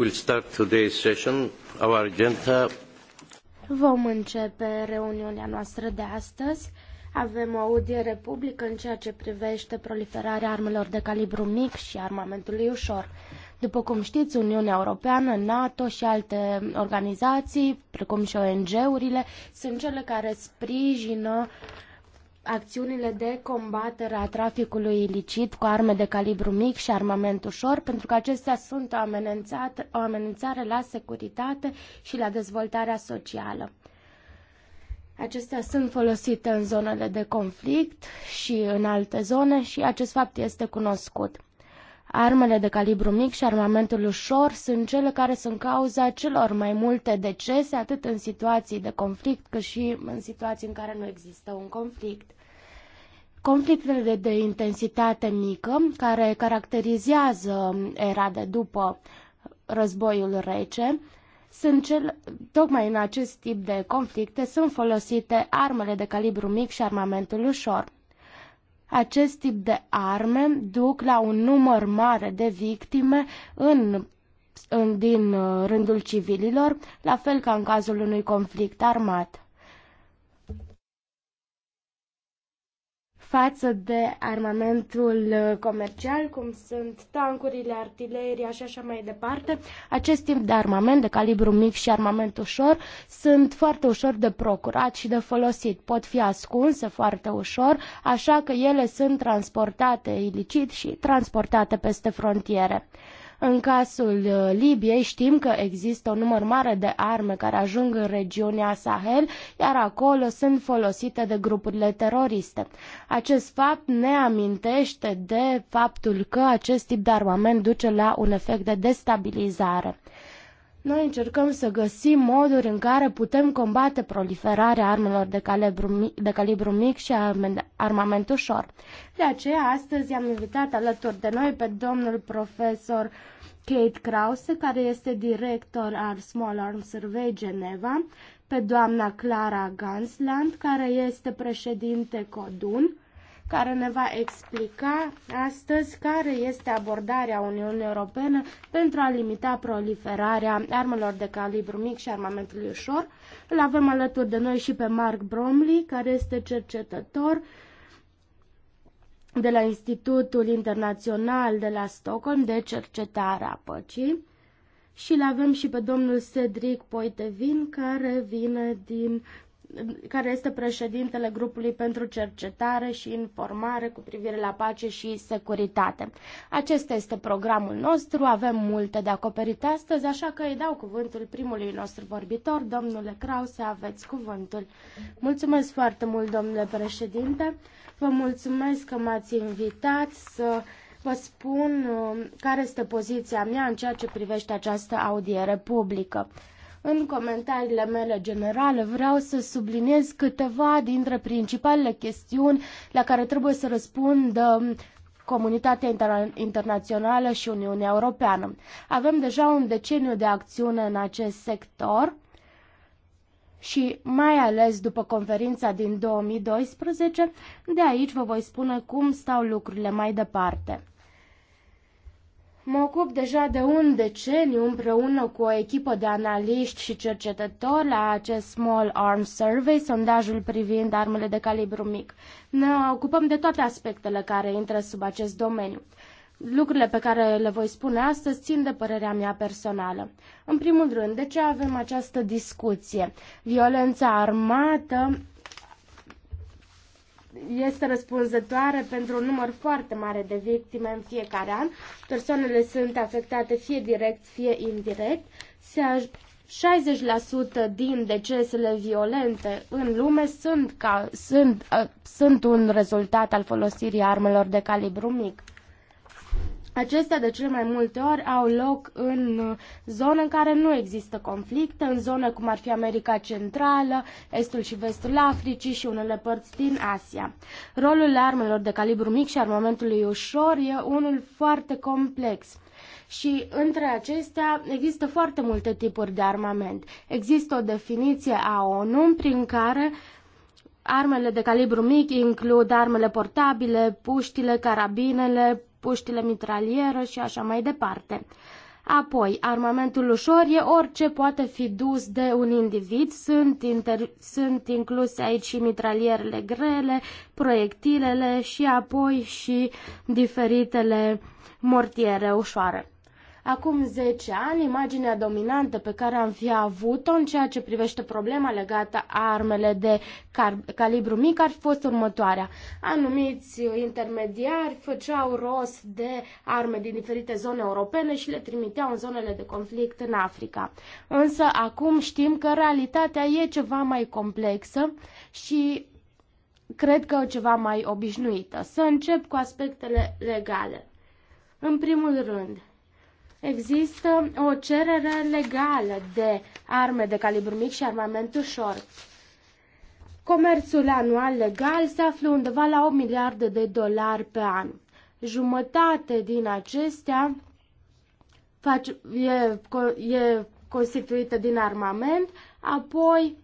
We'll start today's session. Our agenda... Vom începe reuniunea noastră de astăzi. Avem o audiere publică în ceea ce privește proliferarea armelor de calibru mic și armamentului ușor. După cum știți, Uniunea Europeană, NATO și alte organizații, precum și ONG-urile, sunt cele care sprijină uh, acțiunile de combatere a traficului ilicit cu arme de calibru mic și armament ușor, pentru că acestea sunt o, o amenințare la securitate și la dezvoltarea socială. Acestea sunt folosite în zonele de conflict și în alte zone și acest fapt este cunoscut. Armele de calibru mic și armamentul ușor sunt cele care sunt cauza celor mai multe decese, atât în situații de conflict, cât și în situații în care nu există un conflict. Conflictele de intensitate mică, care caracterizează era de după războiul rece, sunt cel, tocmai în acest tip de conflicte sunt folosite armele de calibru mic și armamentul ușor. Acest tip de arme duc la un număr mare de victime în, în, din rândul civililor, la fel ca în cazul unui conflict armat. față de armamentul uh, comercial, cum sunt tancurile, artileria și așa mai departe. Acest tip de armament, de calibru mic și armament ușor, sunt foarte ușor de procurat și de folosit. Pot fi ascunse foarte ușor, așa că ele sunt transportate ilicit și transportate peste frontiere. În cazul uh, Libiei știm că există un număr mare de arme care ajung în regiunea Sahel, iar acolo sunt folosite de grupurile teroriste. Acest fapt ne amintește de faptul că acest tip de armament duce la un efect de destabilizare. Noi încercăm să găsim moduri în care putem combate proliferarea armelor de calibru mic, de calibru mic și armament ușor. De aceea, astăzi am invitat alături de noi pe domnul profesor Kate Krause, care este director al Small Arms Survey Geneva, pe doamna Clara Gansland, care este președinte CODUN, care ne va explica astăzi care este abordarea Uniunii Europene pentru a limita proliferarea armelor de calibru mic și armamentului ușor. Îl avem alături de noi și pe Mark Bromley, care este cercetător de la Institutul Internațional de la Stockholm de Cercetare a Păcii și îl avem și pe domnul Cedric Poitevin, care vine din care este președintele grupului pentru cercetare și informare cu privire la pace și securitate. Acesta este programul nostru, avem multe de acoperit astăzi, așa că îi dau cuvântul primului nostru vorbitor, domnule Krause, aveți cuvântul. Mulțumesc foarte mult, domnule președinte, vă mulțumesc că m-ați invitat să vă spun um, care este poziția mea în ceea ce privește această audiere publică. În comentariile mele generale vreau să subliniez câteva dintre principalele chestiuni la care trebuie să răspundă comunitatea inter- internațională și Uniunea Europeană. Avem deja un deceniu de acțiune în acest sector și mai ales după conferința din 2012, de aici vă voi spune cum stau lucrurile mai departe. Mă ocup deja de un deceniu împreună cu o echipă de analiști și cercetători la acest Small Arms Survey, sondajul privind armele de calibru mic. Ne ocupăm de toate aspectele care intră sub acest domeniu. Lucrurile pe care le voi spune astăzi țin de părerea mea personală. În primul rând, de ce avem această discuție? Violența armată este răspunzătoare pentru un număr foarte mare de victime în fiecare an. Persoanele sunt afectate fie direct, fie indirect. Se 60% din decesele violente în lume sunt, ca, sunt, uh, sunt un rezultat al folosirii armelor de calibru mic. Acestea de cele mai multe ori au loc în uh, zone în care nu există conflicte, în zone cum ar fi America Centrală, Estul și Vestul Africii și unele părți din Asia. Rolul armelor de calibru mic și armamentului ușor e unul foarte complex și între acestea există foarte multe tipuri de armament. Există o definiție a ONU prin care armele de calibru mic includ armele portabile, puștile, carabinele, puștile mitralieră și așa mai departe. Apoi, armamentul ușor e orice poate fi dus de un individ. Sunt, inter- sunt incluse aici și mitralierele grele, proiectilele și apoi și diferitele mortiere ușoare. Acum 10 ani, imaginea dominantă pe care am fi avut-o în ceea ce privește problema legată a armele de calibru mic ar fi fost următoarea. Anumiți intermediari făceau rost de arme din diferite zone europene și le trimiteau în zonele de conflict în Africa. Însă acum știm că realitatea e ceva mai complexă și cred că ceva mai obișnuită. Să încep cu aspectele legale. În primul rând, există o cerere legală de arme de calibru mic și armament ușor. Comerțul anual legal se află undeva la 8 miliarde de dolari pe an. Jumătate din acestea face, e, e constituită din armament, apoi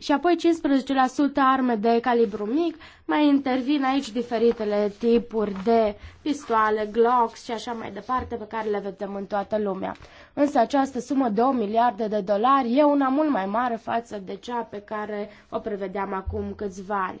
și apoi 15% arme de calibru mic, mai intervin aici diferitele tipuri de pistoale, Glocks și așa mai departe pe care le vedem în toată lumea. Însă această sumă de 2 miliarde de dolari e una mult mai mare față de cea pe care o prevedeam acum câțiva ani.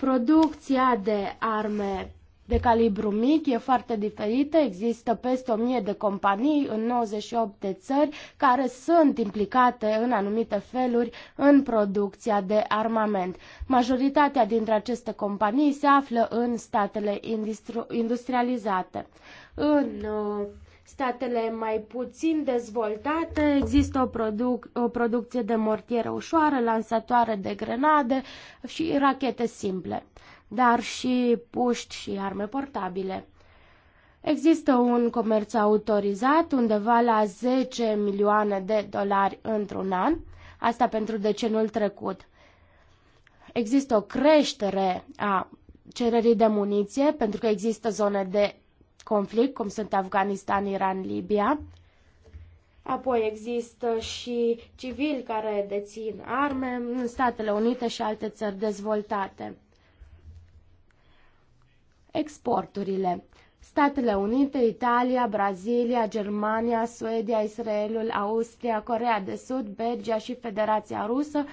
Producția de arme de calibru mic e foarte diferită. Există peste 1000 de companii în 98 de țări care sunt implicate în anumite feluri în producția de armament. Majoritatea dintre aceste companii se află în statele industrializate. În uh, statele mai puțin dezvoltate există o, produc- o producție de mortiere ușoară, lansatoare de grenade și rachete simple dar și puști și arme portabile. Există un comerț autorizat undeva la 10 milioane de dolari într-un an, asta pentru decenul trecut. Există o creștere a cererii de muniție, pentru că există zone de conflict, cum sunt Afganistan, Iran, Libia. Apoi există și civili care dețin arme în Statele Unite și alte țări dezvoltate. Exporturile. Statele Unite, Italia, Brazilia, Germania, Suedia, Israelul, Austria, Corea de Sud, Belgia și Federația Rusă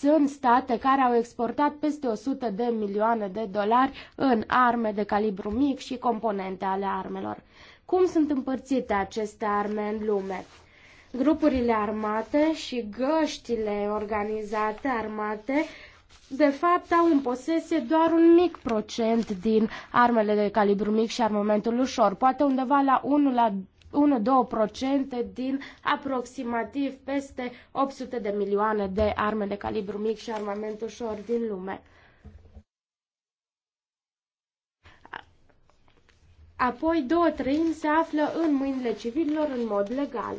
sunt state care au exportat peste 100 de milioane de dolari în arme de calibru mic și componente ale armelor. Cum sunt împărțite aceste arme în lume? Grupurile armate și găștile organizate armate de fapt au în posesie doar un mic procent din armele de calibru mic și armamentul ușor, poate undeva la 1 la 1-2% din aproximativ peste 800 de milioane de arme de calibru mic și armament ușor din lume. Apoi două treimi se află în mâinile civililor în mod legal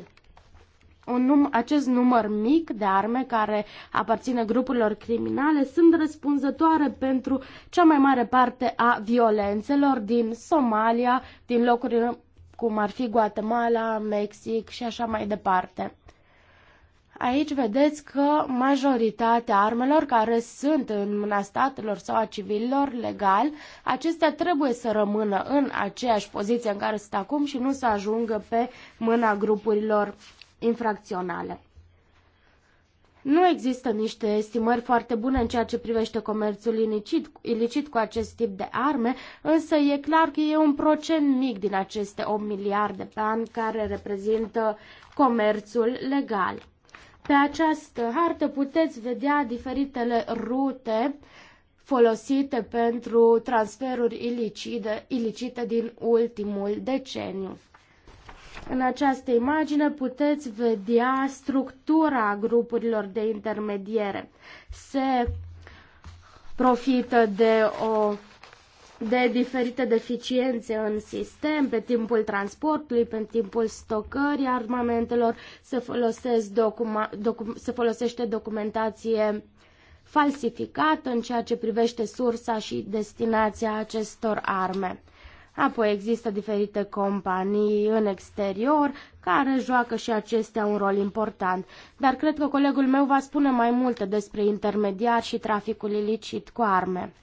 un num, acest număr mic de arme care aparține grupurilor criminale sunt răspunzătoare pentru cea mai mare parte a violențelor din Somalia, din locuri cum ar fi Guatemala, Mexic și așa mai departe. Aici vedeți că majoritatea armelor care sunt în mâna statelor sau a civililor legal, acestea trebuie să rămână în aceeași poziție în care sunt acum și nu să ajungă pe mâna grupurilor infracționale. Nu există niște estimări foarte bune în ceea ce privește comerțul ilicit, ilicit cu acest tip de arme, însă e clar că e un procent mic din aceste 8 miliarde pe an care reprezintă comerțul legal. Pe această hartă puteți vedea diferitele rute folosite pentru transferuri ilicite, ilicite din ultimul deceniu. În această imagine puteți vedea structura grupurilor de intermediere. Se profită de o de diferite deficiențe în sistem, pe timpul transportului, pe timpul stocării armamentelor, se, folosesc documa, docu, se folosește documentație falsificată în ceea ce privește sursa și destinația acestor arme. Apoi există diferite companii în exterior care joacă și acestea un rol important. Dar cred că colegul meu va spune mai multe despre intermediar și traficul ilicit cu arme.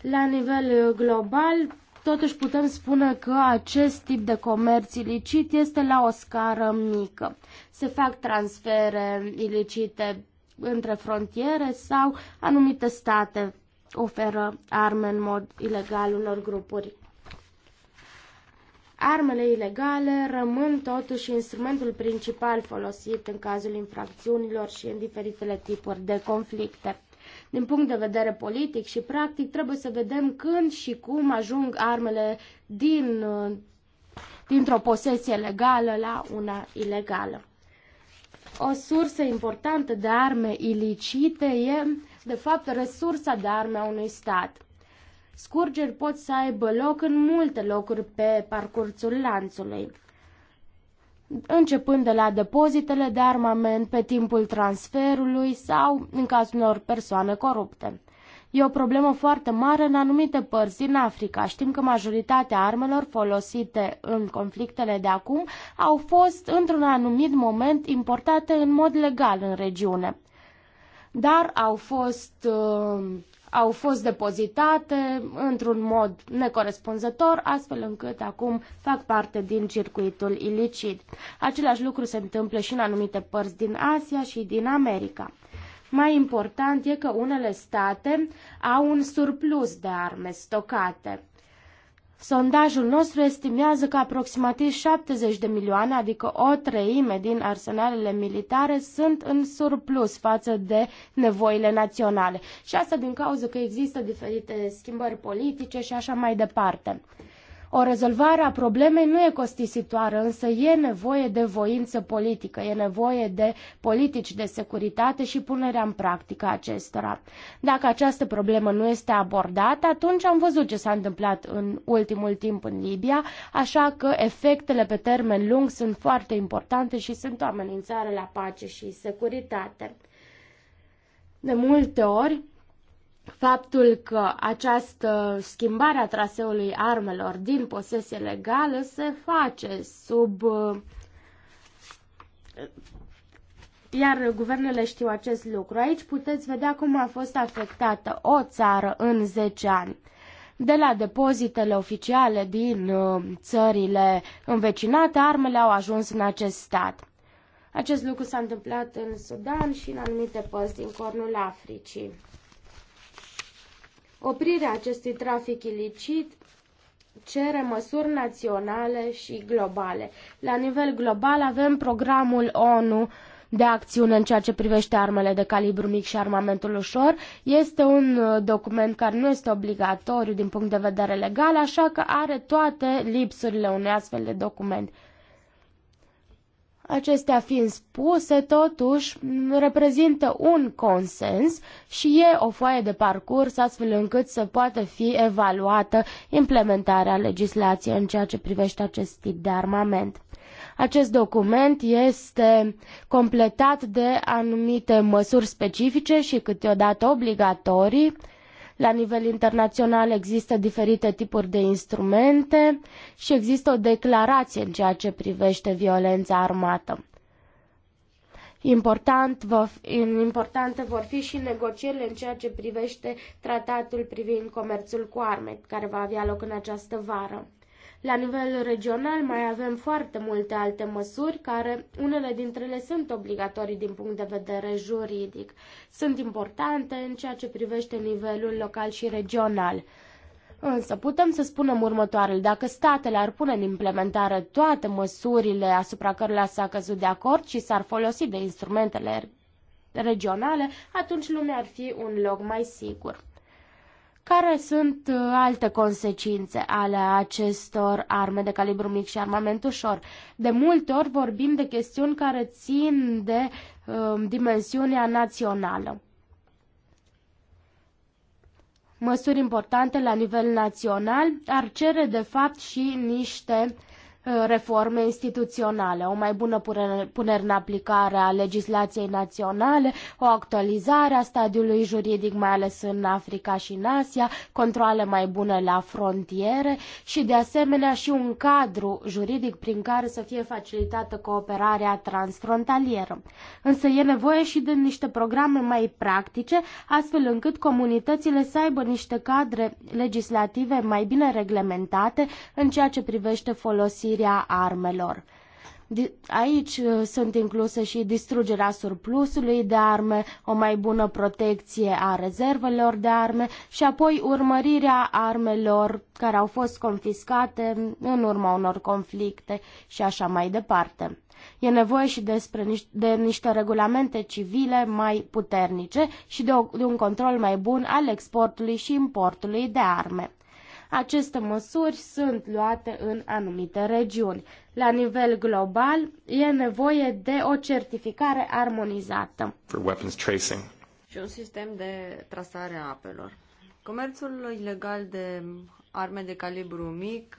La nivel global, totuși putem spune că acest tip de comerț ilicit este la o scară mică. Se fac transfere ilicite între frontiere sau anumite state oferă arme în mod ilegal unor grupuri. Armele ilegale rămân totuși instrumentul principal folosit în cazul infracțiunilor și în diferitele tipuri de conflicte. Din punct de vedere politic și practic, trebuie să vedem când și cum ajung armele din, dintr-o posesie legală la una ilegală. O sursă importantă de arme ilicite e de fapt, resursa de arme a unui stat. Scurgeri pot să aibă loc în multe locuri pe parcursul lanțului, începând de la depozitele de armament pe timpul transferului sau în cazul unor persoane corupte. E o problemă foarte mare în anumite părți din Africa. Știm că majoritatea armelor folosite în conflictele de acum au fost într-un anumit moment importate în mod legal în regiune dar au fost, uh, au fost depozitate într-un mod necorespunzător, astfel încât acum fac parte din circuitul ilicit. Același lucru se întâmplă și în anumite părți din Asia și din America. Mai important e că unele state au un surplus de arme stocate. Sondajul nostru estimează că aproximativ 70 de milioane, adică o treime din arsenalele militare, sunt în surplus față de nevoile naționale. Și asta din cauza că există diferite schimbări politice și așa mai departe. O rezolvare a problemei nu e costisitoare, însă e nevoie de voință politică, e nevoie de politici de securitate și punerea în practică acestora. Dacă această problemă nu este abordată, atunci am văzut ce s-a întâmplat în ultimul timp în Libia, așa că efectele pe termen lung sunt foarte importante și sunt o amenințare la pace și securitate. De multe ori, faptul că această schimbare a traseului armelor din posesie legală se face sub. Uh, iar guvernele știu acest lucru. Aici puteți vedea cum a fost afectată o țară în 10 ani. De la depozitele oficiale din uh, țările învecinate, armele au ajuns în acest stat. Acest lucru s-a întâmplat în Sudan și în anumite părți din cornul Africii. Oprirea acestui trafic ilicit cere măsuri naționale și globale. La nivel global avem programul ONU de acțiune în ceea ce privește armele de calibru mic și armamentul ușor. Este un uh, document care nu este obligatoriu din punct de vedere legal, așa că are toate lipsurile unui astfel de document. Acestea fiind spuse, totuși, reprezintă un consens și e o foaie de parcurs astfel încât să poată fi evaluată implementarea legislației în ceea ce privește acest tip de armament. Acest document este completat de anumite măsuri specifice și câteodată obligatorii, la nivel internațional există diferite tipuri de instrumente și există o declarație în ceea ce privește violența armată. Important importante vor fi și negocierile în ceea ce privește tratatul privind comerțul cu arme, care va avea loc în această vară. La nivel regional mai avem foarte multe alte măsuri, care unele dintre ele sunt obligatorii din punct de vedere juridic. Sunt importante în ceea ce privește nivelul local și regional. Însă putem să spunem următoarele. Dacă statele ar pune în implementare toate măsurile asupra cărora s-a căzut de acord și s-ar folosi de instrumentele regionale, atunci lumea ar fi un loc mai sigur. Care sunt uh, alte consecințe ale acestor arme de calibru mic și armament ușor? De multe ori vorbim de chestiuni care țin de uh, dimensiunea națională măsuri importante la nivel național ar cere de fapt și niște Uh, reforme instituționale, o mai bună punere în aplicare a legislației naționale, o actualizare a stadiului juridic, mai ales în Africa și în Asia, controle mai bune la frontiere și, de asemenea, și un cadru juridic prin care să fie facilitată cooperarea transfrontalieră. Însă e nevoie și de niște programe mai practice, astfel încât comunitățile să aibă niște cadre legislative mai bine reglementate în ceea ce privește folosirea folosirea armelor. Aici uh, sunt incluse și distrugerea surplusului de arme, o mai bună protecție a rezervelor de arme și apoi urmărirea armelor care au fost confiscate în urma unor conflicte și așa mai departe. E nevoie și despre niște, de niște regulamente civile mai puternice și de, o, de un control mai bun al exportului și importului de arme. Aceste măsuri sunt luate în anumite regiuni. La nivel global, e nevoie de o certificare armonizată. For weapons tracing. Și un sistem de trasare a apelor. Comerțul ilegal de arme de calibru mic,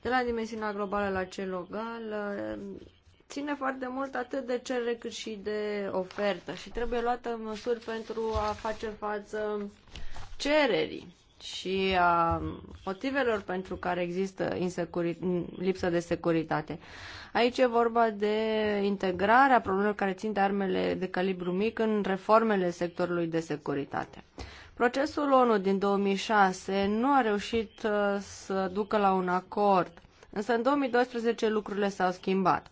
de la dimensiunea globală la cel local, ține foarte mult atât de cerere cât și de ofertă și trebuie luată măsuri pentru a face față cererii și a uh, motivelor pentru care există lipsă de securitate. Aici e vorba de integrarea problemelor care țin de armele de calibru mic în reformele sectorului de securitate. Procesul ONU din 2006 nu a reușit uh, să ducă la un acord, însă în 2012 lucrurile s-au schimbat.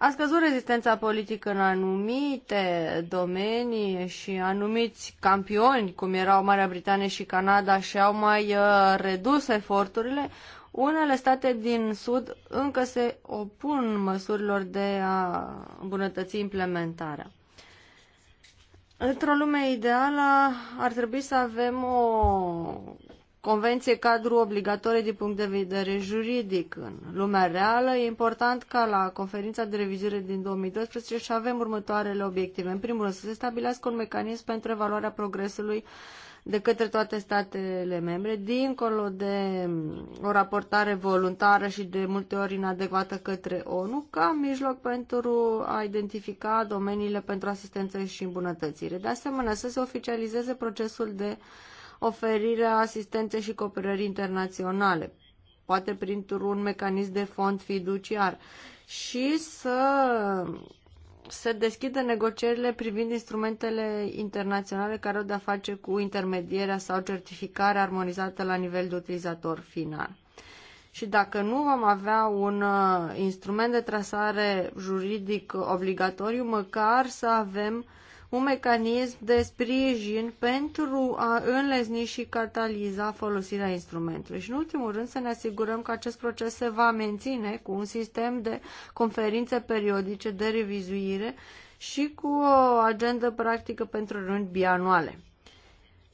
A scăzut rezistența politică în anumite domenii și anumiți campioni, cum erau Marea Britanie și Canada, și-au mai uh, redus eforturile. Unele state din Sud încă se opun măsurilor de a îmbunătăți implementarea. Într-o lume ideală ar trebui să avem o convenție cadru obligatorie din punct de vedere juridic în lumea reală, e important ca la conferința de revizuire din 2012 și avem următoarele obiective. În primul rând, să se stabilească un mecanism pentru evaluarea progresului de către toate statele membre, dincolo de mm, o raportare voluntară și de multe ori inadecvată către ONU, ca mijloc pentru a identifica domeniile pentru asistență și îmbunătățire. De asemenea, să se oficializeze procesul de uh, oferirea asistenței și cooperării internaționale, poate printr-un mecanism de fond fiduciar și să se deschidă negocierile privind instrumentele internaționale care au de-a face cu intermedierea sau certificarea armonizată la nivel de utilizator final. Și dacă nu vom avea un uh, instrument de trasare juridic obligatoriu, măcar să avem un mecanism de sprijin pentru a înlezni și cataliza folosirea instrumentului. Și în ultimul rând să ne asigurăm că acest proces se va menține cu un sistem de conferințe periodice de revizuire și cu o agendă practică pentru rând bianuale.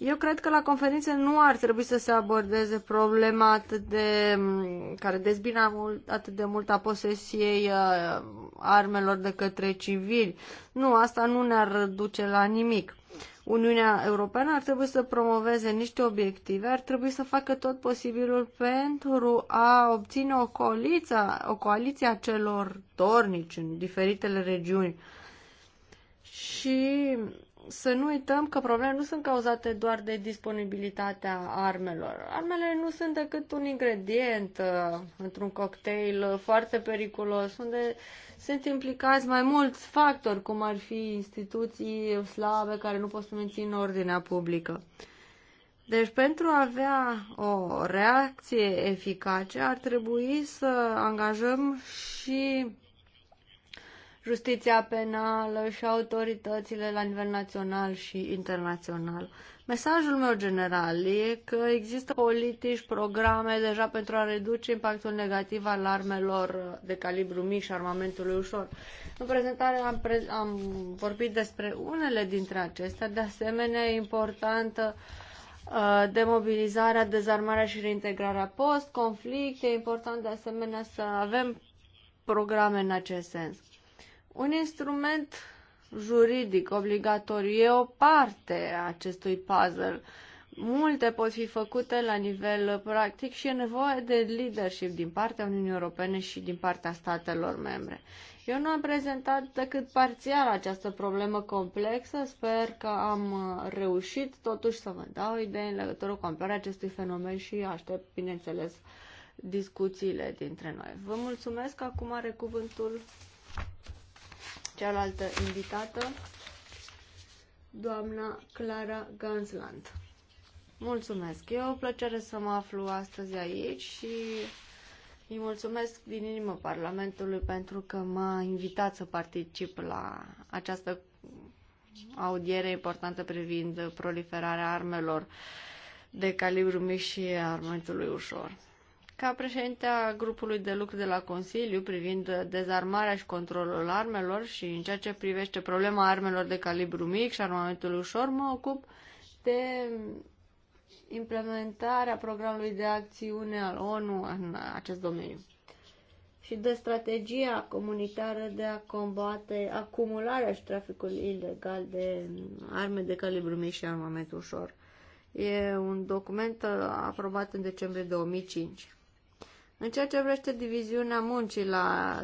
Eu cred că la conferințe nu ar trebui să se abordeze problema atât de, care dezbină atât de mult a posesiei uh, armelor de către civili. Nu, asta nu ne-ar duce la nimic. Uniunea Europeană ar trebui să promoveze niște obiective, ar trebui să facă tot posibilul pentru a obține o coaliție, o coaliție a celor dornici în diferitele regiuni. Și să nu uităm că problemele nu sunt cauzate doar de disponibilitatea armelor. Armele nu sunt decât un ingredient uh, într-un cocktail uh, foarte periculos, unde sunt implicați mai mulți factori, cum ar fi instituții slabe care nu pot să mențină ordinea publică. Deci, pentru a avea o reacție eficace, ar trebui să angajăm și justiția penală și autoritățile la nivel național și internațional. Mesajul meu general e că există politici, programe deja pentru a reduce impactul negativ al armelor de calibru mic și armamentului ușor. În prezentare am, pre- am vorbit despre unele dintre acestea, de asemenea e importantă uh, demobilizarea, dezarmarea și reintegrarea post-conflict, e important de asemenea să avem programe în acest sens. Un instrument juridic obligatoriu e o parte a acestui puzzle. Multe pot fi făcute la nivel practic și e nevoie de leadership din partea Uniunii Europene și din partea statelor membre. Eu nu am prezentat decât parțial această problemă complexă. Sper că am uh, reușit totuși să vă dau idei în legătură cu amploarea acestui fenomen și aștept, bineînțeles, discuțiile dintre noi. Vă mulțumesc. Acum are cuvântul cealaltă invitată, doamna Clara Gansland. Mulțumesc! E o plăcere să mă aflu astăzi aici și îi mulțumesc din inimă Parlamentului pentru că m-a invitat să particip la această audiere importantă privind proliferarea armelor de calibru mic și armamentului ușor ca președinte a grupului de lucru de la Consiliu privind dezarmarea și controlul armelor și în ceea ce privește problema armelor de calibru mic și armamentul ușor, mă ocup de implementarea programului de acțiune al ONU în acest domeniu și de strategia comunitară de a combate acumularea și traficul ilegal de arme de calibru mic și armament ușor. E un document aprobat în decembrie 2005. În ceea ce vrește diviziunea muncii la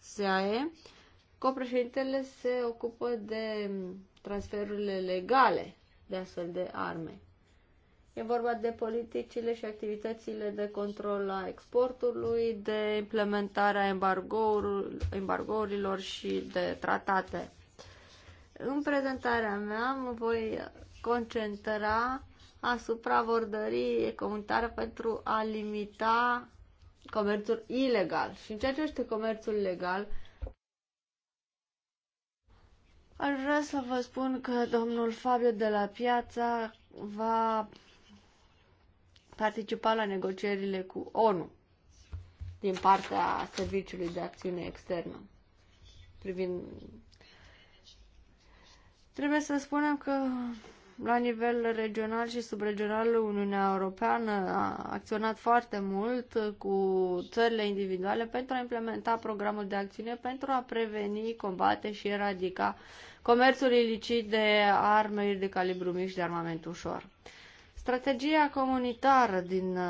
SAE, copreședintele se ocupă de transferurile legale de astfel de arme. E vorba de politicile și activitățile de control a exportului, de implementarea embargourilor și de tratate. În prezentarea mea mă voi concentra asupra dări comunitară pentru a limita comerțul ilegal. Și în ceea ce este comerțul legal, aș vrea să vă spun că domnul Fabio de la Piața va participa la negocierile cu ONU din partea Serviciului de Acțiune Externă privind Trebuie să spunem că la nivel regional și subregional, Uniunea Europeană a acționat foarte mult cu țările individuale pentru a implementa programul de acțiune pentru a preveni, combate și eradica comerțul ilicit de arme de calibru mic și de armament ușor. Strategia comunitară din uh,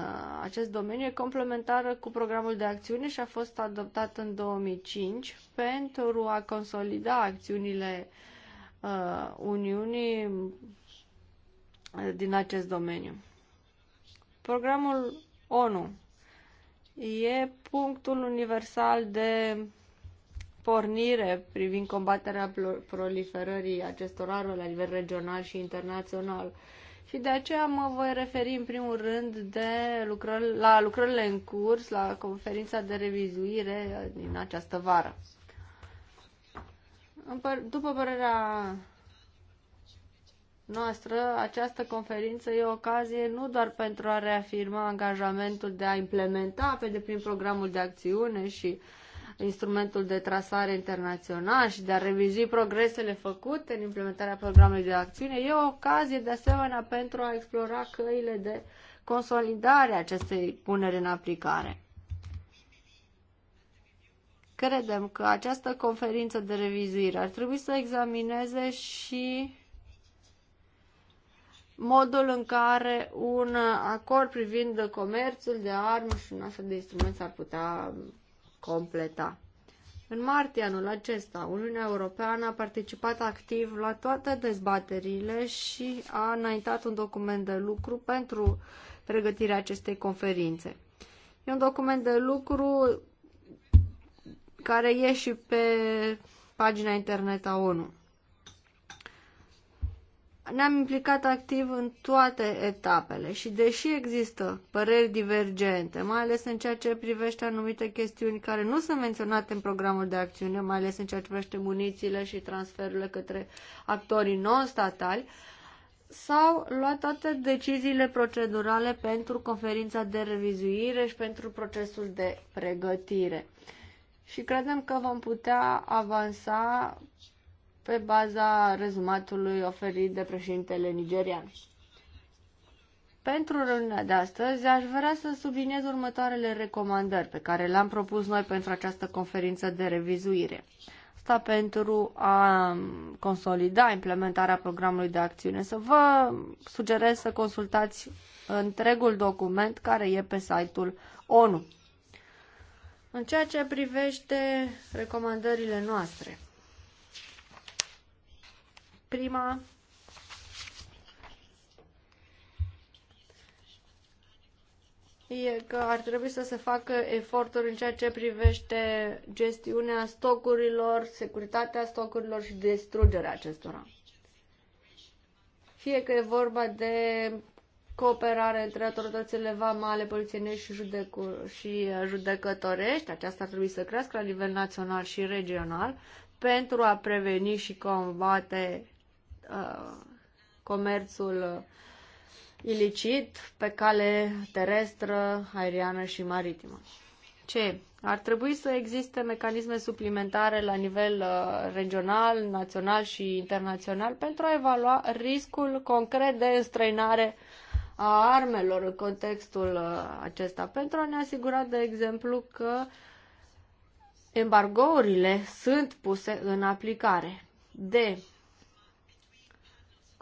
acest domeniu e complementară cu programul de acțiune și a fost adoptat în 2005 pentru a consolida acțiunile uh, Uniunii din acest domeniu. Programul ONU e punctul universal de pornire privind combaterea proliferării acestor arme la nivel regional și internațional. Și de aceea mă voi referi în primul rând de lucrări, la lucrările în curs, la conferința de revizuire din această vară. După părerea noastră, această conferință e o ocazie nu doar pentru a reafirma angajamentul de a implementa pe deplin programul de acțiune și instrumentul de trasare internațional și de a revizui progresele făcute în implementarea programului de acțiune, e o ocazie de asemenea pentru a explora căile de consolidare a acestei puneri în aplicare. Credem că această conferință de revizuire ar trebui să examineze și modul în care un acord privind comerțul de arme și un astfel de instrument s-ar putea completa. În martie anul acesta, Uniunea Europeană a participat activ la toate dezbaterile și a înaintat un document de lucru pentru pregătirea acestei conferințe. E un document de lucru care e și pe pagina internet a ONU ne-am implicat activ în toate etapele și deși există păreri divergente, mai ales în ceea ce privește anumite chestiuni care nu sunt menționate în programul de acțiune, mai ales în ceea ce privește munițiile și transferurile către actorii non-statali, s-au luat toate deciziile procedurale pentru conferința de revizuire și pentru procesul de pregătire. Și credem că vom putea avansa pe baza rezumatului oferit de președintele nigerian. Pentru reuniunea de astăzi, aș vrea să subliniez următoarele recomandări pe care le-am propus noi pentru această conferință de revizuire. Asta pentru a consolida implementarea programului de acțiune. Să vă sugerez să consultați întregul document care e pe site-ul ONU. În ceea ce privește recomandările noastre, Prima e că ar trebui să se facă eforturi în ceea ce privește gestiunea stocurilor, securitatea stocurilor și distrugerea acestora. Fie că e vorba de cooperare între autoritățile vamale, polițienești și, judecu- și judecătorești, aceasta ar trebui să crească la nivel național și regional, pentru a preveni și combate Uh, comerțul uh, ilicit pe cale terestră, aeriană și maritimă. Ce? Ar trebui să existe mecanisme suplimentare la nivel uh, regional, național și internațional pentru a evalua riscul concret de înstrăinare a armelor în contextul acesta, pentru a ne asigura, de exemplu, că embargourile sunt puse în aplicare. De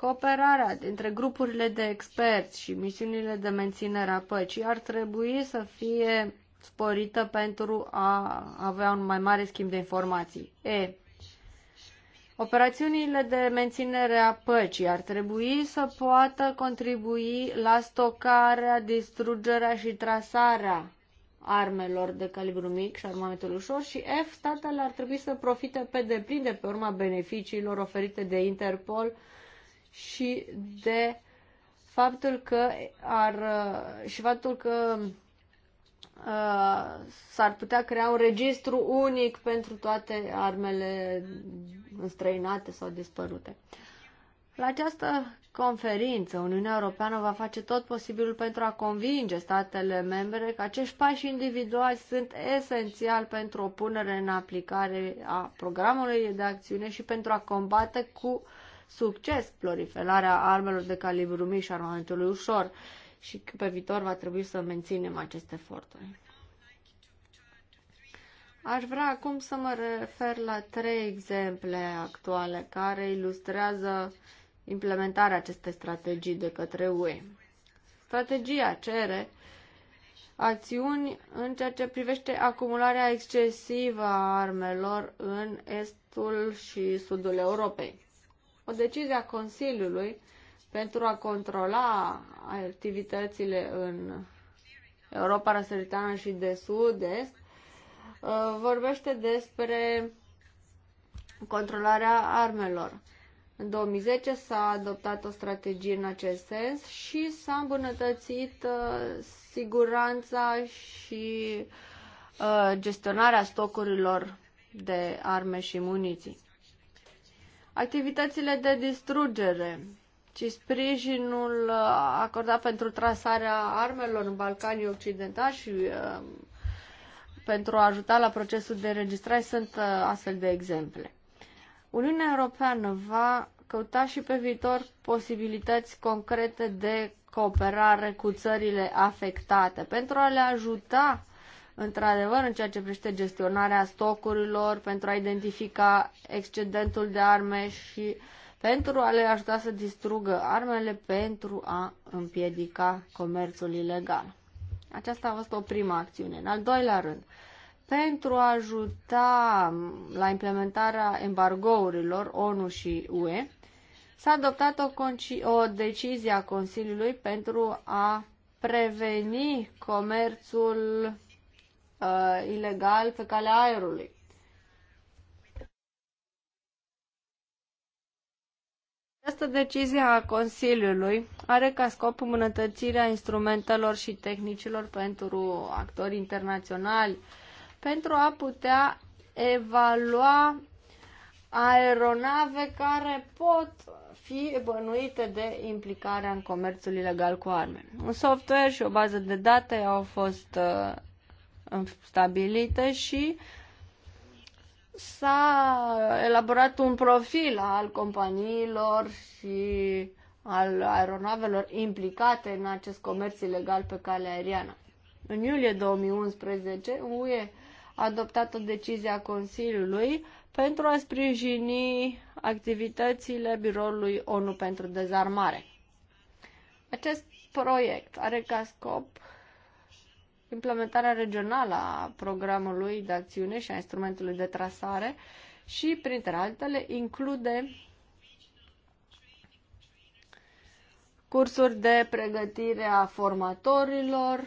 Cooperarea dintre grupurile de experți și misiunile de menținere a păcii ar trebui să fie sporită pentru a avea un mai mare schimb de informații. E. Operațiunile de menținere a păcii ar trebui să poată contribui la stocarea, distrugerea și trasarea armelor de calibru mic și armamentul ușor și F, statele ar trebui să profite pe deplin de pe urma beneficiilor oferite de Interpol și de faptul că ar uh, și faptul că uh, s-ar putea crea un registru unic pentru toate armele înstrăinate sau dispărute. La această conferință, Uniunea Europeană va face tot posibilul pentru a convinge statele membre că acești pași individuali sunt esențiali pentru o punere în aplicare a programului de acțiune și pentru a combate cu uh, succes proliferarea armelor de calibru mic și armamentului ușor și că pe viitor va trebui să menținem aceste eforturi. Aș vrea acum să mă refer la trei exemple actuale care ilustrează implementarea acestei strategii de către UE. Strategia cere acțiuni în ceea ce privește acumularea excesivă a armelor în estul și sudul Europei o decizie a Consiliului pentru a controla activitățile în Europa răsăritană și de sud-est, uh, vorbește despre controlarea armelor. În 2010 s-a adoptat o strategie în acest sens și s-a îmbunătățit uh, siguranța și uh, gestionarea stocurilor de arme și muniții activitățile de distrugere, ci sprijinul uh, acordat pentru trasarea armelor în Balcanii Occidentali și uh, pentru a ajuta la procesul de registrare sunt uh, astfel de exemple. Uniunea Europeană va căuta și pe viitor posibilități concrete de cooperare cu țările afectate pentru a le ajuta într-adevăr, în ceea ce privește gestionarea stocurilor, pentru a identifica excedentul de arme și pentru a le ajuta să distrugă armele pentru a împiedica comerțul ilegal. Aceasta a fost o prima acțiune. În al doilea rând, pentru a ajuta la implementarea embargourilor ONU și UE, s-a adoptat o, o decizie a Consiliului pentru a preveni comerțul uh, ilegal pe calea aerului. Această decizie a Consiliului are ca scop îmbunătățirea instrumentelor și tehnicilor pentru actori internaționali pentru a putea evalua aeronave care pot fi bănuite de implicarea în comerțul ilegal cu arme. Un software și o bază de date au fost uh, stabilită și s-a elaborat un profil al companiilor și al aeronavelor implicate în acest comerț ilegal pe cale aeriană. În iulie 2011, UE a adoptat o decizie a Consiliului pentru a sprijini activitățile Biroului ONU pentru Dezarmare. Acest proiect are ca scop implementarea regională a programului de acțiune și a instrumentului de trasare și, printre altele, include cursuri de pregătire a formatorilor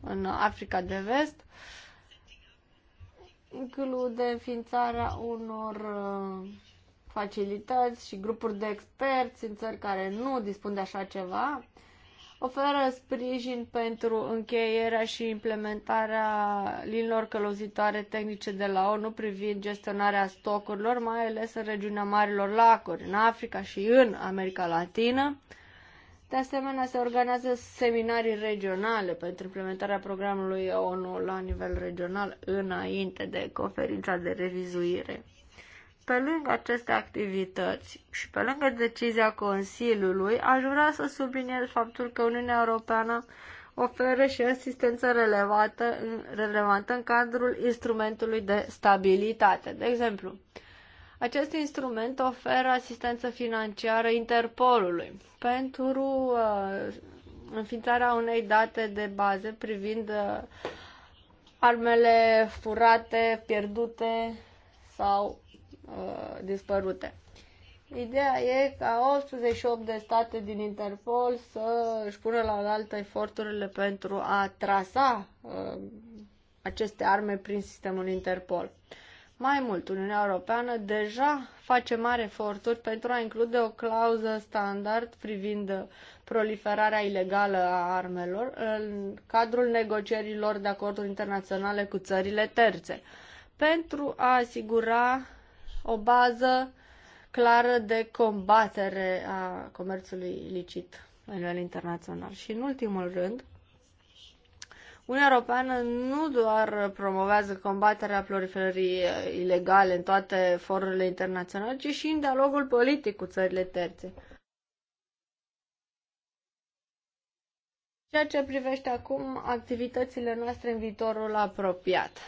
în Africa de Vest, include înființarea unor uh, facilități și grupuri de experți în țări care nu dispun de așa ceva, oferă sprijin pentru încheierea și implementarea linilor călăuzitoare tehnice de la ONU privind gestionarea stocurilor, mai ales în regiunea Marilor Lacuri, în Africa și în America Latină. De asemenea, se organizează seminarii regionale pentru implementarea programului ONU la nivel regional înainte de conferința de revizuire pe lângă aceste activități și pe lângă decizia Consiliului, aș vrea să subliniez faptul că Uniunea Europeană oferă și asistență relevantă în, relevantă în cadrul instrumentului de stabilitate. De exemplu, acest instrument oferă asistență financiară Interpolului pentru uh, înființarea unei date de bază privind uh, armele furate, pierdute sau Uh, dispărute. Ideea e ca 88 de state din Interpol să își pună la oaltă eforturile pentru a trasa uh, aceste arme prin sistemul Interpol. Mai mult, Uniunea Europeană deja face mari eforturi pentru a include o clauză standard privind proliferarea ilegală a armelor în cadrul negocierilor de acorduri internaționale cu țările terțe, pentru a asigura o bază clară de combatere a comerțului ilicit la nivel internațional. Și în ultimul rând, Uniunea Europeană nu doar promovează combaterea proliferării ilegale în toate forurile internaționale, ci și în dialogul politic cu țările terțe. Ceea ce privește acum activitățile noastre în viitorul apropiat.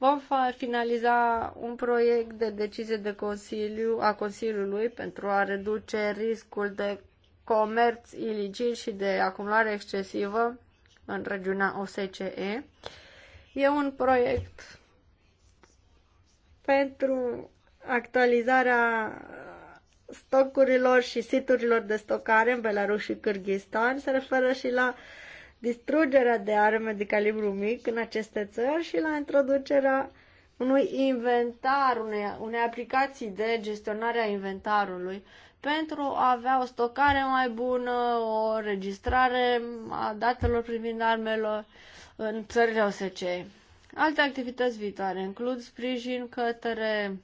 Vom finaliza un proiect de decizie de Consiliu a Consiliului pentru a reduce riscul de comerț ilicit și de acumulare excesivă în regiunea OSCE. E un proiect pentru actualizarea stocurilor și siturilor de stocare în Belarus și Kyrgyzstan. Se referă și la uh, distrugerea de arme de calibru mic în aceste țări și la introducerea unui inventar, unei, unei aplicații de gestionare a inventarului pentru a avea o stocare mai bună, o registrare a datelor privind armelor în țările OSC. Alte activități viitoare includ sprijin către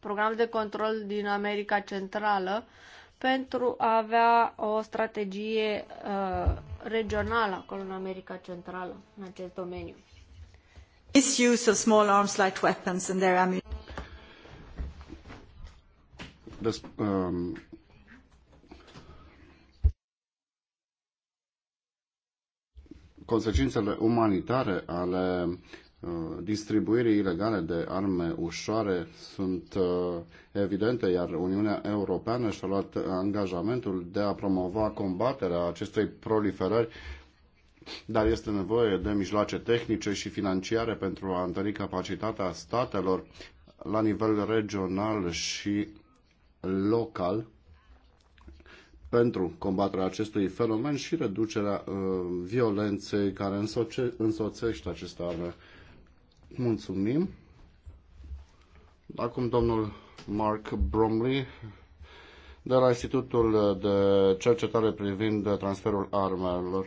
program de control din America Centrală pentru a avea o strategie uh, regional acolo în America Centrală, în acest domeniu. Misuse of small arms light weapons and their ammunition. Des, um, consecințele umanitare ale Uh, distribuirii ilegale de arme ușoare sunt uh, evidente, iar Uniunea Europeană și-a luat angajamentul de a promova combaterea acestei proliferări, dar este nevoie de mijloace tehnice și financiare pentru a întări capacitatea statelor la nivel regional și local pentru combaterea acestui fenomen și reducerea uh, violenței care însoce, însoțește aceste arme Mulțumim. Acum domnul Mark Bromley de la Institutul de Cercetare privind transferul armelor.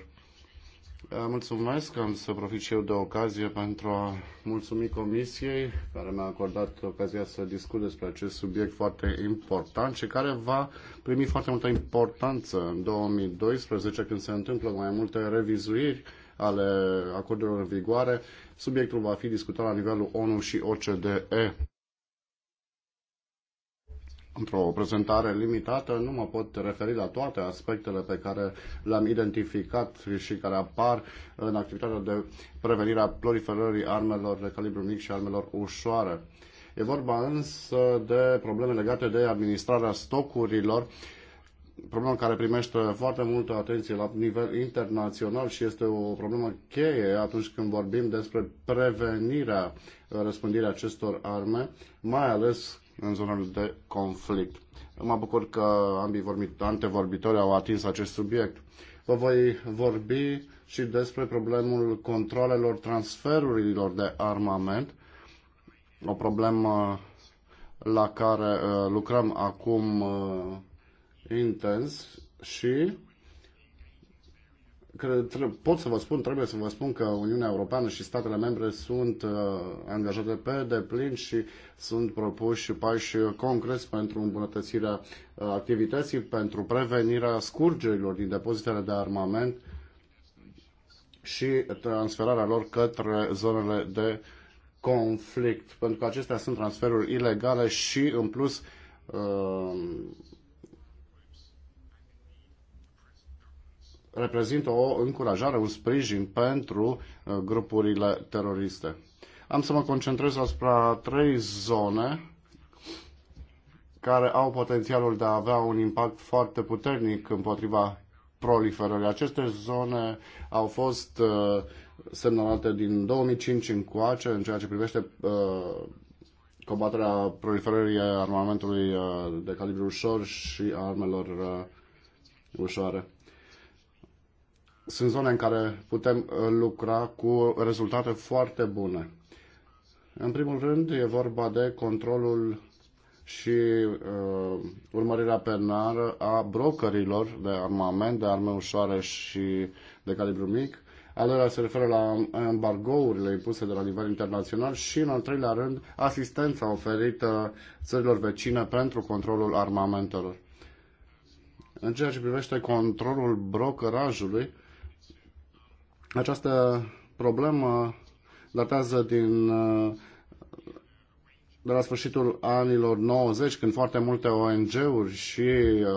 Eh, mulțumesc, am să profit și eu de ocazie pentru a mulțumi Comisiei care mi-a acordat ocazia să discut despre acest subiect foarte important și care va primi foarte multă importanță în 2012 când se întâmplă mai multe revizuiri ale acordurilor în vigoare. Subiectul va fi discutat la nivelul ONU și OCDE. Într-o prezentare limitată nu mă pot referi la toate aspectele pe care le-am identificat și care apar în activitatea de prevenire a proliferării armelor de calibru mic și armelor ușoare. E vorba însă de probleme legate de administrarea stocurilor problemă care primește foarte multă atenție la nivel internațional și este o problemă cheie atunci când vorbim despre prevenirea răspândirea acestor arme, mai ales în zonele de conflict. Mă bucur că ambii antevorbitori au atins acest subiect. Vă voi vorbi și despre problemul controlelor transferurilor de armament, o problemă la care uh, lucrăm acum uh, intens și cred, pot să vă spun, trebuie să vă spun că Uniunea Europeană și statele membre sunt uh, angajate pe deplin și sunt propuși pași concreți pentru îmbunătățirea uh, activității, pentru prevenirea scurgerilor din depozitele de armament și transferarea lor către zonele de conflict, pentru că acestea sunt transferuri ilegale și, în plus, uh, reprezintă o încurajare, un sprijin pentru uh, grupurile teroriste. Am să mă concentrez asupra trei zone care au potențialul de a avea un impact foarte puternic împotriva proliferării. Aceste zone au fost uh, semnalate din 2005 încoace în ceea ce privește uh, combaterea proliferării armamentului de calibru ușor și armelor ușoare sunt zone în care putem uh, lucra cu rezultate foarte bune. În primul rând, e vorba de controlul și uh, urmărirea penală a brokerilor de armament, de arme ușoare și de calibru mic. Al doilea se referă la embargourile impuse de la nivel internațional și, în al treilea rând, asistența oferită țărilor vecine pentru controlul armamentelor. În ceea ce privește controlul brokerajului, această problemă datează din, uh, de la sfârșitul anilor 90, când foarte multe ONG-uri și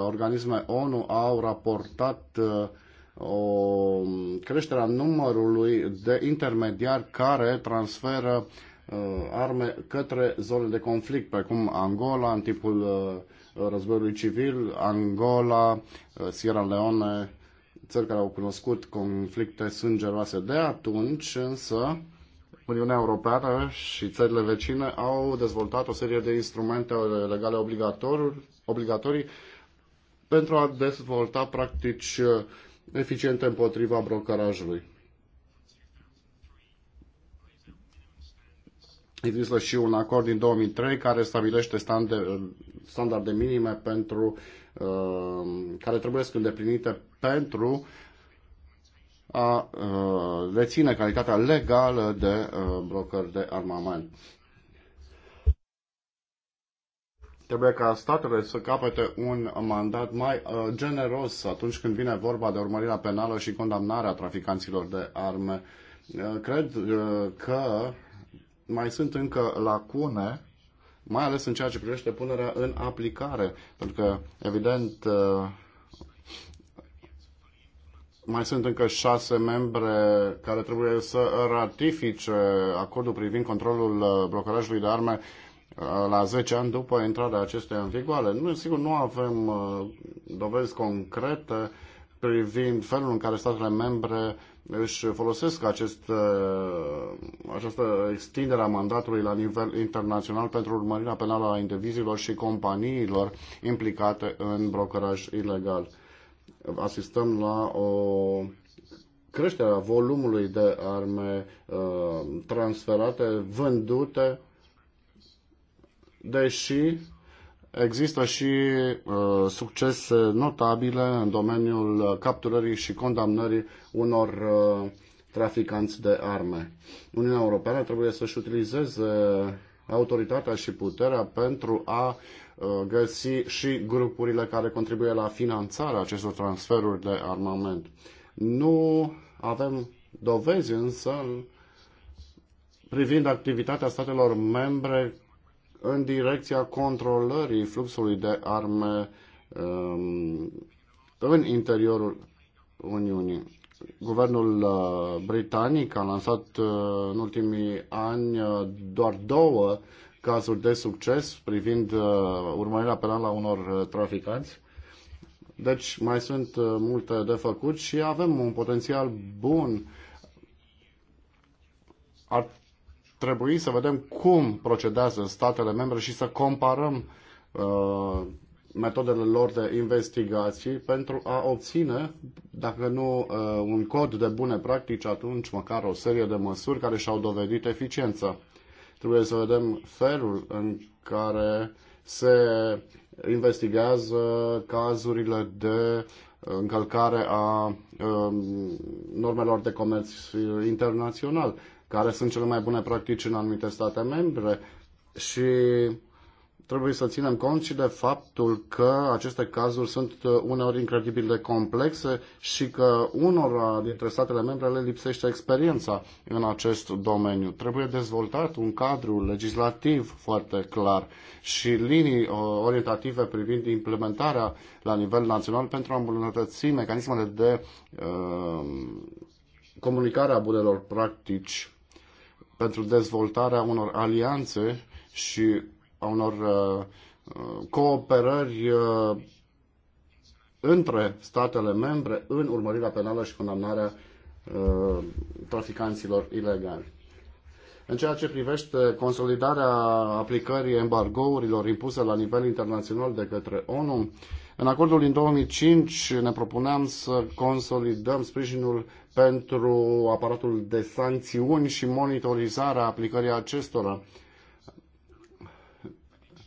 organisme ONU au raportat uh, o creștere a numărului de intermediari care transferă uh, arme către zone de conflict, precum Angola în timpul războiului civil, Angola, Sierra Leone, țări care au cunoscut conflicte sângeroase de atunci, însă Uniunea Europeană și țările vecine au dezvoltat o serie de instrumente legale obligatorii pentru a dezvolta practici eficiente împotriva brocarajului. Există și un acord din 2003 care stabilește standarde, standarde minime pentru uh, Uh, care trebuie să îndeplinite pentru a uh, reține calitatea legală de uh, broker de armament. Trebuie ca statele să capete un mandat mai generos atunci când vine vorba de urmărirea penală și condamnarea traficanților de arme. Cred că mai sunt încă lacune mai ales în ceea ce privește punerea în aplicare, pentru că, evident, uh, mai sunt încă șase membre care trebuie să ratifice acordul privind controlul uh, blocajului de arme uh, la 10 ani după intrarea acestei în vigoare. Nu, sigur, nu avem dovezi concrete privind felul în care statele membre își folosesc acest, uh, această extindere a mandatului la nivel internațional pentru urmărirea penală a indivizilor și companiilor implicate în brokeraj ilegal. Asistăm la o creșterea volumului de arme uh, transferate, vândute, deși Există și uh, succese notabile în domeniul capturării și condamnării unor uh, traficanți de arme. Uniunea Europeană trebuie să-și utilizeze autoritatea și puterea pentru a uh, găsi și grupurile care contribuie la finanțarea acestor transferuri de armament. Nu avem dovezi însă privind activitatea statelor membre în direcția controlării fluxului de arme um, în interiorul Uniunii. Guvernul uh, britanic a lansat uh, în ultimii ani uh, doar două cazuri de succes privind urmărirea penală a unor traficanți. Deci mai sunt multe de făcut și avem un potențial bun. Ar trebui să vedem cum procedează statele membre și să comparăm uh, metodele lor de investigații pentru a obține, dacă nu uh, un cod de bune practici, atunci măcar o serie de măsuri care și-au dovedit eficiența. Trebuie să vedem felul în care se investigează cazurile de uh, încălcare a um, normelor de comerț internațional care sunt cele mai bune practici în anumite state membre și trebuie să ținem cont și de faptul că aceste cazuri sunt uh, uneori incredibil de complexe și că unora dintre statele membre le lipsește experiența în acest domeniu. Trebuie dezvoltat un cadru legislativ foarte clar și linii uh, orientative privind implementarea la nivel național pentru a îmbunătăți mecanismele de uh, comunicare a bunelor practici pentru dezvoltarea unor alianțe și a unor uh, uh, cooperări uh, între statele membre în urmărirea penală și condamnarea traficanților ilegali. În ceea ce privește consolidarea aplicării embargourilor impuse la nivel internațional de către ONU, în acordul din 2005 ne propuneam să consolidăm sprijinul pentru aparatul de sancțiuni și monitorizarea aplicării acestora.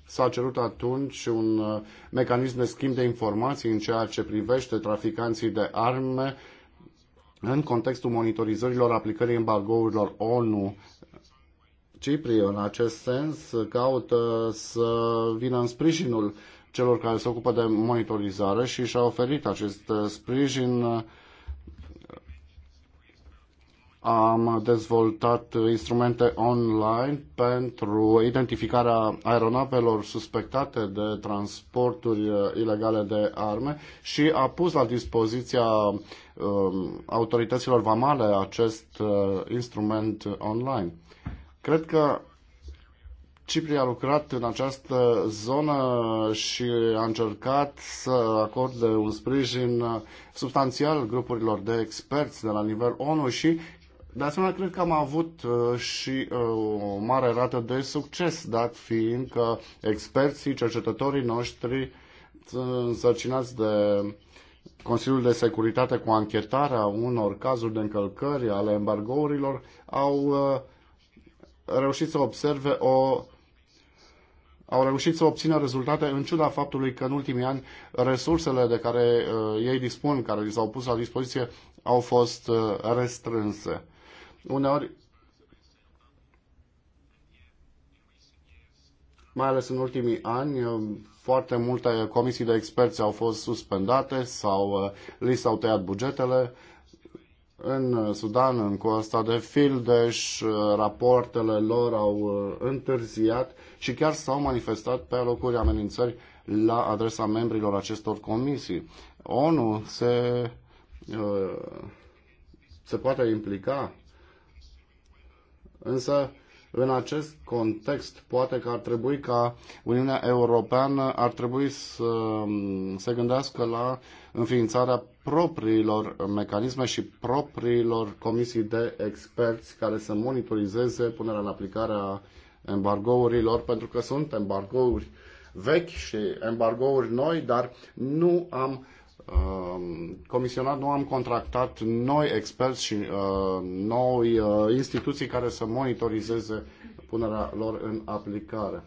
S-a cerut atunci un uh, mecanism de schimb de informații în ceea ce privește traficanții de arme în contextul monitorizărilor aplicării embargourilor ONU Cipri, în acest sens, caută să vină în sprijinul celor care se ocupă de monitorizare și și-a oferit acest uh, sprijin. Am dezvoltat instrumente online pentru identificarea aeronavelor suspectate de transporturi uh, ilegale de arme și a pus la dispoziția um, autorităților vamale acest uh, instrument online. Cred că Cipri a lucrat în această zonă și a încercat să acorde un sprijin substanțial grupurilor de experți de la nivel ONU și de asemenea, cred că am avut uh, și uh, o mare rată de succes, dat fiind că experții, cercetătorii noștri uh, însărcinați de Consiliul de Securitate cu anchetarea unor cazuri de încălcări ale embargourilor au reușit să observe o au reușit să obțină rezultate în ciuda faptului că în ultimii ani resursele de care uh, ei dispun, care li s-au pus la dispoziție, au fost uh, restrânse. Uneori, mai ales în ultimii ani, uh, foarte multe comisii de experți au fost suspendate sau uh, li s-au tăiat bugetele în Sudan, în coasta de Fildeș, rapoartele lor au uh, întârziat și chiar s-au manifestat pe locuri amenințări la adresa membrilor acestor comisii. ONU se, uh, se poate implica, însă în acest context, poate că ar trebui ca Uniunea Europeană ar trebui să mm, se gândească la înființarea propriilor mecanisme și propriilor comisii de experți care să monitorizeze punerea în aplicare a embargourilor, pentru că sunt embargouri vechi și embargouri noi, dar nu am Um, comisionat, nu am contractat noi experți și uh, noi uh, instituții care să monitorizeze punerea lor în aplicare.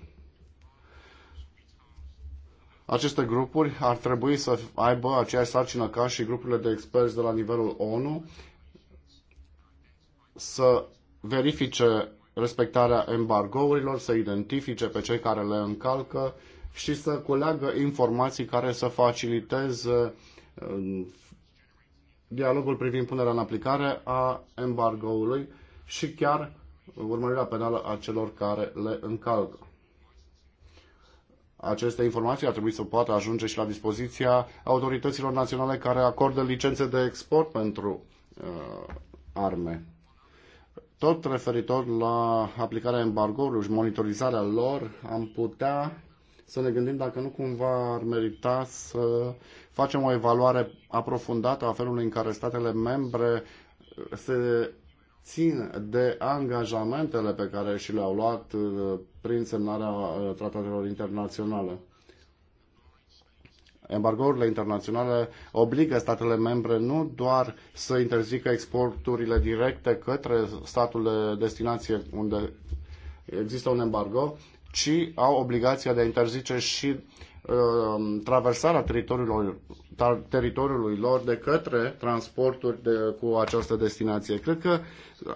Aceste grupuri ar trebui să aibă aceeași sarcină ca și grupurile de experți de la nivelul ONU să verifice respectarea embargourilor, să identifice pe cei care le încalcă, și să culeagă informații care să faciliteze uh, dialogul privind punerea în aplicare a embargoului și chiar urmărirea penală a celor care le încalcă. Aceste informații ar trebui să poată ajunge și la dispoziția autorităților naționale care acordă licențe de export pentru uh, arme. Tot referitor la aplicarea embargoului și monitorizarea lor, am putea să ne gândim dacă nu cumva ar merita să facem o evaluare aprofundată a felului în care statele membre se țin de angajamentele pe care și le-au luat uh, prin semnarea uh, tratatelor internaționale. Embargourile internaționale obligă statele membre nu doar să interzică exporturile directe către statul de destinație unde există un embargo, ci au obligația de a interzice și uh, traversarea teritoriului, teritoriului lor de către transporturi de, cu această destinație. Cred că uh,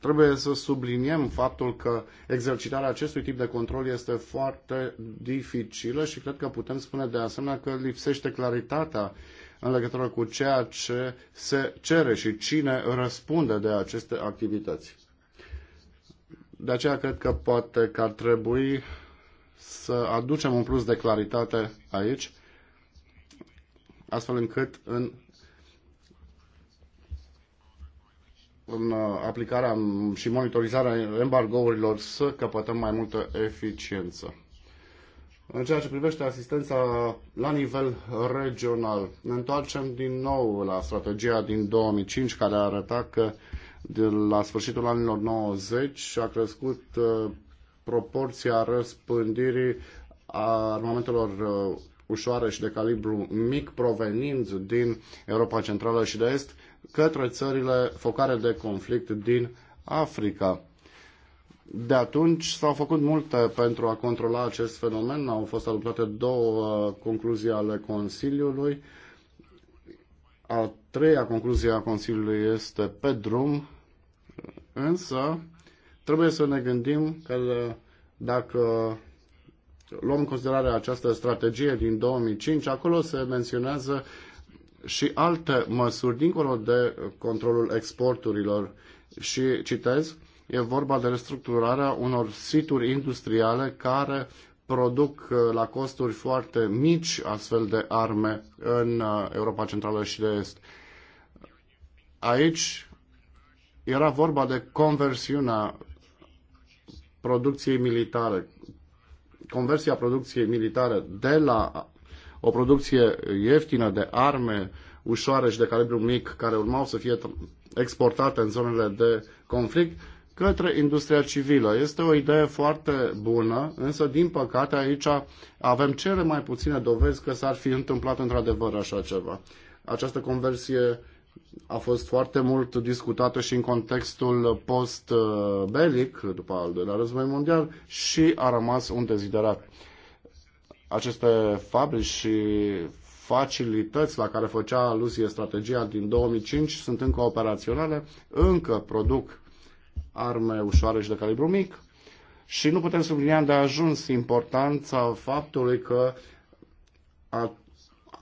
trebuie să subliniem faptul că exercitarea acestui tip de control este foarte dificilă și cred că putem spune de asemenea că lipsește claritatea în legătură cu ceea ce se cere și cine răspunde de aceste activități. De aceea cred că poate că ar trebui să aducem un plus de claritate aici, astfel încât în, în aplicarea și monitorizarea embargourilor să căpătăm mai multă eficiență. În ceea ce privește asistența la nivel regional, ne întoarcem din nou la strategia din 2005 care arăta că de la sfârșitul anilor 90 și a crescut uh, proporția răspândirii a armamentelor uh, ușoare și de calibru mic provenind din Europa Centrală și de Est către țările focare de conflict din Africa. De atunci s-au făcut multe pentru a controla acest fenomen. Au fost adoptate două uh, concluzii ale Consiliului. A treia concluzie a Consiliului este pe drum, însă trebuie să ne gândim că dacă luăm în considerare această strategie din 2005, acolo se menționează și alte măsuri dincolo de controlul exporturilor și citez, e vorba de restructurarea unor situri industriale care produc uh, la costuri foarte mici astfel de arme în uh, Europa Centrală și de Est aici era vorba de conversiunea producției militare, conversia producției militare de la o producție ieftină de arme ușoare și de calibru mic care urmau să fie exportate în zonele de conflict către industria civilă. Este o idee foarte bună, însă din păcate aici avem cele mai puține dovezi că s-ar fi întâmplat într-adevăr așa ceva. Această conversie a fost foarte mult discutată și în contextul post-belic, după al doilea război mondial, și a rămas un deziderat. Aceste fabrici și facilități la care făcea aluzie strategia din 2005 sunt încă operaționale, încă produc arme ușoare și de calibru mic și nu putem sublinia de ajuns importanța faptului că a,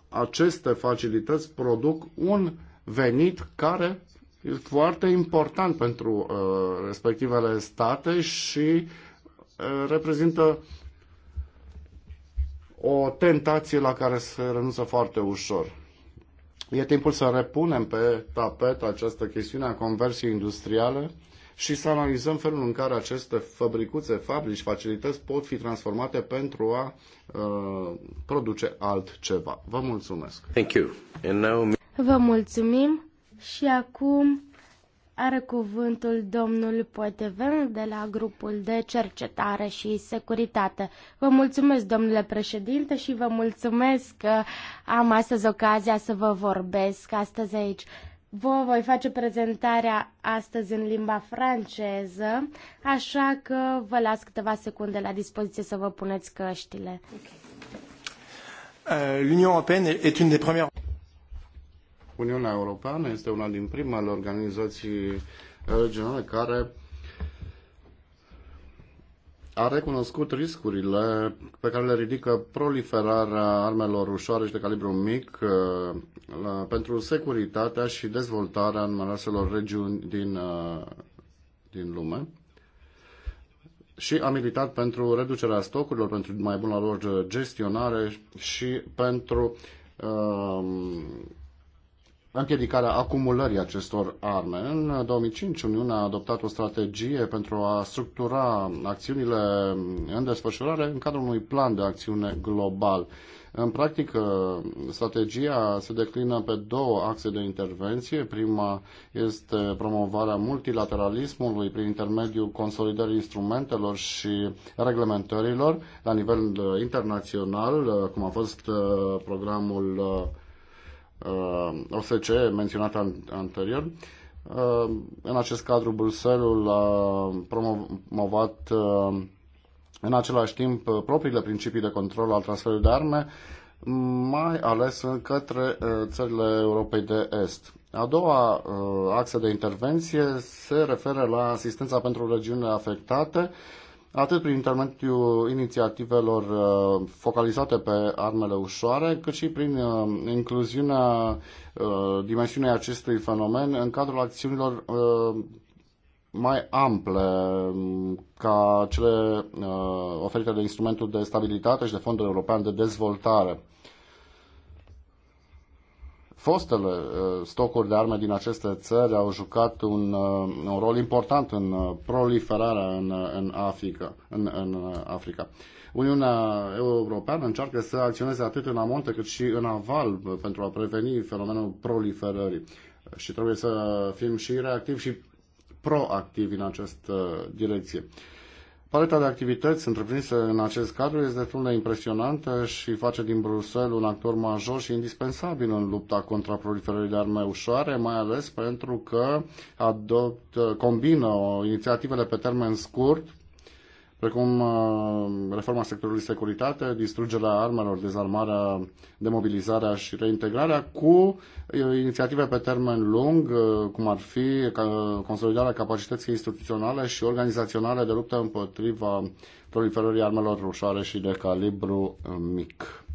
aceste facilități produc un venit care e foarte important pentru uh, respectivele state și uh, reprezintă o tentație la care se renunță foarte ușor. E timpul să repunem pe tapet această chestiune a conversiei industriale și să analizăm felul în care aceste fabricuțe, fabrici, facilități pot fi transformate pentru a uh, produce altceva. Vă mulțumesc! Thank you. And now... Vă mulțumim și acum are cuvântul domnul Poeteven de la grupul de cercetare și securitate. Vă mulțumesc, domnule președinte, și vă mulțumesc că am astăzi ocazia să vă vorbesc astăzi aici. Vă voi face prezentarea astăzi în limba franceză, așa că vă las câteva secunde la dispoziție să vă puneți căștile. Okay. Uh, L'Union Europeană est une des premières Uniunea Europeană este una din primele organizații regionale care a recunoscut riscurile pe care le ridică proliferarea armelor ușoare și de calibru mic uh, pentru securitatea și dezvoltarea numeroaselor regiuni din, uh, din lume și a militat pentru reducerea stocurilor, pentru mai bună lor gestionare și pentru uh, împiedicarea acumulării acestor arme. În 2005, Uniunea a adoptat o strategie pentru a structura acțiunile în desfășurare în cadrul unui plan de acțiune global. În practică, strategia se declină pe două axe de intervenție. Prima este promovarea multilateralismului prin intermediul consolidării instrumentelor și reglementărilor la nivel internațional, cum a fost uh, programul uh, Uh, OSCE menționată anterior. Uh, în acest cadru, Bruxelles a promovat uh, în același timp propriile principii de control al transferului de arme, mai ales către țările Europei de Est. A doua axă de intervenție se referă la asistența pentru regiunile afectate, atât prin intermediul inițiativelor uh, focalizate pe armele ușoare, cât și prin uh, incluziunea uh, dimensiunii acestui fenomen în cadrul acțiunilor mai ample um, ca cele oferite de instrumentul de stabilitate și de fondul european de dezvoltare fostele uh, stocuri de arme din aceste țări au jucat un, uh, un rol important în uh, proliferarea în, în, Africa, în, în Africa. Uniunea Europeană încearcă să acționeze atât în amonte cât și în aval pentru a preveni fenomenul proliferării și trebuie să fim și reactivi și proactivi în această direcție. Paleta de activități întreprinse în acest cadru este destul de impresionantă și face din Bruxelles un actor major și indispensabil în lupta contra proliferării de arme ușoare, mai ales pentru că adopt, combină inițiativele pe termen scurt precum uh, reforma sectorului securitate, distrugerea armelor, dezarmarea, demobilizarea și reintegrarea, cu uh, inițiative pe termen lung, uh, cum ar fi consolidarea capacității instituționale și organizaționale de luptă împotriva proliferării armelor ușoare și de calibru mic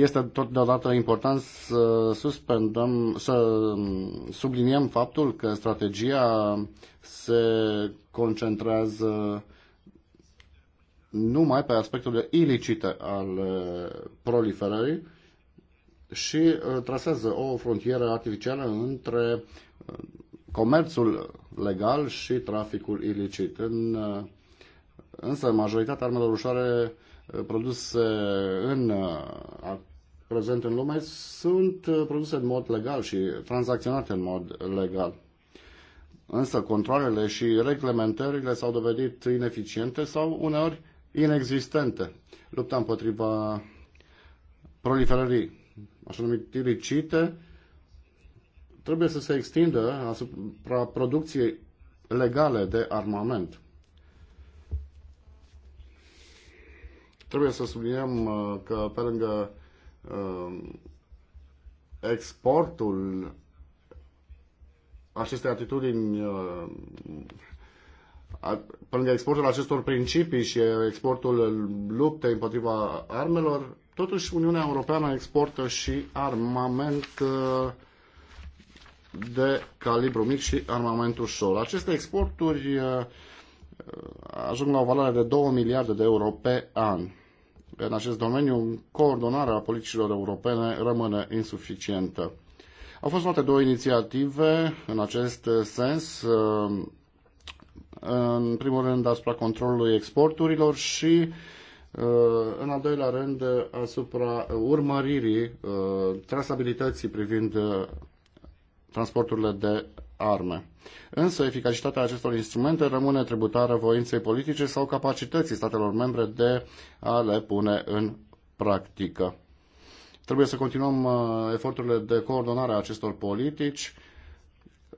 este totodată important să suspendăm, să subliniem faptul că strategia se concentrează numai pe aspectul ilicite al proliferării și uh, trasează o frontieră artificială între uh, comerțul legal și traficul ilicit. În, uh, însă majoritatea armelor ușoare produs în prezent în lume sunt uh, produse în mod legal și tranzacționate în mod legal. Însă controlele și reglementările s-au dovedit ineficiente sau uneori inexistente. Lupta împotriva proliferării așa numit ilicite trebuie să se extindă asupra producției legale de armament. Trebuie să subliniem uh, că pe lângă uh, exportul acestei atitudini uh, pe lângă exportul acestor principii și exportul luptei împotriva armelor, totuși Uniunea Europeană exportă și armament de calibru mic și armament ușor. Aceste exporturi ajung la o valoare de 2 miliarde de euro pe an în acest domeniu, coordonarea politicilor europene rămâne insuficientă. Au fost luate două inițiative în acest sens, în primul rând asupra controlului exporturilor și în al doilea rând asupra urmăririi trasabilității privind transporturile de arme. Însă eficacitatea acestor instrumente rămâne tributară voinței politice sau capacității statelor membre de a le pune în practică. Trebuie să continuăm uh, eforturile de coordonare a acestor politici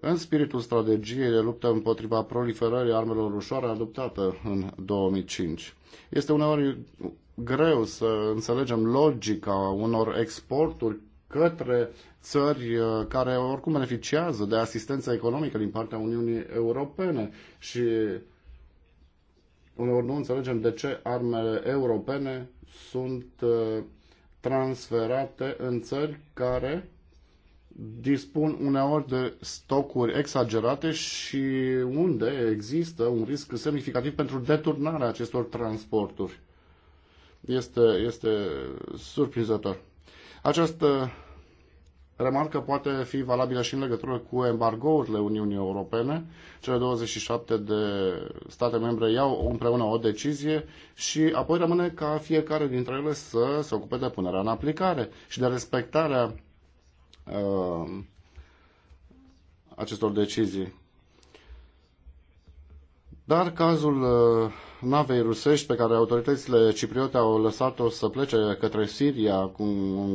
în spiritul strategiei de luptă împotriva proliferării armelor ușoare adoptată în 2005. Este uneori greu să înțelegem logica unor exporturi către țări uh, care oricum beneficiază de asistență economică din partea Uniunii Europene și uneori nu înțelegem de ce armele europene sunt uh, transferate în țări care dispun uneori de stocuri exagerate și unde există un risc semnificativ pentru deturnarea acestor transporturi. Este, este surprinzător. Această remarcă poate fi valabilă și în legătură cu embargourile Uniunii Europene. Cele 27 de state membre iau împreună o decizie și apoi rămâne ca fiecare dintre ele să se ocupe de punerea în aplicare și de respectarea uh, acestor decizii. Dar cazul uh, navei rusești pe care autoritățile cipriote au lăsat-o să plece către Siria cu,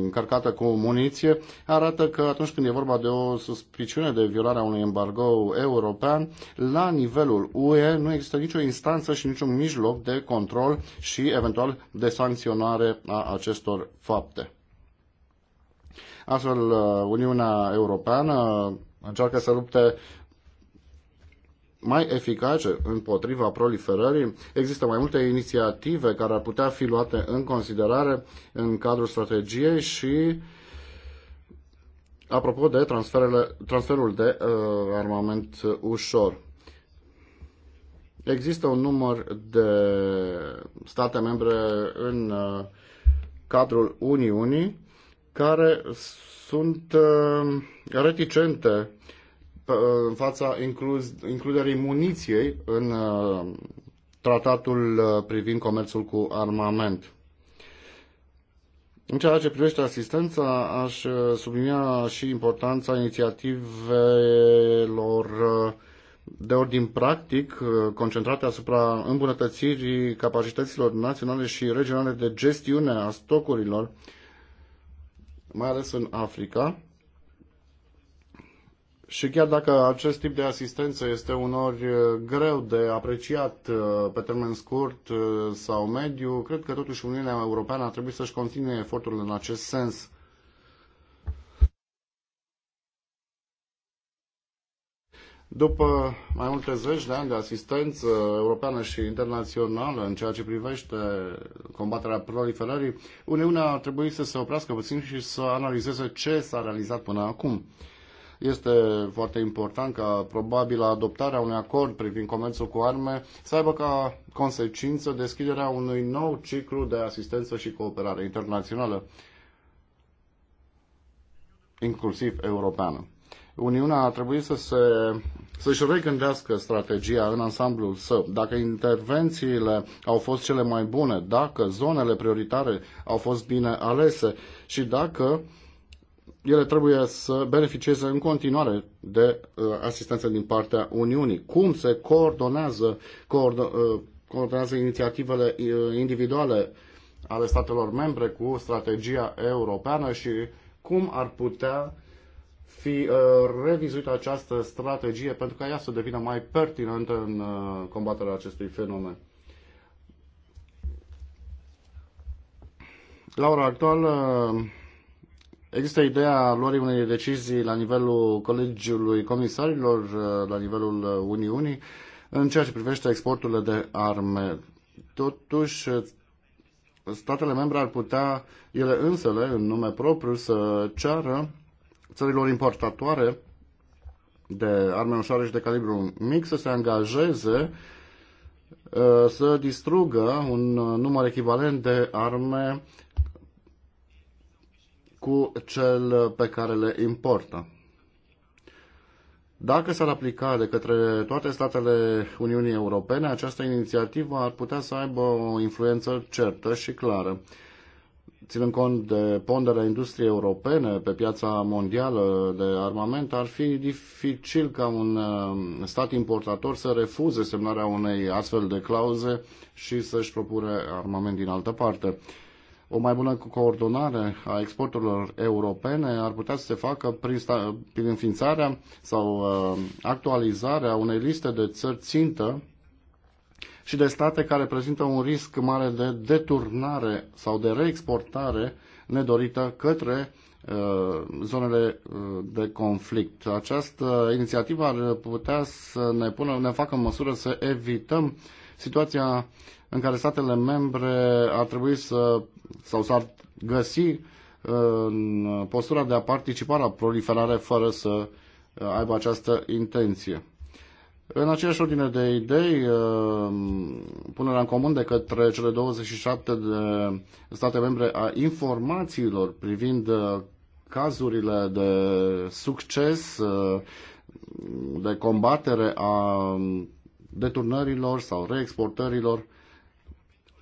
încărcată cu muniție arată că atunci când e vorba de o suspiciune de violare a unui embargo european, la nivelul UE nu există nicio instanță și niciun mijloc de control și eventual de sancționare a acestor fapte. Astfel, uh, Uniunea Europeană încearcă să lupte mai eficace împotriva proliferării. Există mai multe inițiative care ar putea fi luate în considerare în cadrul strategiei și apropo de transferul de uh, armament ușor. Există un număr de state membre în uh, cadrul Uniunii care sunt uh, reticente Uh, în fața incluz, includerii muniției în uh, tratatul uh, privind comerțul cu armament. În ceea ce privește asistența, aș sublinia și importanța inițiativelor de ordin practic concentrate asupra îmbunătățirii capacităților naționale și regionale de gestiune a stocurilor, mai ales în Africa, și chiar dacă acest tip de asistență este unor uh, greu de apreciat uh, pe termen scurt uh, sau mediu, cred că totuși Uniunea Europeană ar trebui să-și continue eforturile în acest sens. După mai multe zeci de ani de asistență europeană și internațională în ceea ce privește combaterea proliferării, Uniunea ar trebui să se oprească puțin și să analizeze ce s-a realizat până acum. Este foarte important ca probabil adoptarea unui acord privind comerțul cu arme să aibă ca consecință deschiderea unui nou ciclu de asistență și cooperare internațională, inclusiv europeană. Uniunea ar trebui să se, să-și regândească strategia în ansamblul său. Dacă intervențiile au fost cele mai bune, dacă zonele prioritare au fost bine alese și dacă ele trebuie să beneficieze în continuare de uh, asistență din partea Uniunii. Cum se coordonează, coordo, uh, coordonează inițiativele uh, individuale ale statelor membre cu strategia europeană și cum ar putea fi uh, revizuită această strategie pentru ca ea să devină mai pertinentă în uh, combaterea acestui fenomen. La ora actuală, uh, Există ideea luării unei decizii la nivelul Colegiului Comisarilor, uh, la nivelul uh, Uniunii, în ceea ce privește exporturile de arme. Totuși, uh, statele membre ar putea ele însele, în nume propriu, să ceară țărilor importatoare de arme ușoare și de calibru mic să se angajeze să distrugă un număr echivalent de arme cu cel pe care le importă. Dacă s-ar aplica de către toate statele Uniunii Europene, această inițiativă ar putea să aibă o influență certă și clară. Ținând cont de ponderea industriei europene pe piața mondială de armament, ar fi dificil ca un um, stat importator să refuze semnarea unei astfel de clauze și să-și propure armament din altă parte. O mai bună coordonare a exporturilor europene ar putea să se facă prin, sta- prin înființarea sau uh, actualizarea unei liste de țări țintă și de state care prezintă un risc mare de deturnare sau de reexportare nedorită către uh, zonele uh, de conflict. Această inițiativă ar putea să ne pună, ne facă în măsură să evităm situația în care statele membre ar trebui să sau s-ar găsi în postura de a participa la proliferare fără să aibă această intenție. În aceeași ordine de idei, um, punerea în comun de către cele 27 de state membre a informațiilor privind uh, cazurile de succes, uh, de combatere a um, deturnărilor sau reexportărilor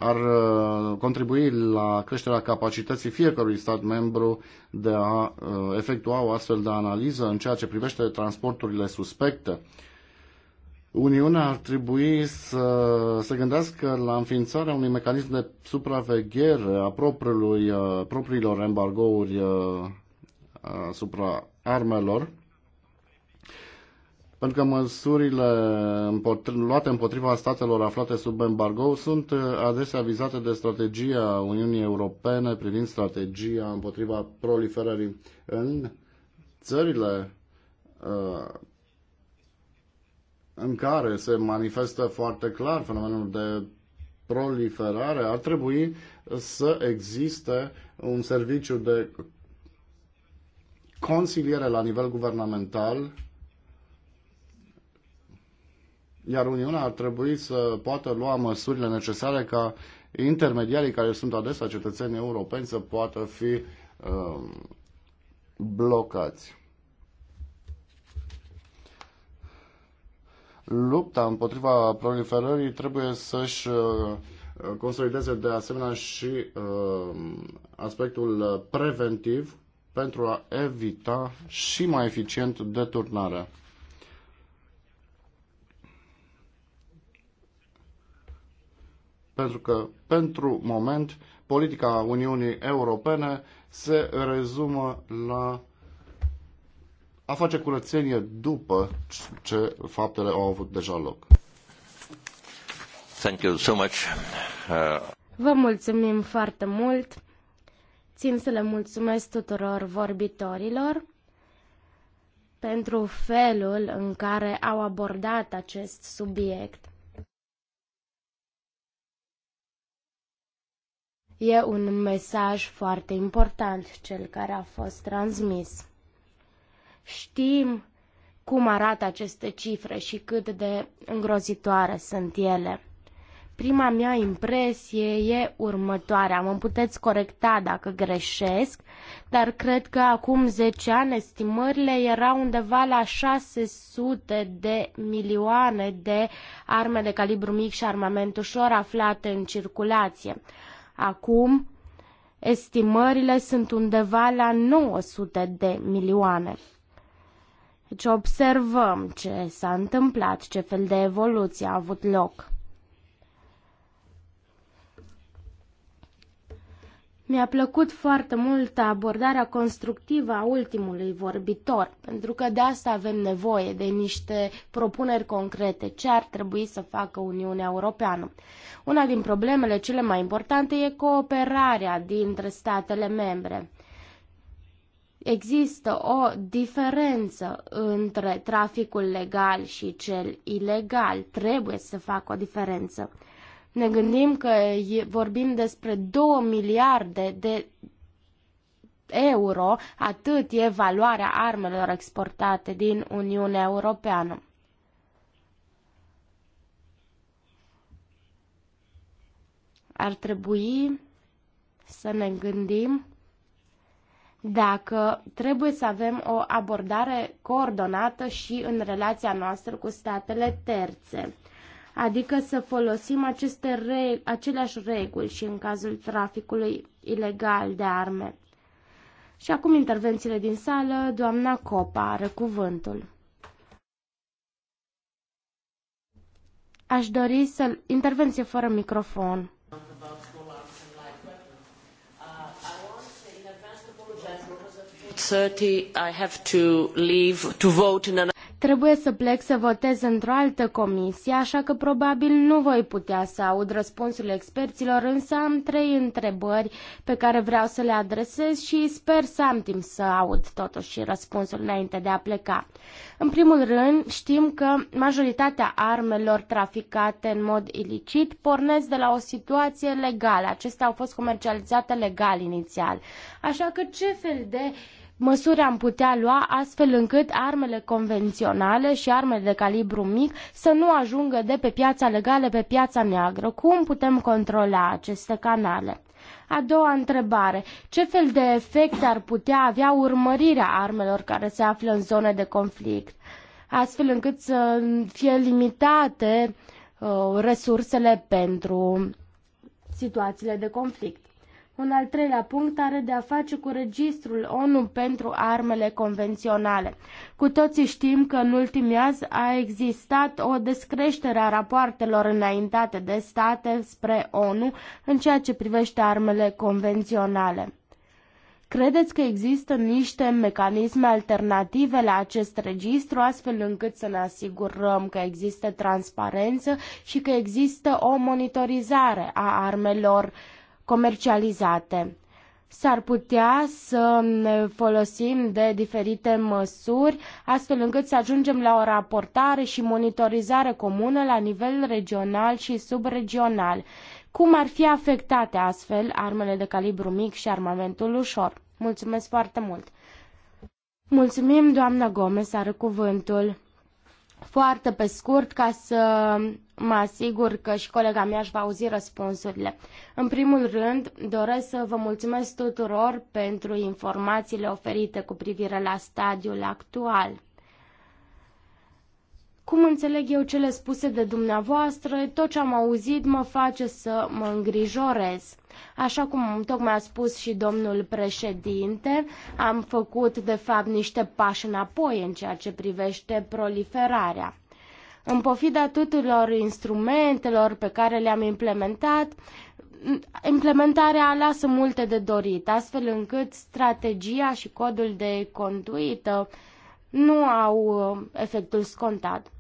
ar uh, contribui la creșterea capacității fiecărui stat membru de a uh, efectua o astfel de analiză în ceea ce privește transporturile suspecte. Uniunea ar trebui să se gândească la înființarea unui mecanism de supraveghere a uh, propriilor embargouri asupra armelor pentru că măsurile luate împotriva statelor aflate sub embargo sunt uh, adesea vizate de strategia Uniunii Europene privind strategia împotriva proliferării în țările uh, în care se manifestă foarte clar fenomenul de proliferare, ar trebui să existe un serviciu de consiliere la nivel guvernamental iar Uniunea ar trebui să poată lua măsurile necesare ca intermediarii care sunt adesea cetățeni europeni să poată fi uh, blocați. Lupta împotriva proliferării trebuie să-și uh, consolideze de asemenea și uh, aspectul preventiv pentru a evita și mai eficient deturnarea. Pentru că, pentru moment, politica Uniunii Europene se rezumă la a face curățenie după ce faptele au avut deja loc. Thank you so much. Uh... Vă mulțumim foarte mult. Țin să le mulțumesc tuturor vorbitorilor pentru felul în care au abordat acest subiect. E un mesaj foarte important cel care a fost transmis. Știm cum arată aceste cifre și cât de îngrozitoare sunt ele. Prima mea impresie e următoarea. Mă puteți corecta dacă greșesc, dar cred că acum 10 ani estimările erau undeva la 600 de milioane de arme de calibru mic și armament ușor aflate în circulație. Acum, estimările sunt undeva la 900 de milioane. Deci observăm ce s-a întâmplat, ce fel de evoluție a avut loc. Mi-a plăcut foarte mult abordarea constructivă a ultimului vorbitor, pentru că de asta avem nevoie de niște propuneri concrete, ce ar trebui să facă Uniunea Europeană. Una din problemele cele mai importante e cooperarea dintre statele membre există o diferență între traficul legal și cel ilegal. Trebuie să facă o diferență ne gândim că vorbim despre 2 miliarde de euro, atât e valoarea armelor exportate din Uniunea Europeană. Ar trebui să ne gândim dacă trebuie să avem o abordare coordonată și în relația noastră cu statele terțe adică să folosim aceste re- aceleași reguli și în cazul traficului ilegal de arme. Și acum intervențiile din sală, doamna Copa are cuvântul. Aș dori să... Intervenție fără microfon. thirty i have to leave to vote in another Trebuie să plec să votez într-o altă comisie, așa că probabil nu voi putea să aud răspunsul experților, însă am trei întrebări pe care vreau să le adresez și sper să am timp să aud totuși răspunsul înainte de a pleca. În primul rând, știm că majoritatea armelor traficate în mod ilicit pornesc de la o situație legală. Acestea au fost comercializate legal inițial. Așa că ce fel de uh, măsuri am putea lua astfel încât armele convenționale și armele de calibru mic să nu ajungă de pe piața legală pe piața neagră? Cum putem controla aceste canale? A doua întrebare. Ce fel de efecte ar putea avea urmărirea armelor care se află în zone de conflict? Astfel încât să fie limitate uh, resursele pentru situațiile de conflict. Un al treilea punct are de a face cu registrul ONU pentru armele convenționale. Cu toții știm că în ultimii ani a existat o descreștere a rapoartelor înaintate de state spre ONU în ceea ce privește armele convenționale. Credeți că există niște mecanisme alternative la acest registru, astfel încât să ne asigurăm că există transparență și că există o monitorizare a armelor uh, comercializate. S-ar putea să ne folosim de diferite măsuri, astfel încât să ajungem la o raportare și monitorizare comună la nivel regional și subregional. Cum ar fi afectate astfel armele de calibru mic și armamentul ușor? Mulțumesc foarte mult! Mulțumim, doamna Gomez, are cuvântul. Foarte pe scurt, ca să mă asigur că și colega mea își va auzi răspunsurile. În primul rând, doresc să vă mulțumesc tuturor pentru informațiile oferite cu privire la stadiul actual. Cum înțeleg eu cele spuse de dumneavoastră, tot ce am auzit mă face să mă îngrijorez. Așa cum tocmai a spus și domnul președinte, am făcut de fapt niște pași înapoi în ceea ce privește proliferarea. În pofida tuturor instrumentelor pe care le-am implementat, implementarea lasă multe de dorit, astfel încât strategia și codul de conduită nu au uh, efectul scontat.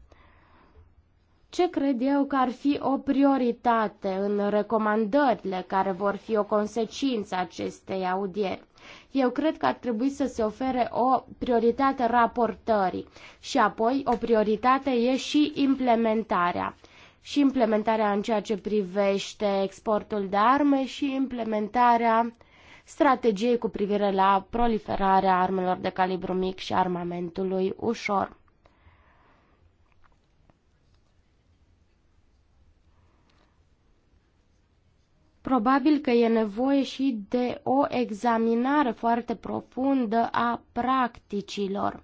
Ce cred eu că ar fi o prioritate în recomandările care vor fi o consecință acestei audieri? Eu cred că ar trebui să se ofere o prioritate raportării și apoi o prioritate e și implementarea. Și implementarea în ceea ce privește exportul de arme și implementarea strategiei cu privire la proliferarea armelor de calibru mic și armamentului ușor. Probabil că e nevoie și de o examinare foarte profundă a practicilor.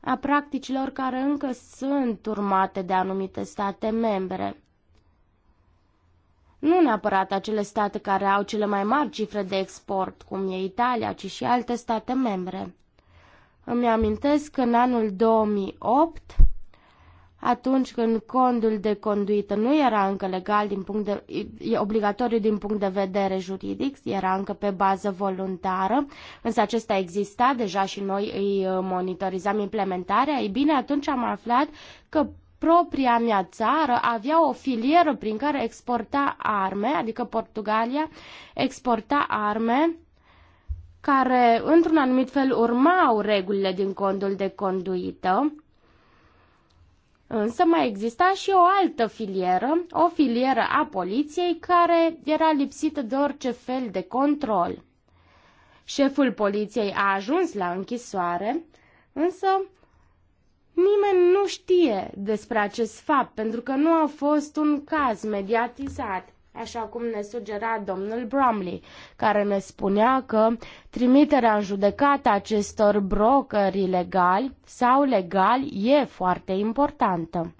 A practicilor care încă sunt urmate de anumite state membre. Nu neapărat acele state care au cele mai mari cifre de export, cum e Italia, ci și alte state membre. Îmi amintesc că în anul 2008 atunci când condul de conduită nu era încă legal din punct de, e obligatoriu din punct de vedere juridic, era încă pe bază voluntară, însă acesta exista deja și noi îi uh, monitorizam implementarea, ei bine, atunci am aflat că propria mea țară avea o filieră prin care exporta arme, adică Portugalia exporta arme care într-un anumit fel urmau regulile din condul de conduită Însă mai exista și o altă filieră, o filieră a poliției care era lipsită de orice fel de control. Șeful poliției a ajuns la închisoare, însă nimeni nu știe despre acest fapt pentru că nu a fost un caz mediatizat așa cum ne sugera domnul Bromley, care ne spunea că trimiterea în judecată acestor brokeri ilegali sau legali e foarte importantă.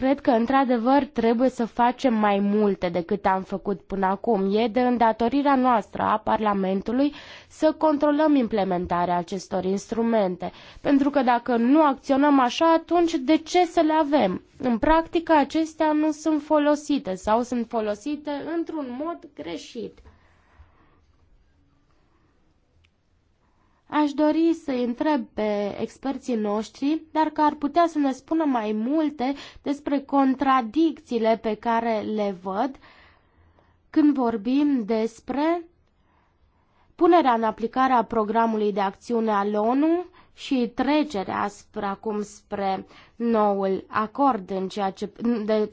Cred că, într-adevăr, trebuie să facem mai multe decât am făcut până acum. E de îndatorirea noastră a Parlamentului să controlăm implementarea acestor instrumente, pentru că dacă nu acționăm așa, atunci de ce să le avem? În practică, acestea nu sunt folosite sau sunt folosite într-un mod greșit. Aș dori să-i întreb pe experții noștri, dar că ar putea să ne spună mai multe despre contradicțiile pe care le văd când vorbim despre punerea în aplicare a programului de acțiune al ONU și trecerea spre acum spre noul acord în ceea ce de,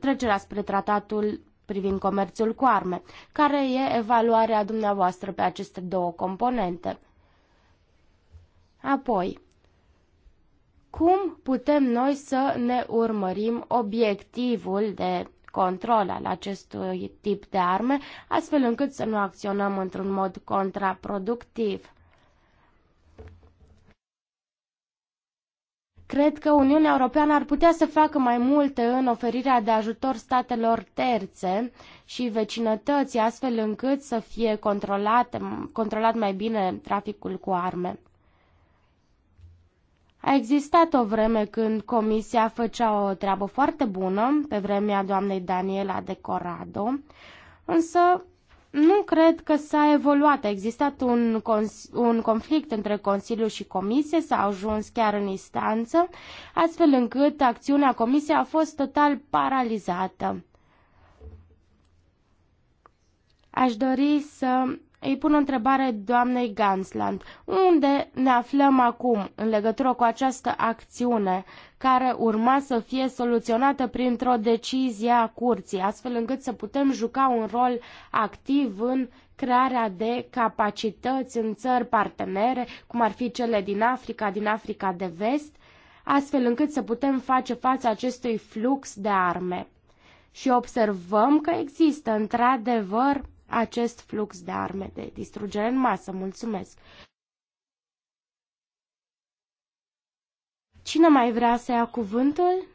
trecerea spre tratatul privind comerțul cu arme. Care e evaluarea dumneavoastră pe aceste două componente? Apoi, cum putem noi să ne urmărim obiectivul de control al acestui tip de arme, astfel încât să nu acționăm într-un mod contraproductiv. Cred că Uniunea Europeană ar putea să facă mai multe în oferirea de ajutor statelor terțe și vecinătății, astfel încât să fie controlat, controlat mai bine traficul cu arme. A existat o vreme când comisia făcea o treabă foarte bună, pe vremea doamnei Daniela de Corado, însă nu cred că s-a evoluat. A existat un, un conflict între Consiliu și Comisie, s-a ajuns chiar în instanță, astfel încât acțiunea Comisiei a fost total paralizată. Aș dori să îi pun o întrebare doamnei Gansland. Unde ne aflăm acum în legătură cu această acțiune care urma să fie soluționată printr-o decizie a curții, astfel încât să putem juca un rol activ în crearea de capacități în țări partenere, cum ar fi cele din Africa, din Africa de Vest, astfel încât să putem face față acestui flux de arme. Și observăm că există într-adevăr acest flux de arme de distrugere în masă. Mulțumesc! Cine mai vrea să ia cuvântul?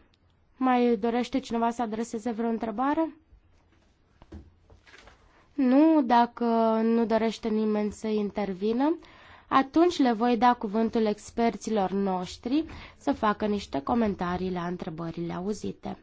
Mai dorește cineva să adreseze vreo întrebare? Nu, dacă nu dorește nimeni să intervină, atunci le voi da cuvântul experților noștri să facă niște comentarii la întrebările auzite.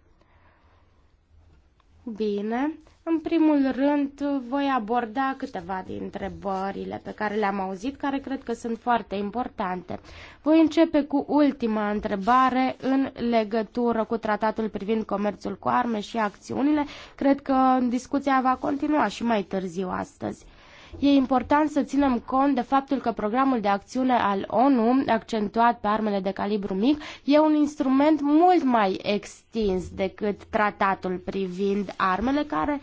Bine, în primul rând, voi aborda câteva din întrebările pe care le-am auzit, care cred că sunt foarte importante. Voi începe cu ultima întrebare în legătură cu tratatul privind comerțul cu arme și acțiunile. Cred că discuția va continua și mai târziu astăzi. E important să ținem cont de faptul că programul de acțiune al ONU, accentuat pe armele de calibru mic, e un instrument mult mai extins decât tratatul privind armele, care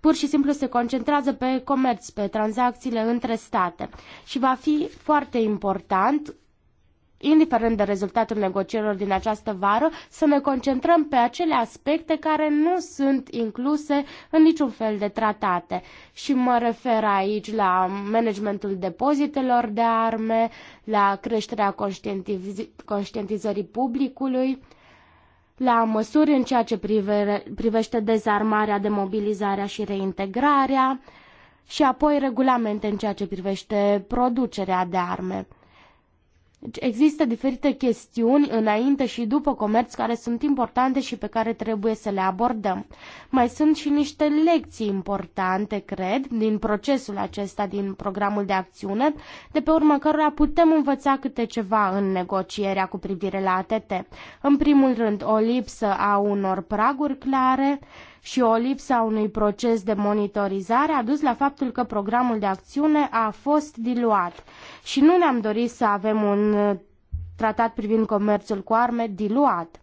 pur și simplu se concentrează pe comerț, pe tranzacțiile între state. Și va fi foarte important indiferent de rezultatul negocierilor din această vară, să ne concentrăm pe acele aspecte care nu sunt incluse în niciun fel de tratate. Și mă refer aici la managementul depozitelor de arme, la creșterea conștientiz- conștientizării publicului, la măsuri în ceea ce prive, privește dezarmarea, demobilizarea și reintegrarea și apoi regulamente în ceea ce privește producerea de arme. Deci există diferite chestiuni înainte și după comerț care sunt importante și pe care trebuie să le abordăm. Mai sunt și niște lecții importante, cred, din procesul acesta, din programul de acțiune, de pe urma cărora putem învăța câte ceva în negocierea cu privire la ATT. În primul rând, o lipsă a unor praguri clare, și o lipsă a unui proces de monitorizare a dus la faptul că programul de acțiune a fost diluat și nu ne-am dorit să avem un uh, tratat privind comerțul cu arme diluat.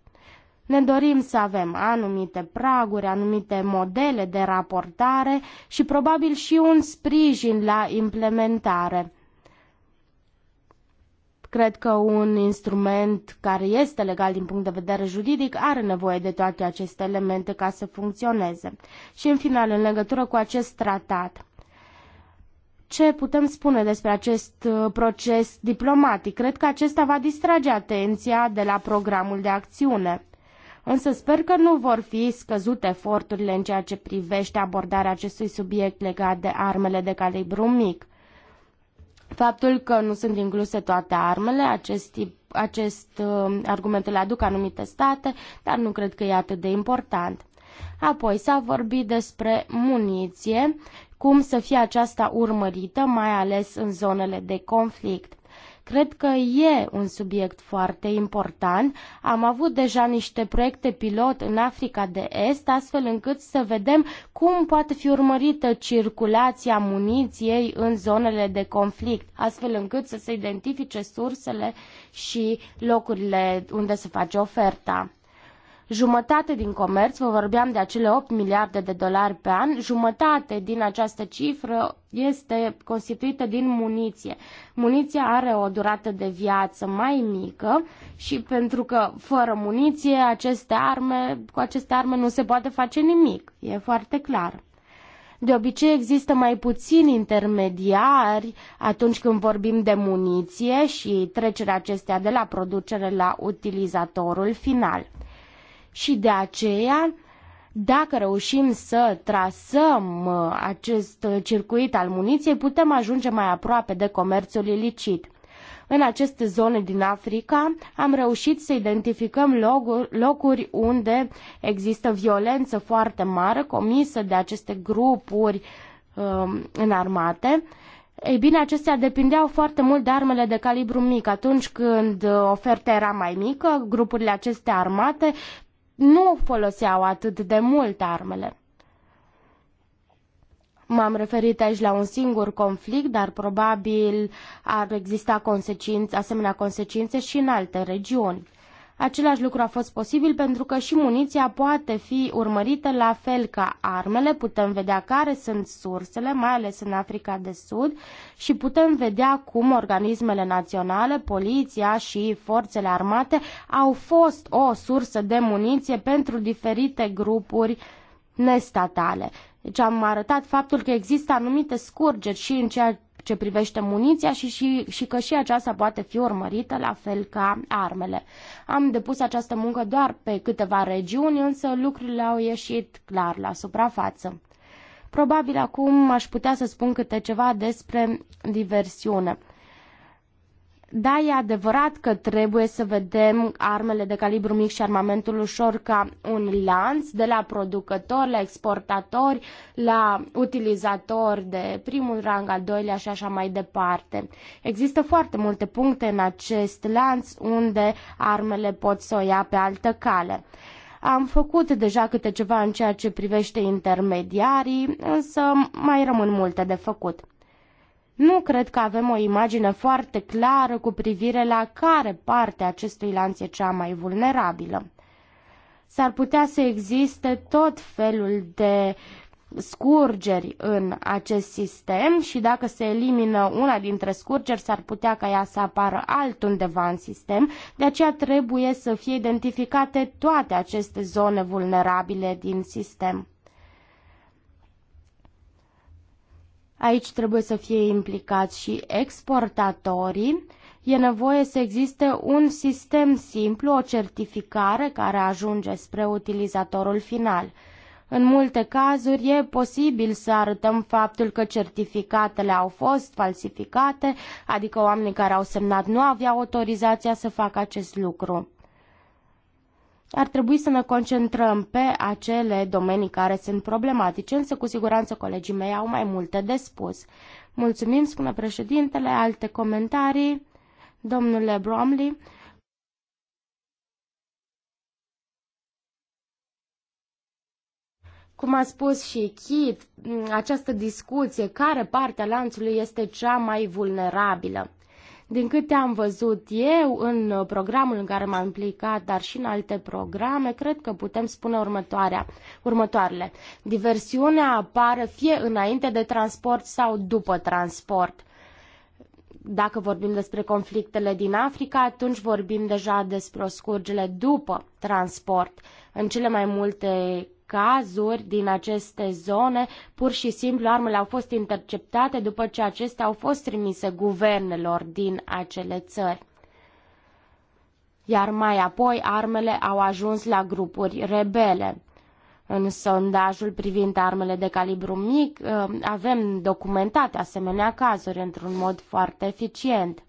Ne dorim să avem anumite praguri, anumite modele de raportare și probabil și un sprijin la implementare. Cred că un instrument care este legal din punct de vedere juridic are nevoie de toate aceste elemente ca să funcționeze. Și în final, în legătură cu acest tratat, ce putem spune despre acest uh, proces diplomatic? Cred că acesta va distrage atenția de la programul de acțiune. Însă sper că nu vor fi scăzute eforturile în ceea ce privește abordarea acestui subiect legat de armele de calibru mic. Faptul că nu sunt incluse toate armele, acest tip acest uh, argument îl aduc anumite state, dar nu cred că e atât de important. Apoi s-a vorbit despre muniție, cum să fie aceasta urmărită, mai ales în zonele de conflict. Cred că e un subiect foarte important. Am avut deja niște proiecte pilot în Africa de Est, astfel încât să vedem cum poate fi urmărită circulația muniției în zonele de conflict, astfel încât să se identifice sursele și locurile unde se face oferta. Jumătate din comerț, vă vorbeam de acele 8 miliarde de dolari pe an, jumătate din această cifră este constituită din muniție. Muniția are o durată de viață mai mică și pentru că fără muniție aceste arme, cu aceste arme nu se poate face nimic. E foarte clar. De obicei există mai puțini intermediari atunci când vorbim de muniție și trecerea acestea de la producere la utilizatorul final și de aceea dacă reușim să trasăm uh, acest uh, circuit al muniției, putem ajunge mai aproape de comerțul ilicit. În aceste zone din Africa am reușit să identificăm locuri unde există violență foarte mare comisă de aceste grupuri um, armate. Ei bine, acestea depindeau foarte mult de armele de calibru mic. Atunci când oferta era mai mică, grupurile acestea armate nu foloseau atât de mult armele. M-am referit aici la un singur conflict, dar probabil ar exista consecințe, asemenea consecințe și în alte regiuni. Același lucru a fost posibil pentru că și muniția poate fi urmărită la fel ca armele, putem vedea care sunt sursele, mai ales în Africa de Sud, și putem vedea cum organismele naționale, poliția și forțele armate au fost o sursă de muniție pentru diferite grupuri nestatale. Deci am arătat faptul că există anumite scurgeri și în ceea ce privește muniția și, și, și că și aceasta poate fi urmărită la fel ca armele. Am depus această muncă doar pe câteva regiuni, însă lucrurile au ieșit clar la suprafață. Probabil acum aș putea să spun câte ceva despre diversiune. Da, e adevărat că trebuie să vedem armele de calibru mic și armamentul ușor ca un lanț de la producători, la exportatori, la utilizatori de primul rang, al doilea și așa mai departe. Există foarte multe puncte în acest lanț unde armele pot să o ia pe altă cale. Am făcut deja câte ceva în ceea ce privește intermediarii, însă mai rămân multe de făcut. Nu cred că avem o imagine foarte clară cu privire la care parte a acestui lanț e cea mai vulnerabilă. S-ar putea să existe tot felul de scurgeri în acest sistem și dacă se elimină una dintre scurgeri, s-ar putea ca ea să apară altundeva în sistem, de aceea trebuie să fie identificate toate aceste zone vulnerabile din sistem. Aici trebuie să fie implicați și exportatorii. E nevoie să existe un sistem simplu, o certificare care ajunge spre utilizatorul final. În multe cazuri e posibil să arătăm faptul că certificatele au fost falsificate, adică oamenii care au semnat nu aveau autorizația să facă acest lucru ar trebui să ne concentrăm pe acele domenii care sunt problematice, însă cu siguranță colegii mei au mai multe de spus. Mulțumim, spune președintele, alte comentarii, domnule Bromley. Cum a spus și Kit, această discuție, care parte a lanțului este cea mai vulnerabilă din câte am văzut eu în uh, programul în care m-am implicat, dar și în alte programe, cred că putem spune următoarea, următoarele. Diversiunea apare fie înainte de transport sau după transport dacă vorbim despre conflictele din Africa, atunci vorbim deja despre o scurgere după transport. În cele mai multe cazuri din aceste zone, pur și simplu armele au fost interceptate după ce acestea au fost trimise guvernelor din acele țări. Iar mai apoi armele au ajuns la grupuri rebele. În sondajul privind armele de calibru mic ă, avem documentate asemenea cazuri într-un mod foarte eficient.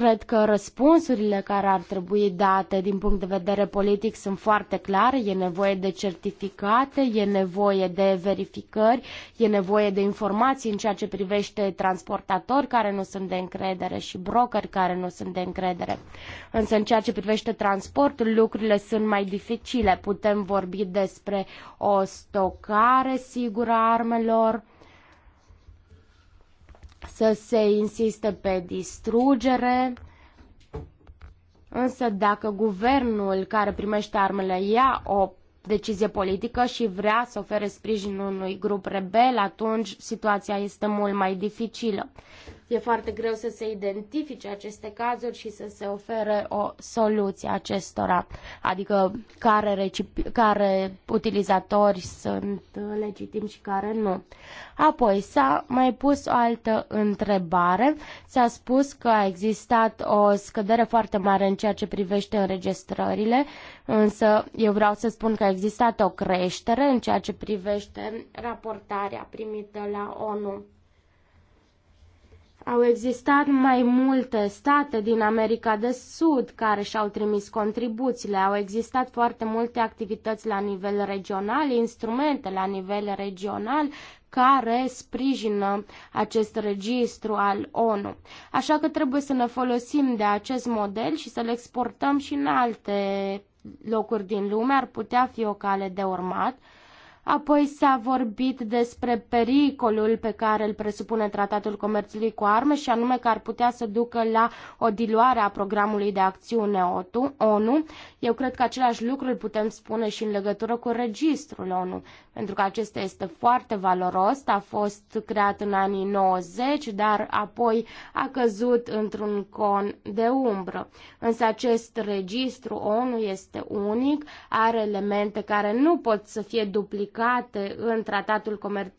Cred că răspunsurile care ar trebui date din punct de vedere politic sunt foarte clare. E nevoie de certificate, e nevoie de verificări, e nevoie de informații în ceea ce privește transportatori care nu sunt de încredere și brokeri care nu sunt de încredere. Însă în ceea ce privește transportul, lucrurile sunt mai dificile. Putem vorbi despre o stocare sigură a armelor, să se insiste pe distrugere, însă dacă guvernul care primește armele ia o decizie politică și vrea să ofere sprijin unui grup rebel, atunci situația este mult mai dificilă. E foarte greu să se identifice aceste cazuri și să se ofere o soluție acestora, adică care, care utilizatori sunt legitimi și care nu. Apoi s-a mai pus o altă întrebare. S-a spus că a existat o scădere foarte mare în ceea ce privește înregistrările, însă eu vreau să spun că a existat o creștere în ceea ce privește raportarea primită la ONU. Au existat mai multe state din America de Sud care și-au trimis contribuțiile, au existat foarte multe activități la nivel regional, instrumente la nivel regional care sprijină acest registru al ONU. Așa că trebuie să ne folosim de acest model și să-l exportăm și în alte locuri din lume, ar putea fi o cale de urmat. Apoi s-a vorbit despre pericolul pe care îl presupune tratatul comerțului cu arme și anume că ar putea să ducă la o diluare a programului de acțiune ONU eu cred că același lucru îl putem spune și în legătură cu registrul ONU, pentru că acesta este foarte valoros, a fost creat în anii 90, dar apoi a căzut într-un con de umbră. Însă acest registru ONU este unic, are elemente care nu pot să fie duplicate în tratatul comerț,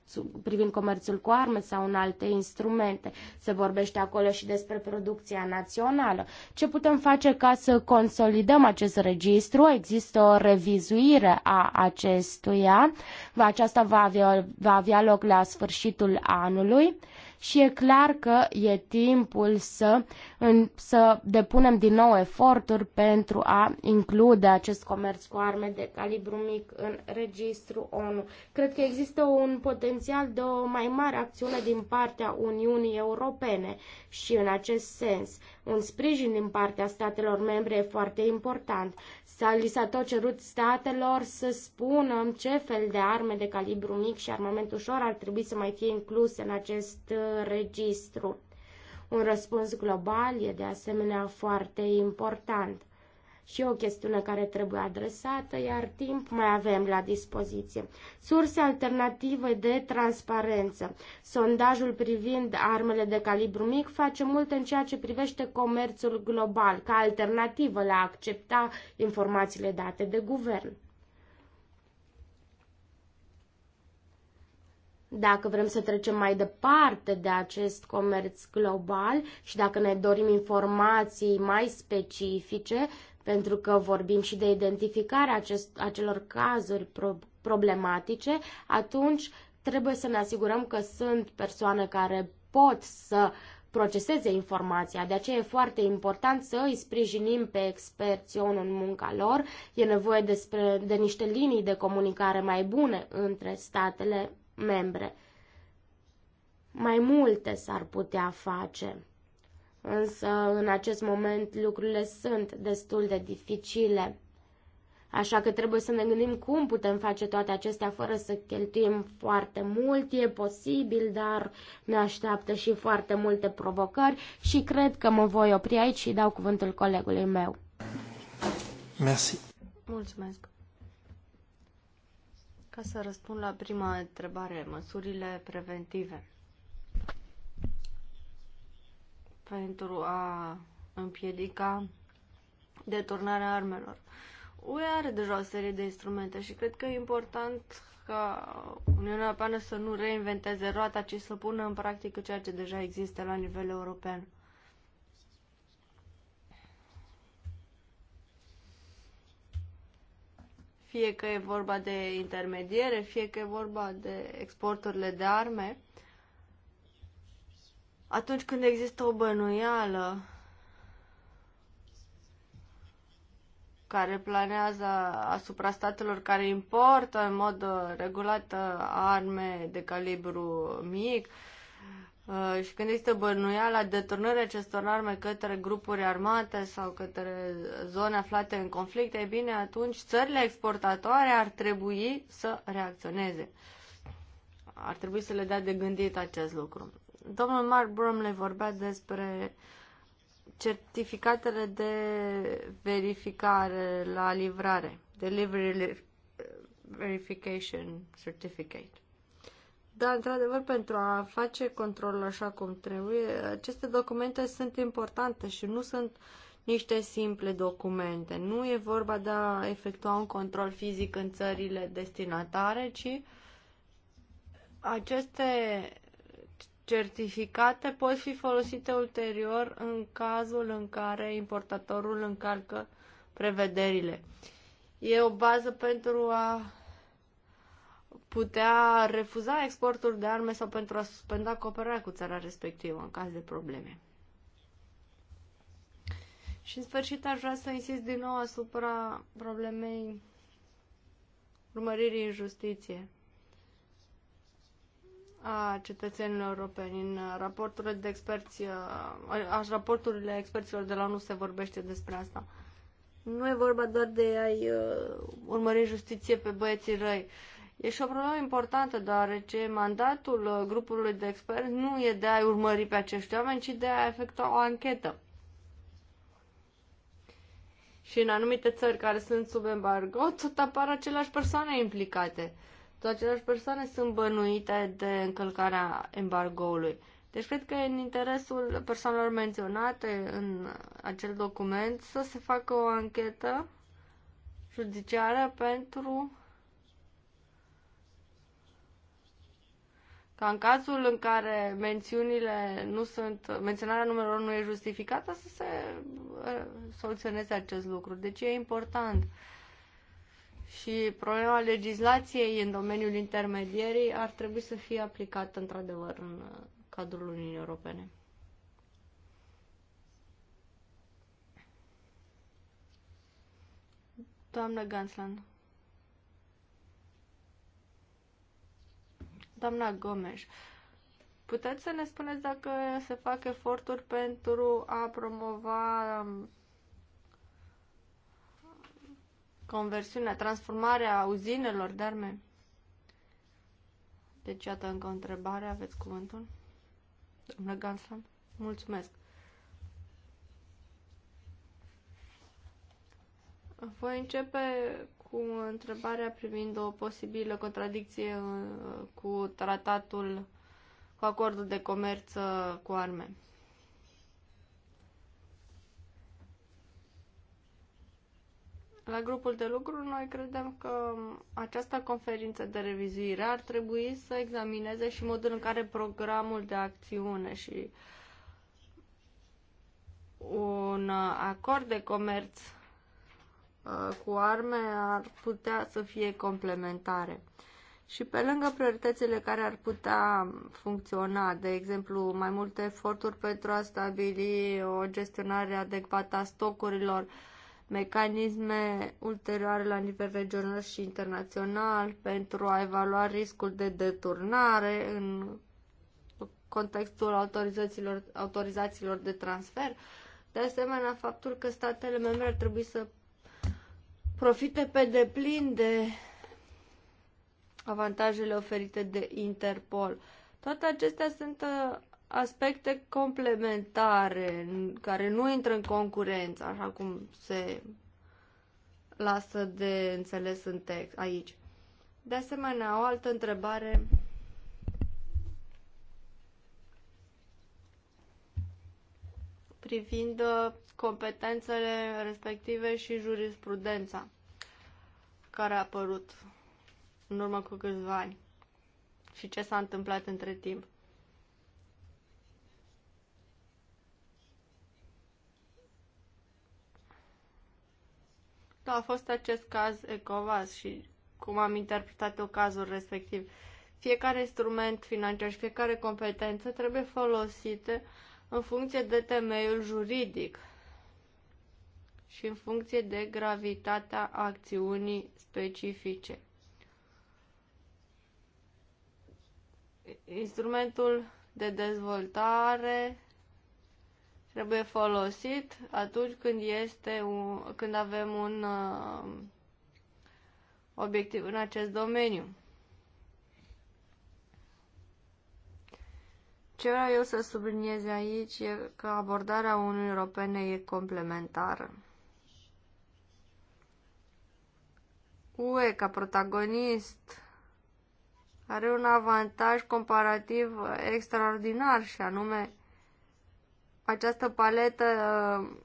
privind comerțul cu arme sau în alte instrumente. Se vorbește acolo și despre producția națională. Ce putem face ca să consolidăm acest registru? registru, există o revizuire a acestuia, aceasta va avea, va avea loc la sfârșitul anului și e clar că e timpul să în, să depunem din nou eforturi pentru a include acest comerț cu arme de calibru mic în registru ONU. Cred că există un potențial de o mai mare acțiune din partea Uniunii Europene și în acest sens. Un sprijin din partea statelor membre e foarte important. S-a, li s-a tot cerut statelor să spună ce fel de arme de calibru mic și armament ușor ar trebui să mai fie incluse în acest uh, registru. Un răspuns global e de asemenea foarte important și o chestiune care trebuie adresată, iar timp mai avem la dispoziție. Surse alternative de transparență. Sondajul privind armele de calibru mic face mult în ceea ce privește comerțul global, ca alternativă la a accepta informațiile date de guvern. Dacă vrem să trecem mai departe de acest comerț global și dacă ne dorim informații mai specifice, pentru că vorbim și de identificarea acest, acelor cazuri pro, problematice, atunci trebuie să ne asigurăm că sunt persoane care pot să proceseze informația. De aceea e foarte important să îi sprijinim pe experți ONU în munca lor. E nevoie despre, de niște linii de comunicare mai bune între statele membre. Mai multe s-ar putea face, însă în acest moment lucrurile sunt destul de dificile. Așa că trebuie să ne gândim cum putem face toate acestea fără să cheltuim foarte mult. E posibil, dar ne așteaptă și foarte multe provocări și cred că mă voi opri aici și dau cuvântul colegului meu. Merci. Mulțumesc. Ca să răspund la prima întrebare, măsurile preventive pentru a împiedica deturnarea armelor. UE are deja o serie de instrumente și cred că e important ca Uniunea Europeană să nu reinventeze roata, ci să pună în practică ceea ce deja există la nivel european. fie că e vorba de intermediere, fie că e vorba de exporturile de arme, atunci când există o bănuială care planează asupra statelor care importă în mod uh, regulat uh, arme de calibru mic, uh, Uh, și când există bănuiala deturnării acestor arme către grupuri armate sau către zone aflate în conflict, e bine, atunci țările exportatoare ar trebui să reacționeze. Ar trebui să le dea de gândit acest lucru. Domnul Mark Bromley vorbea despre certificatele de verificare la livrare, Delivery Verification Certificate. Da, într-adevăr, pentru a face controlul așa cum trebuie, aceste documente sunt importante și nu sunt niște simple documente. Nu e vorba de a efectua un control fizic în țările destinatare, ci aceste certificate pot fi folosite ulterior în cazul în care importatorul încalcă prevederile. E o bază pentru a putea refuza exportul de arme sau pentru a suspenda cooperarea cu țara respectivă în caz de probleme. Și în sfârșit aș vrea să insist din nou asupra problemei urmăririi în justiție a cetățenilor europeni. În raporturile de experți, aș raporturile experților de la ONU se vorbește despre asta. Nu e vorba doar de a-i uh, urmări justiție pe băieții răi. Uh, E și o problemă importantă, deoarece mandatul uh, grupului de experți nu e de a urmări pe acești oameni, ci de a efectua o anchetă. Și în anumite țări care sunt sub embargo, tot apar aceleași persoane implicate. Tot aceleași persoane sunt bănuite de încălcarea embargoului. Deci cred că în interesul persoanelor menționate în acel document să se facă o anchetă judiciară pentru ca în cazul în care mențiunile nu sunt, menționarea numelor nu e justificată, să se uh, soluționeze acest lucru. Deci e important. Și problema legislației în domeniul intermedierii ar trebui să fie aplicată într-adevăr în uh, cadrul Uniunii Europene. Doamna Gansland. Doamna Gomes, puteți să ne spuneți dacă se fac eforturi pentru a promova um, conversiunea, transformarea uzinelor de arme? Deci, iată încă o întrebare, aveți cuvântul? Doamna Gansland, mulțumesc. Voi începe cu întrebarea privind o posibilă contradicție uh, cu tratatul, cu acordul de comerț uh, cu arme. La grupul de lucru, noi credem că această conferință de revizuire ar trebui să examineze și modul în care programul de acțiune și un acord de comerț Uh, cu arme ar putea să fie complementare. Și pe lângă prioritățile care ar putea funcționa, de exemplu, mai multe eforturi pentru a stabili o gestionare adecvată a stocurilor, mecanisme ulterioare la nivel regional și internațional pentru a evalua riscul de deturnare în contextul autorizațiilor, autorizațiilor de transfer. De asemenea, faptul că statele membre ar trebui să profite pe deplin de avantajele oferite de Interpol. Toate acestea sunt uh, aspecte complementare care nu intră în concurență, așa cum se lasă de înțeles în text aici. De asemenea, o altă întrebare privind uh, competențele respective și jurisprudența care a apărut în urmă cu câțiva ani și ce s-a întâmplat între timp. Da, a fost acest caz ECOVAS și cum am interpretat eu cazul respectiv. Fiecare instrument financiar și fiecare competență trebuie folosite uh, în funcție de temeiul juridic și în funcție de gravitatea acțiunii specifice. Instrumentul de dezvoltare trebuie folosit atunci când este un, când avem un uh, obiectiv în acest domeniu. Ce vreau eu să subliniez aici e că abordarea Uniunii Europene e complementară. UE ca protagonist are un avantaj comparativ extraordinar și anume această paletă uh,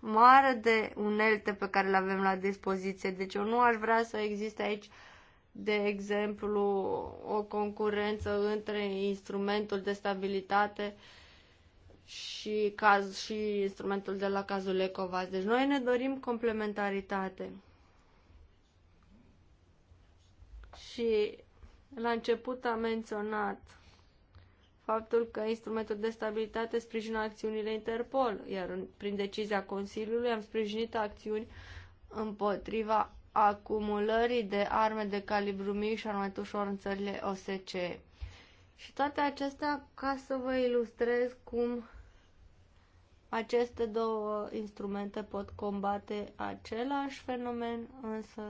mare de unelte pe care le avem la dispoziție. Deci eu nu aș vrea să existe aici uh, de exemplu, o concurență între instrumentul de stabilitate și, caz, și instrumentul de la cazul ECOVAS. Deci noi ne dorim complementaritate. Și la început am menționat faptul că instrumentul de stabilitate sprijină acțiunile Interpol, iar prin decizia Consiliului am sprijinit acțiuni împotriva acumulării de arme de calibru mic și armament ușor în țările OSCE. Și toate acestea ca să vă ilustrez cum aceste două instrumente pot combate același fenomen, însă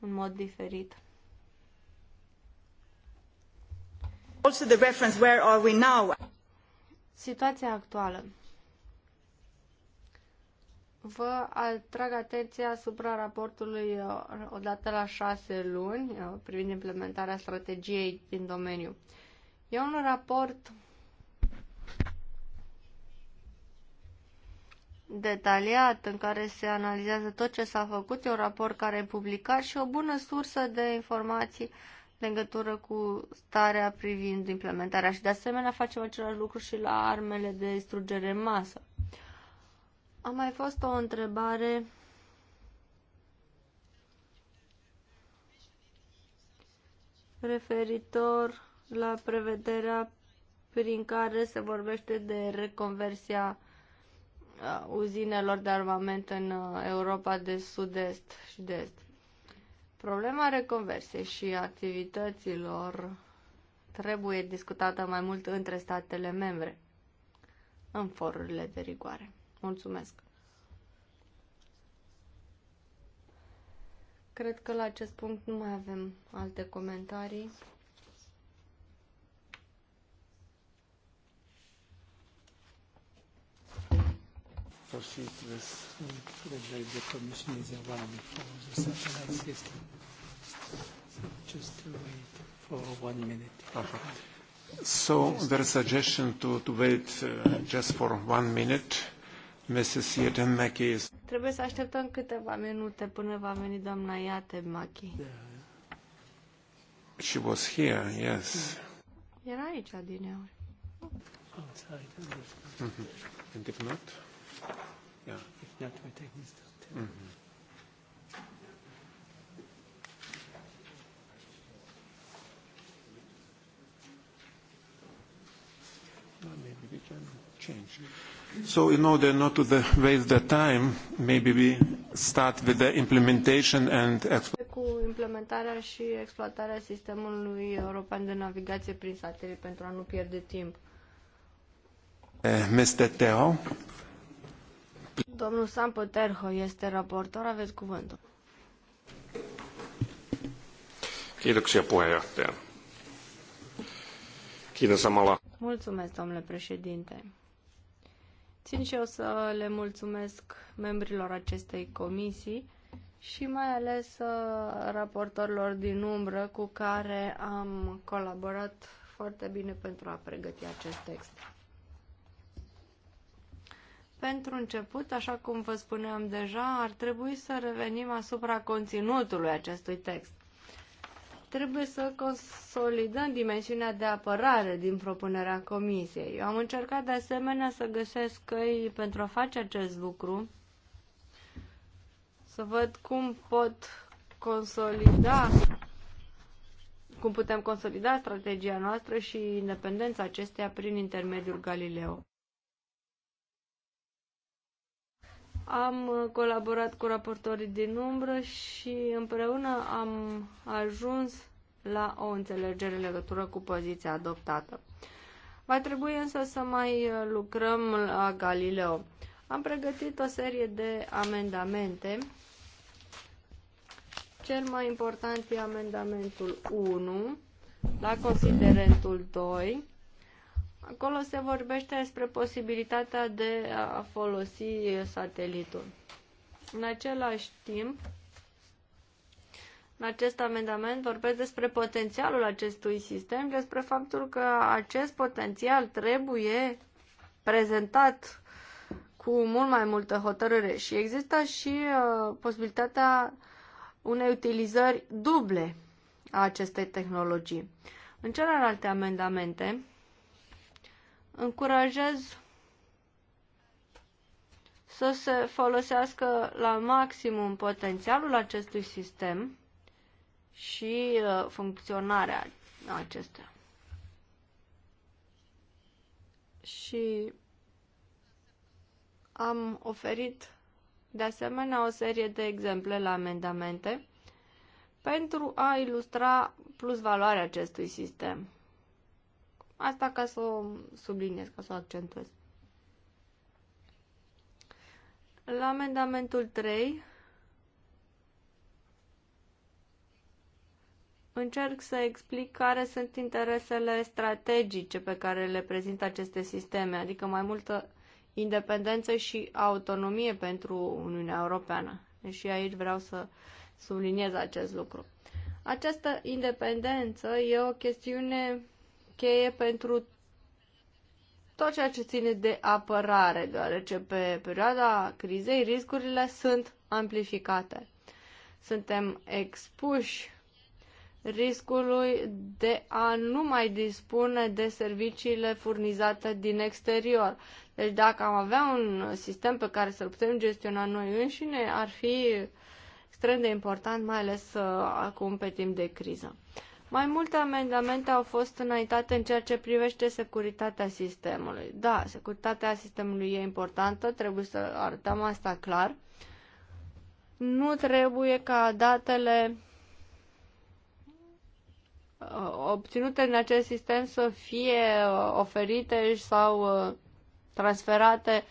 în mod diferit. Also the reference where are we now? Situația actuală. Vă atrag atenția asupra raportului uh, odată la șase luni uh, privind implementarea strategiei din domeniu. E un raport detaliat în care se analizează tot ce s-a făcut, e un raport care e publicat și o bună sursă de informații legătură cu starea privind implementarea și de asemenea facem același lucru și la armele de distrugere în masă. A mai fost o întrebare referitor la prevederea prin care se vorbește de reconversia uzinelor de armament în Europa de sud-est și de est. Problema reconversiei și activităților trebuie discutată mai mult între statele membre în forurile de rigoare. Mulțumesc! Cred că la acest punct nu mai avem alte comentarii. So there is a suggestion to, to wait uh, just for one minute. Mrs. Mackey is... Trebuie să așteptăm câteva minute până va veni doamna Iate Mackey. Yeah. She was here, yes. Era aici adineauri. Outside. Mm-hmm. And if not? Yeah. If not, we take Mr. Mm-hmm. maybe we can change. So in order not to the waste the time, maybe we start with the implementation and cu implementarea și exploatarea sistemului european de navigație prin satelit pentru a nu pierde timp. Eh, Mr. Teo. Domnul Sampo Terho este raportor, aveți cuvântul. Kiitoksia puheenjohtaja. Kiitos samalla. Mulțumesc, domnule președinte. Țin și eu să le mulțumesc membrilor acestei comisii și mai ales uh, raportorilor din umbră cu care am colaborat foarte bine pentru a pregăti acest text. Pentru început, așa cum vă spuneam deja, ar trebui să revenim asupra conținutului acestui text trebuie să consolidăm dimensiunea de apărare din propunerea comisiei. Eu am încercat de asemenea să găsesc căi pentru a face acest lucru, să văd cum pot consolida cum putem consolida strategia noastră și independența acesteia prin intermediul Galileo. Am uh, colaborat cu raportorii din umbră și împreună am ajuns la o înțelegere în legătură cu poziția adoptată. Va trebui însă să mai uh, lucrăm la Galileo. Am pregătit o serie de amendamente. Cel mai important e amendamentul 1 la considerentul 2 Acolo se vorbește despre posibilitatea de a folosi satelitul. În același timp, în acest amendament vorbesc despre potențialul acestui sistem, despre faptul că acest potențial trebuie prezentat cu mult mai multă hotărâre și există și uh, posibilitatea unei utilizări duble a acestei tehnologii. În celelalte amendamente, încurajez să se folosească la maximum potențialul acestui sistem și uh, funcționarea acestea. Și am oferit de asemenea o serie de exemple la amendamente pentru a ilustra plus valoarea acestui sistem. Asta ca să o subliniez, ca să o accentuez. La amendamentul 3 încerc să explic care sunt interesele strategice pe care le prezintă aceste sisteme, adică mai multă independență și autonomie pentru Uniunea Europeană. Și aici vreau să subliniez acest lucru. Această independență e o chestiune cheie pentru tot ceea ce ține de apărare, deoarece pe perioada crizei riscurile sunt amplificate. Suntem expuși riscului de a nu mai dispune de serviciile furnizate din exterior. Deci dacă am avea un sistem pe care să-l putem gestiona noi înșine, ar fi extrem de important, mai ales uh, acum pe timp de criză. Mai multe amendamente au fost înaintate în ceea ce privește securitatea sistemului. Da, securitatea sistemului e importantă, trebuie să arătăm asta clar. Nu trebuie ca datele uh, obținute în acest sistem să fie uh, oferite sau uh, transferate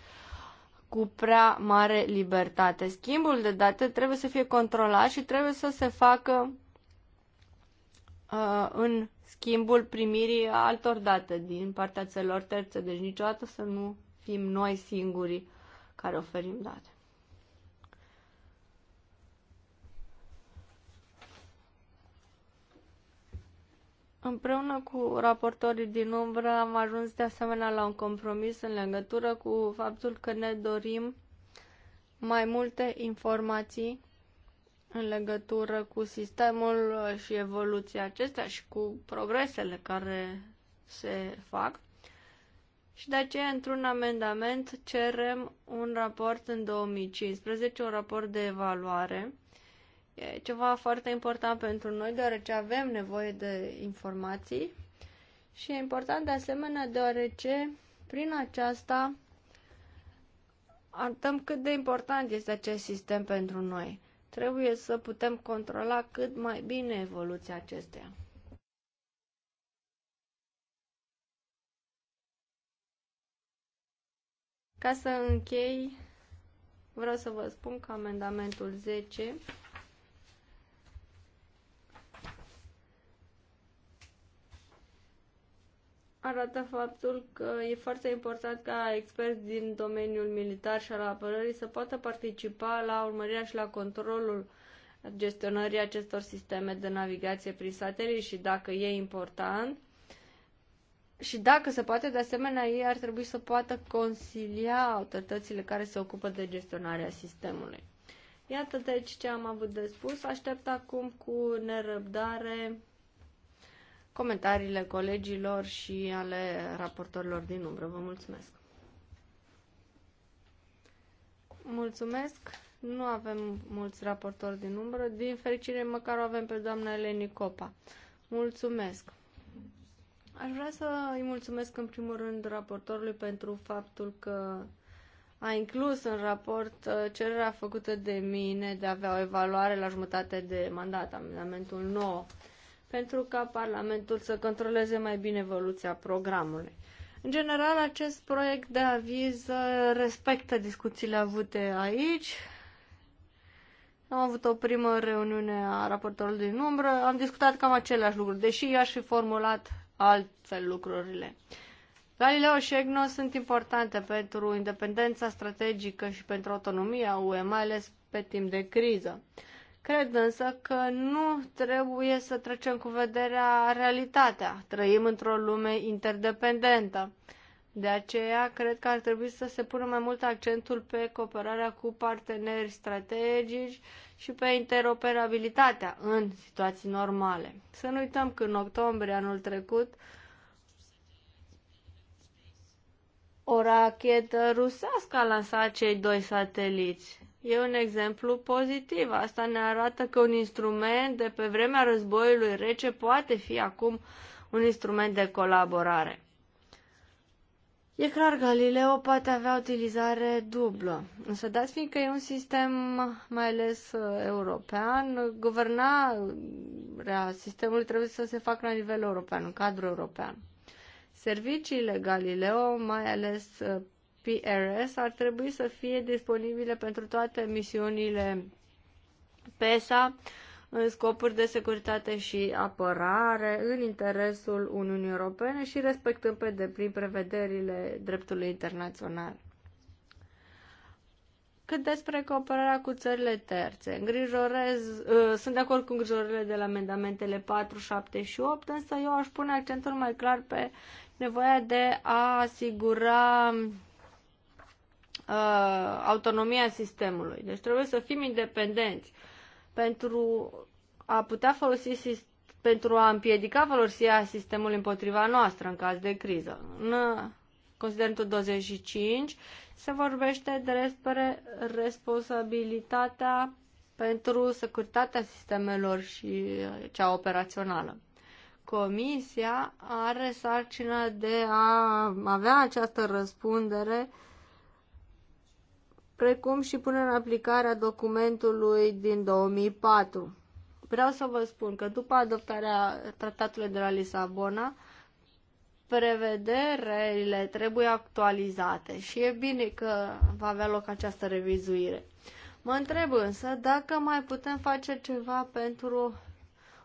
cu prea mare libertate. Schimbul de date trebuie să fie controlat și trebuie să se facă Uh, în schimbul primirii altor date din partea țărilor terțe. Deci niciodată să nu fim noi singuri care oferim date. Împreună cu raportorii din umbră am ajuns de asemenea la un compromis în legătură cu faptul că ne dorim mai multe informații în legătură cu sistemul și evoluția acestea și cu progresele care se fac. Și de aceea, într-un amendament, cerem un raport în 2015, un raport de evaluare. E ceva foarte important pentru noi, deoarece avem nevoie de informații și e important de asemenea deoarece prin aceasta arătăm cât de important este acest sistem pentru noi. Trebuie să putem controla cât mai bine evoluția acesteia. Ca să închei, vreau să vă spun că amendamentul 10 arată faptul că e foarte important ca experți din domeniul militar și al apărării să poată participa la urmărirea și la controlul gestionării acestor sisteme de navigație prin satelit și dacă e important. Și dacă se poate, de asemenea, ei ar trebui să poată consilia autoritățile care se ocupă de gestionarea sistemului. Iată deci ce am avut de spus. Aștept acum cu nerăbdare comentariile colegilor și ale raportorilor din umbră. Vă mulțumesc! Mulțumesc! Nu avem mulți raportori din umbră. Din fericire, măcar o avem pe doamna Eleni Copa. Mulțumesc! Aș vrea să îi mulțumesc în primul rând raportorului pentru faptul că a inclus în raport uh, cererea făcută de mine de a avea o evaluare la jumătate de mandat, amendamentul 9 pentru ca Parlamentul să controleze mai bine evoluția programului. În general, acest proiect de aviz uh, respectă discuțiile avute aici. Am avut o primă reuniune a raportorului din umbră, am discutat cam aceleași lucruri, deși i aș fi formulat altfel lucrurile. Galileo și EGNO sunt importante pentru independența strategică și pentru autonomia UE, mai ales pe timp de criză. Cred însă că nu trebuie să trecem cu vederea realitatea. Trăim într-o lume interdependentă. De aceea, cred că ar trebui să se pună mai mult accentul pe cooperarea cu parteneri strategici și pe interoperabilitatea în situații normale. Să nu uităm că în octombrie anul trecut o rachetă rusească a lansat cei doi sateliți e un exemplu pozitiv. Asta ne arată că un instrument de pe vremea războiului rece poate fi acum un instrument de colaborare. E clar, Galileo poate avea utilizare dublă, însă dați fiindcă e un sistem mai ales uh, european, guvernarea sistemului trebuie să se facă la nivel european, în cadrul european. Serviciile Galileo, mai ales uh, PRS ar trebui să fie disponibile pentru toate misiunile PESA în scopuri de securitate și apărare, în interesul Uniunii Europene și respectând pe deplin prevederile dreptului internațional. Cât despre cooperarea cu țările terțe, îngrijorez, uh, sunt de acord cu îngrijorările de la amendamentele 4, 7 și 8, însă eu aș pune accentul mai clar pe nevoia de a asigura uh, autonomia sistemului. Deci trebuie să fim independenți pentru a putea folosi pentru a împiedica folosirea sistemului împotriva noastră în caz de criză. În uh, considerentul 25 se vorbește despre responsabilitatea pentru securitatea sistemelor și uh, cea operațională. Comisia are sarcina de a avea această răspundere uh, precum și până în aplicare documentului din 2004. Vreau să vă spun că după adoptarea tratatului de la Lisabona, prevederile trebuie actualizate și e bine că va avea loc această revizuire. Mă întreb însă dacă mai putem face ceva pentru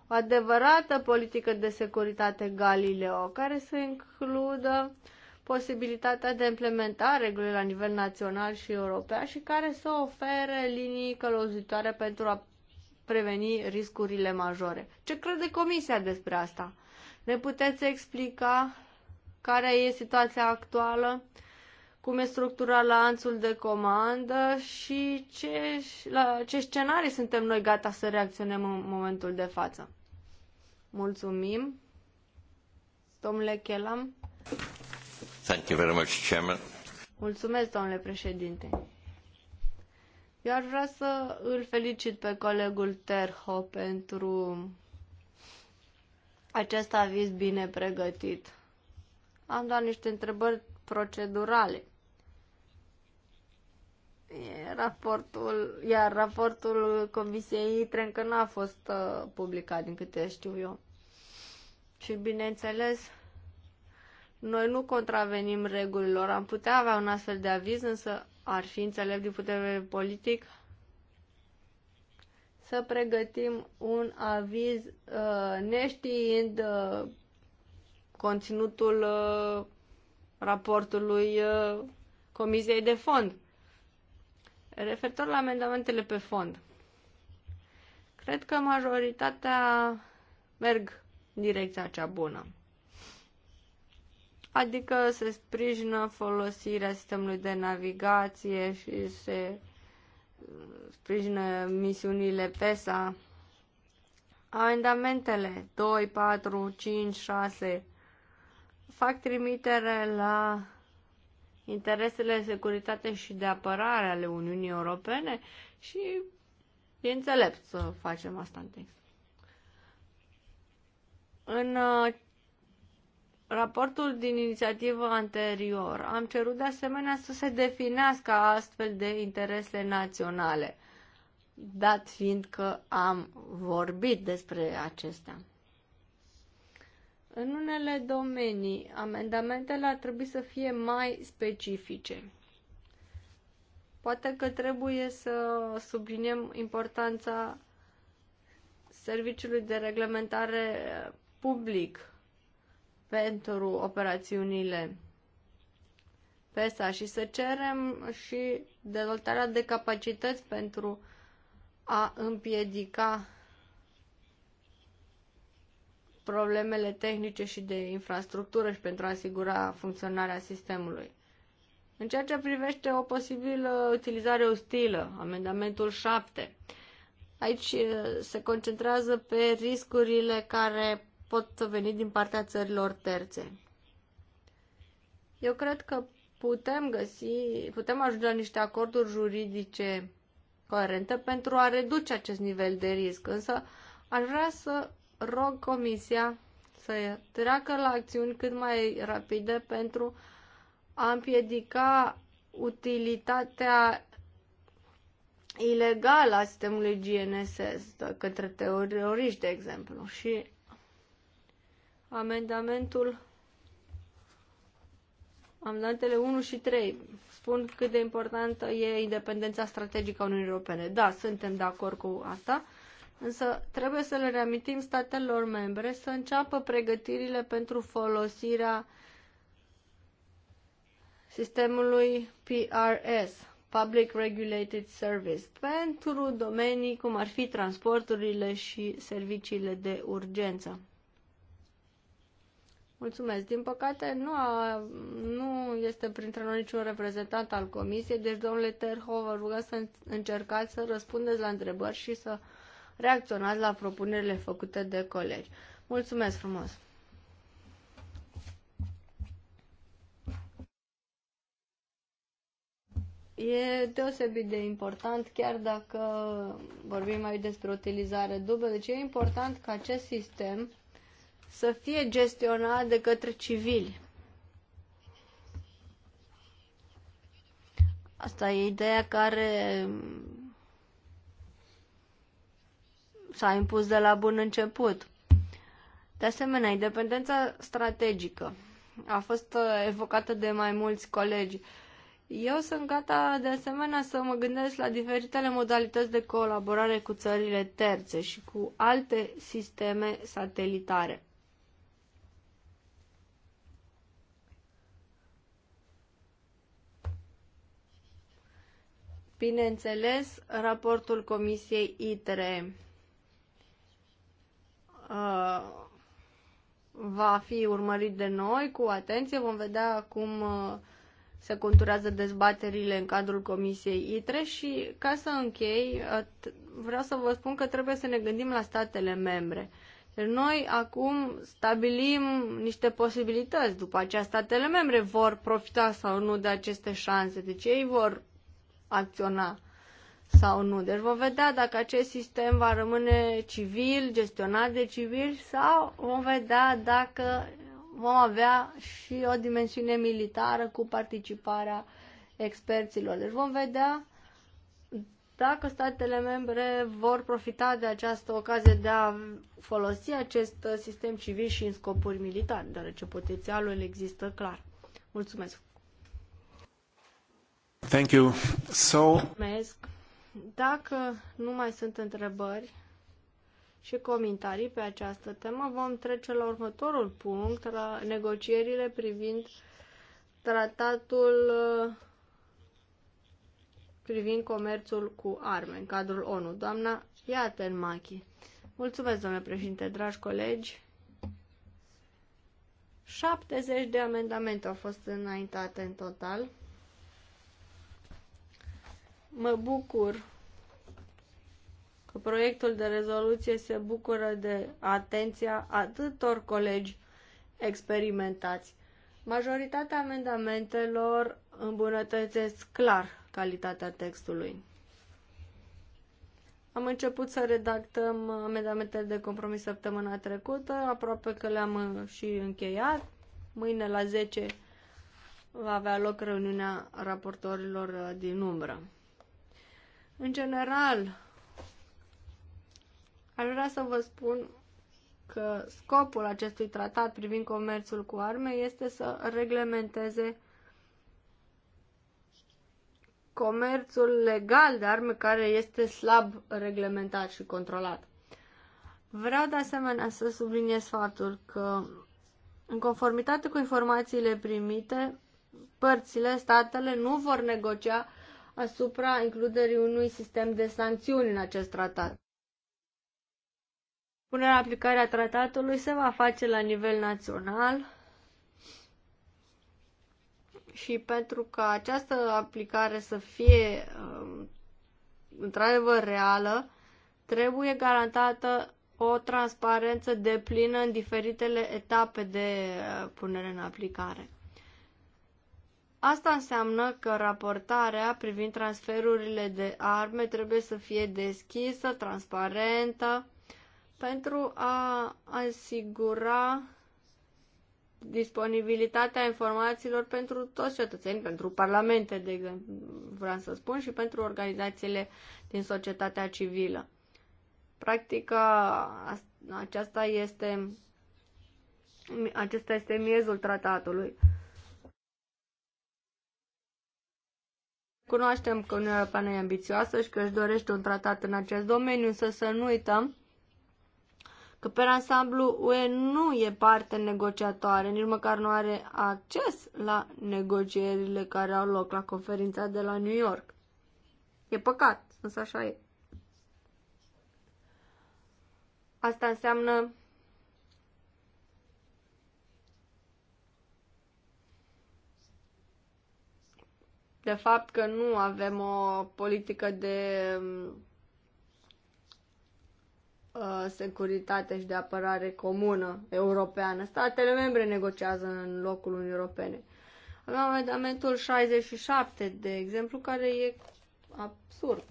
o adevărată politică de securitate Galileo, care să includă uh, posibilitatea de a implementa regulile la nivel național și european și care să ofere linii călăuzitoare pentru a preveni riscurile majore. Ce crede Comisia despre asta? Ne puteți explica care e situația actuală, cum e structurat lanțul de comandă și ce, la ce scenarii suntem noi gata să reacționăm în momentul de față? Mulțumim! Domnule Chelam! Thank you very much, Chairman. Mulțumesc, domnule președinte. Eu ar vrea să îl felicit pe colegul Terho pentru acest aviz bine pregătit. Am dat niște întrebări procedurale. raportul, iar raportul Comisiei ITRE încă n-a fost uh, publicat, din câte știu eu. Și bineînțeles, noi nu contravenim regulilor. Am putea avea un astfel de aviz, însă ar fi înțelept din punct de vedere politic să pregătim un aviz uh, neștiind uh, conținutul uh, raportului uh, Comisiei de Fond. Referitor la amendamentele pe fond, cred că majoritatea merg în direcția cea bună adică se sprijină folosirea sistemului de navigație și se uh, sprijină misiunile PESA. Amendamentele 2, 4, 5, 6 fac trimitere la interesele de securitate și de apărare ale Uniunii Europene și e înțelept să facem asta în text. În uh, raportul din inițiativă anterior am cerut de asemenea să se definească astfel de interese naționale, dat fiind că am vorbit despre acestea. În unele domenii, amendamentele ar trebui să fie mai specifice. Poate că trebuie să subliniem importanța serviciului de reglementare public pentru operațiunile PESA și să cerem și dezvoltarea de capacități pentru a împiedica problemele tehnice și de infrastructură și pentru a asigura funcționarea sistemului. În ceea ce privește o posibilă utilizare ostilă, amendamentul 7, aici eh, se concentrează pe riscurile care pot veni din partea țărilor terțe. Eu cred că putem găsi, putem ajunge la niște acorduri juridice coerente pentru a reduce acest nivel de risc. Însă aș vrea să rog Comisia să treacă la acțiuni cât mai rapide pentru a împiedica utilitatea ilegală a sistemului GNSS către teroriști, de exemplu. Și Amendamentul Amendamentele 1 și 3 spun cât de importantă e independența strategică a Uniunii Europene. Da, suntem de acord cu asta, însă trebuie să le reamintim statelor membre să înceapă pregătirile pentru folosirea sistemului PRS, Public Regulated Service, pentru domenii cum ar fi transporturile și serviciile de urgență. Mulțumesc. Din păcate, nu, a, nu este printre noi niciun reprezentant al comisiei, deci, domnule Terho, vă rugăm să încercați să răspundeți la întrebări și să reacționați la propunerile făcute de colegi. Mulțumesc frumos! E deosebit de important, chiar dacă vorbim aici despre utilizare dublă, deci e important ca acest sistem să fie gestionat de către civili. Asta e ideea care s-a impus de la bun început. De asemenea, independența strategică a fost uh, evocată de mai mulți colegi. Eu sunt gata de asemenea să mă gândesc la diferitele modalități de colaborare cu țările terțe și cu alte sisteme satelitare. Bineînțeles, raportul Comisiei ITRE uh, va fi urmărit de noi cu atenție. Vom vedea cum uh, se conturează dezbaterile în cadrul Comisiei ITRE și, ca să închei, uh, vreau să vă spun că trebuie să ne gândim la statele membre. Deci noi acum stabilim niște posibilități. După aceea, statele membre vor profita sau nu de aceste șanse. Deci ei vor acționa sau nu. Deci vom vedea dacă acest sistem va rămâne civil, gestionat de civil sau vom vedea dacă vom avea și o dimensiune militară cu participarea experților. Deci vom vedea dacă statele membre vor profita de această ocazie de a folosi acest sistem civil și în scopuri militare, deoarece potențialul există clar. Mulțumesc! Thank you. So... Mulțumesc. Dacă nu mai sunt întrebări și comentarii pe această temă, vom trece la următorul punct, la negocierile privind tratatul uh, privind comerțul cu arme în cadrul ONU. Doamna Iatenmachi. Mulțumesc, domnule președinte, dragi colegi. 70 de amendamente au fost înaintate în total. Mă bucur că proiectul de rezoluție se bucură de atenția atâtor colegi experimentați. Majoritatea amendamentelor îmbunătățesc clar calitatea textului. Am început să redactăm amendamentele de compromis săptămâna trecută, aproape că le-am și încheiat. Mâine la 10 va avea loc reuniunea raportorilor din umbră. În general, aș vrea să vă spun că scopul acestui tratat privind comerțul cu arme este să reglementeze comerțul legal de arme care este slab reglementat și controlat. Vreau de asemenea să subliniez faptul că, în conformitate cu informațiile primite, părțile, statele nu vor negocia asupra includerii unui sistem de sancțiuni în acest tratat. Punerea aplicarea tratatului se va face la nivel național și pentru ca această aplicare să fie um, într-adevăr reală, trebuie garantată o transparență deplină în diferitele etape de uh, punere în aplicare. Asta înseamnă că raportarea privind transferurile de arme trebuie să fie deschisă, transparentă, pentru a asigura disponibilitatea informațiilor pentru toți cetățenii, pentru parlamente, de exemplu, vreau să spun, și pentru organizațiile din societatea civilă. Practica aceasta este, acesta este miezul tratatului. Cunoaștem că Uniunea Europeană e ambițioasă și că își dorește un tratat în acest domeniu, însă să nu uităm că pe ansamblu UE nu e parte negociatoare, nici măcar nu are acces la negocierile care au loc la conferința de la New York. E păcat, însă așa e. Asta înseamnă de fapt că nu avem o politică de uh, securitate și de apărare comună europeană. Statele membre negociază în locul Uniunii Europene. Avem amendamentul 67, de exemplu, care e absurd.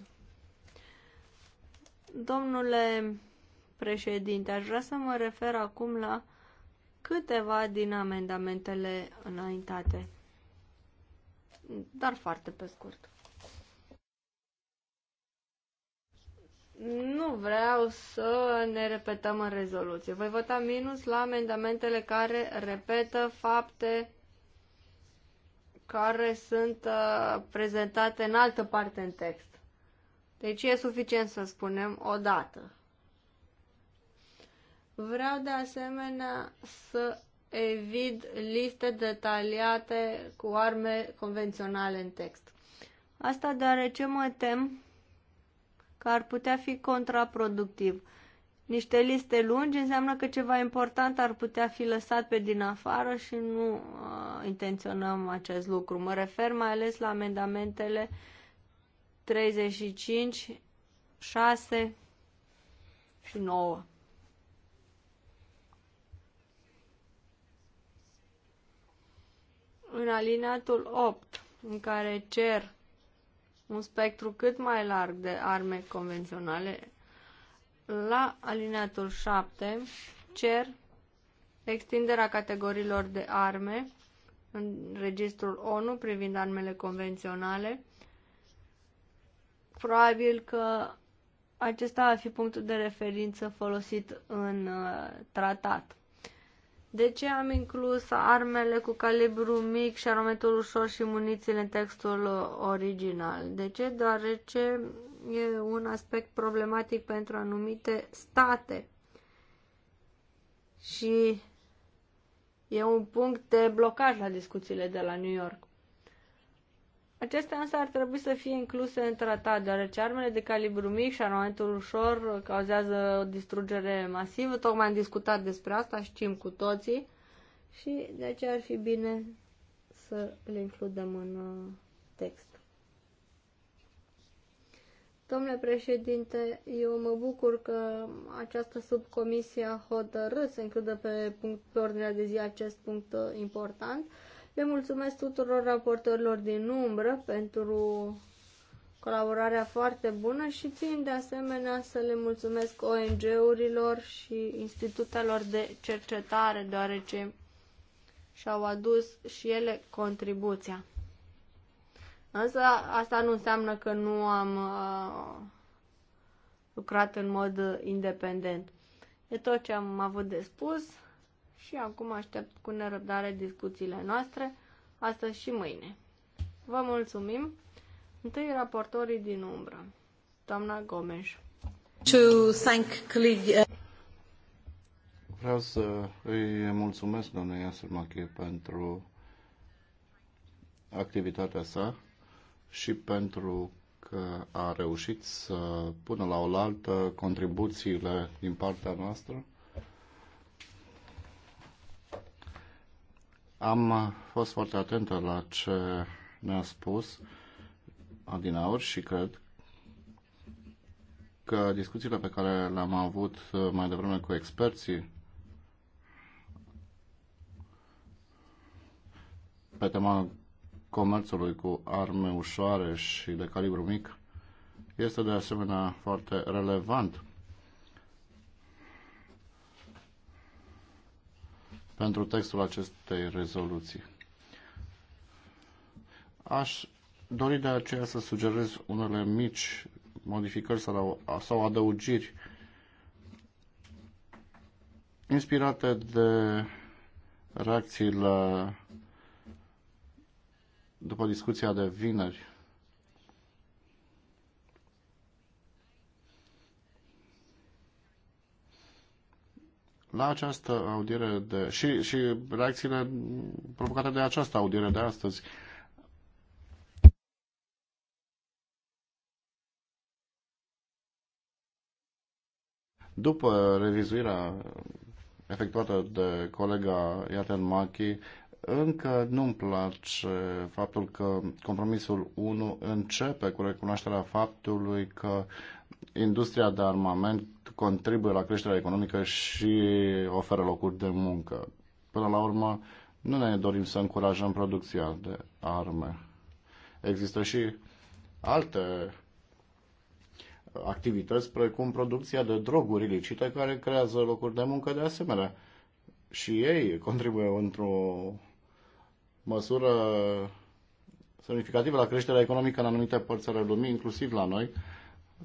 Domnule președinte, aș vrea să mă refer acum la câteva din amendamentele înaintate dar foarte pe scurt. Nu vreau să ne repetăm în rezoluție. Voi vota minus la amendamentele care repetă fapte care sunt uh, prezentate în altă parte în text. Deci e suficient să spunem o dată. Vreau de asemenea să evit liste detaliate cu arme convenționale în text. Asta deoarece mă tem că ar putea fi contraproductiv. Niște liste lungi înseamnă că ceva important ar putea fi lăsat pe din afară și nu uh, intenționăm acest lucru. Mă refer mai ales la amendamentele 35, 6 și 9. în alineatul 8, în care cer un spectru cât mai larg de arme convenționale, la alineatul 7 cer extinderea categoriilor de arme în registrul ONU privind armele convenționale. Probabil că acesta va fi punctul de referință folosit în uh, tratat. De ce am inclus armele cu calibru mic și arometul ușor și munițiile în textul original? De ce? Deoarece e un aspect problematic pentru anumite state. Și e un punct de blocaj la discuțiile de la New York. Acestea însă ar trebui să fie incluse în tratat, deoarece armele de calibru mic și armamentul ușor cauzează o distrugere masivă. Tocmai am discutat despre asta, știm cu toții și de aceea ar fi bine să le includem în uh, text. Domnule președinte, eu mă bucur că această subcomisie a hotărât să includă pe, punct, pe ordinea de zi acest punct uh, important. Le mulțumesc tuturor raportorilor din umbră pentru colaborarea foarte bună și țin de asemenea să le mulțumesc ONG-urilor și institutelor de cercetare, deoarece și-au adus și ele contribuția. Însă asta nu înseamnă că nu am uh, lucrat în mod independent. E tot ce am avut de spus și acum aștept cu nerăbdare discuțiile noastre, astăzi și mâine. Vă mulțumim! Întâi raportorii din umbră, doamna Gomes. To thank colleague... Uh, Vreau să îi mulțumesc doamnei Asurmache pentru activitatea sa și pentru că a reușit să pună la oaltă contribuțiile din partea noastră Am fost foarte atentă la ce ne-a spus Adinaur și cred că discuțiile pe care le-am avut mai devreme cu experții pe tema comerțului cu arme ușoare și de calibru mic este de asemenea foarte relevant pentru textul acestei rezoluții. Aș dori de aceea să sugerez unele mici modificări sau, sau adăugiri inspirate de reacțiile după discuția de vineri La această audiere de, și, și reacțiile provocate de această audiere de astăzi. După revizuirea efectuată de colega Iaten Machi, încă nu-mi place faptul că compromisul 1 începe cu recunoașterea faptului că industria de armament contribuie la creșterea economică și oferă locuri de muncă. Până la urmă, nu ne dorim să încurajăm producția de arme. Există și alte activități, precum producția de droguri ilicite, care creează locuri de muncă de asemenea. Și ei contribuie într-o măsură semnificativă la creșterea economică în anumite părți ale lumii, inclusiv la noi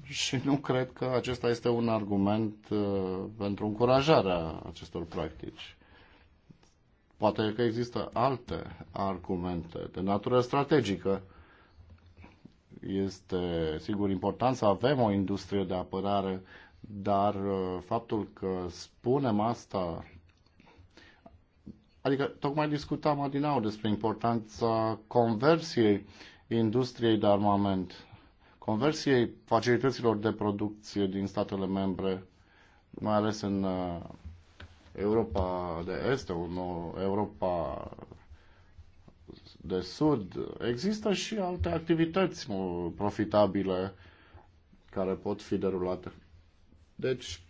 și nu cred că acesta este un argument uh, pentru încurajarea acestor practici. Poate că există alte argumente de natură strategică. Este, sigur, important să avem o industrie de apărare, dar uh, faptul că spunem asta Adică, tocmai discutam adinaur despre importanța conversiei industriei de armament conversiei facilităților de producție din statele membre, mai ales în uh, Europa de Est, Europa de Sud, există și alte activități profitabile care pot fi derulate. Deci,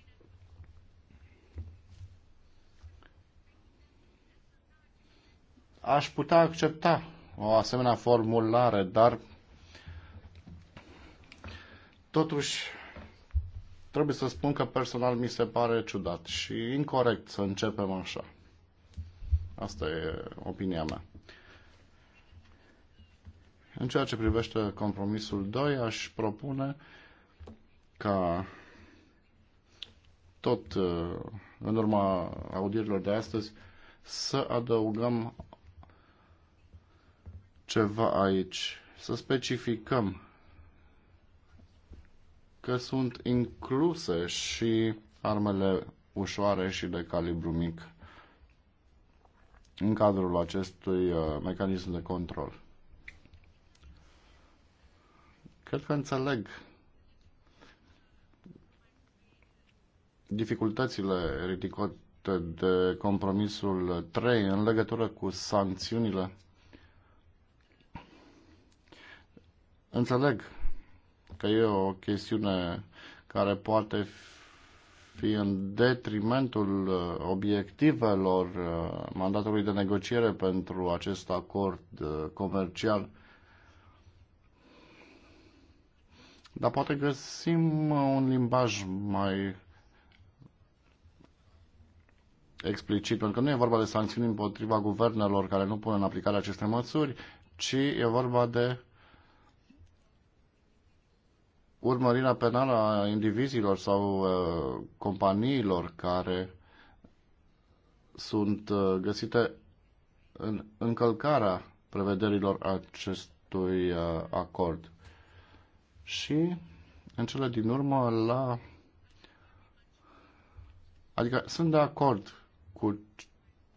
aș putea accepta o asemenea formulare, dar Totuși, trebuie să spun că personal mi se pare ciudat și incorrect să începem așa. Asta e opinia mea. În ceea ce privește compromisul 2, aș propune ca tot uh, în urma audierilor de astăzi să adăugăm ceva aici, să specificăm că sunt incluse și armele ușoare și de calibru mic în cadrul acestui uh, mecanism de control. Cred că înțeleg dificultățile ridicate de compromisul 3 în legătură cu sancțiunile. Înțeleg că e o chestiune care poate fi în detrimentul uh, obiectivelor uh, mandatului de negociere pentru acest acord uh, comercial. Dar poate găsim un limbaj mai explicit, pentru că nu e vorba de sancțiuni împotriva guvernelor care nu pun în aplicare aceste măsuri, ci e vorba de urmărirea penală a indivizilor sau uh, companiilor care sunt uh, găsite în încălcarea prevederilor acestui uh, acord. Și, în cele din urmă, la. Adică sunt de acord cu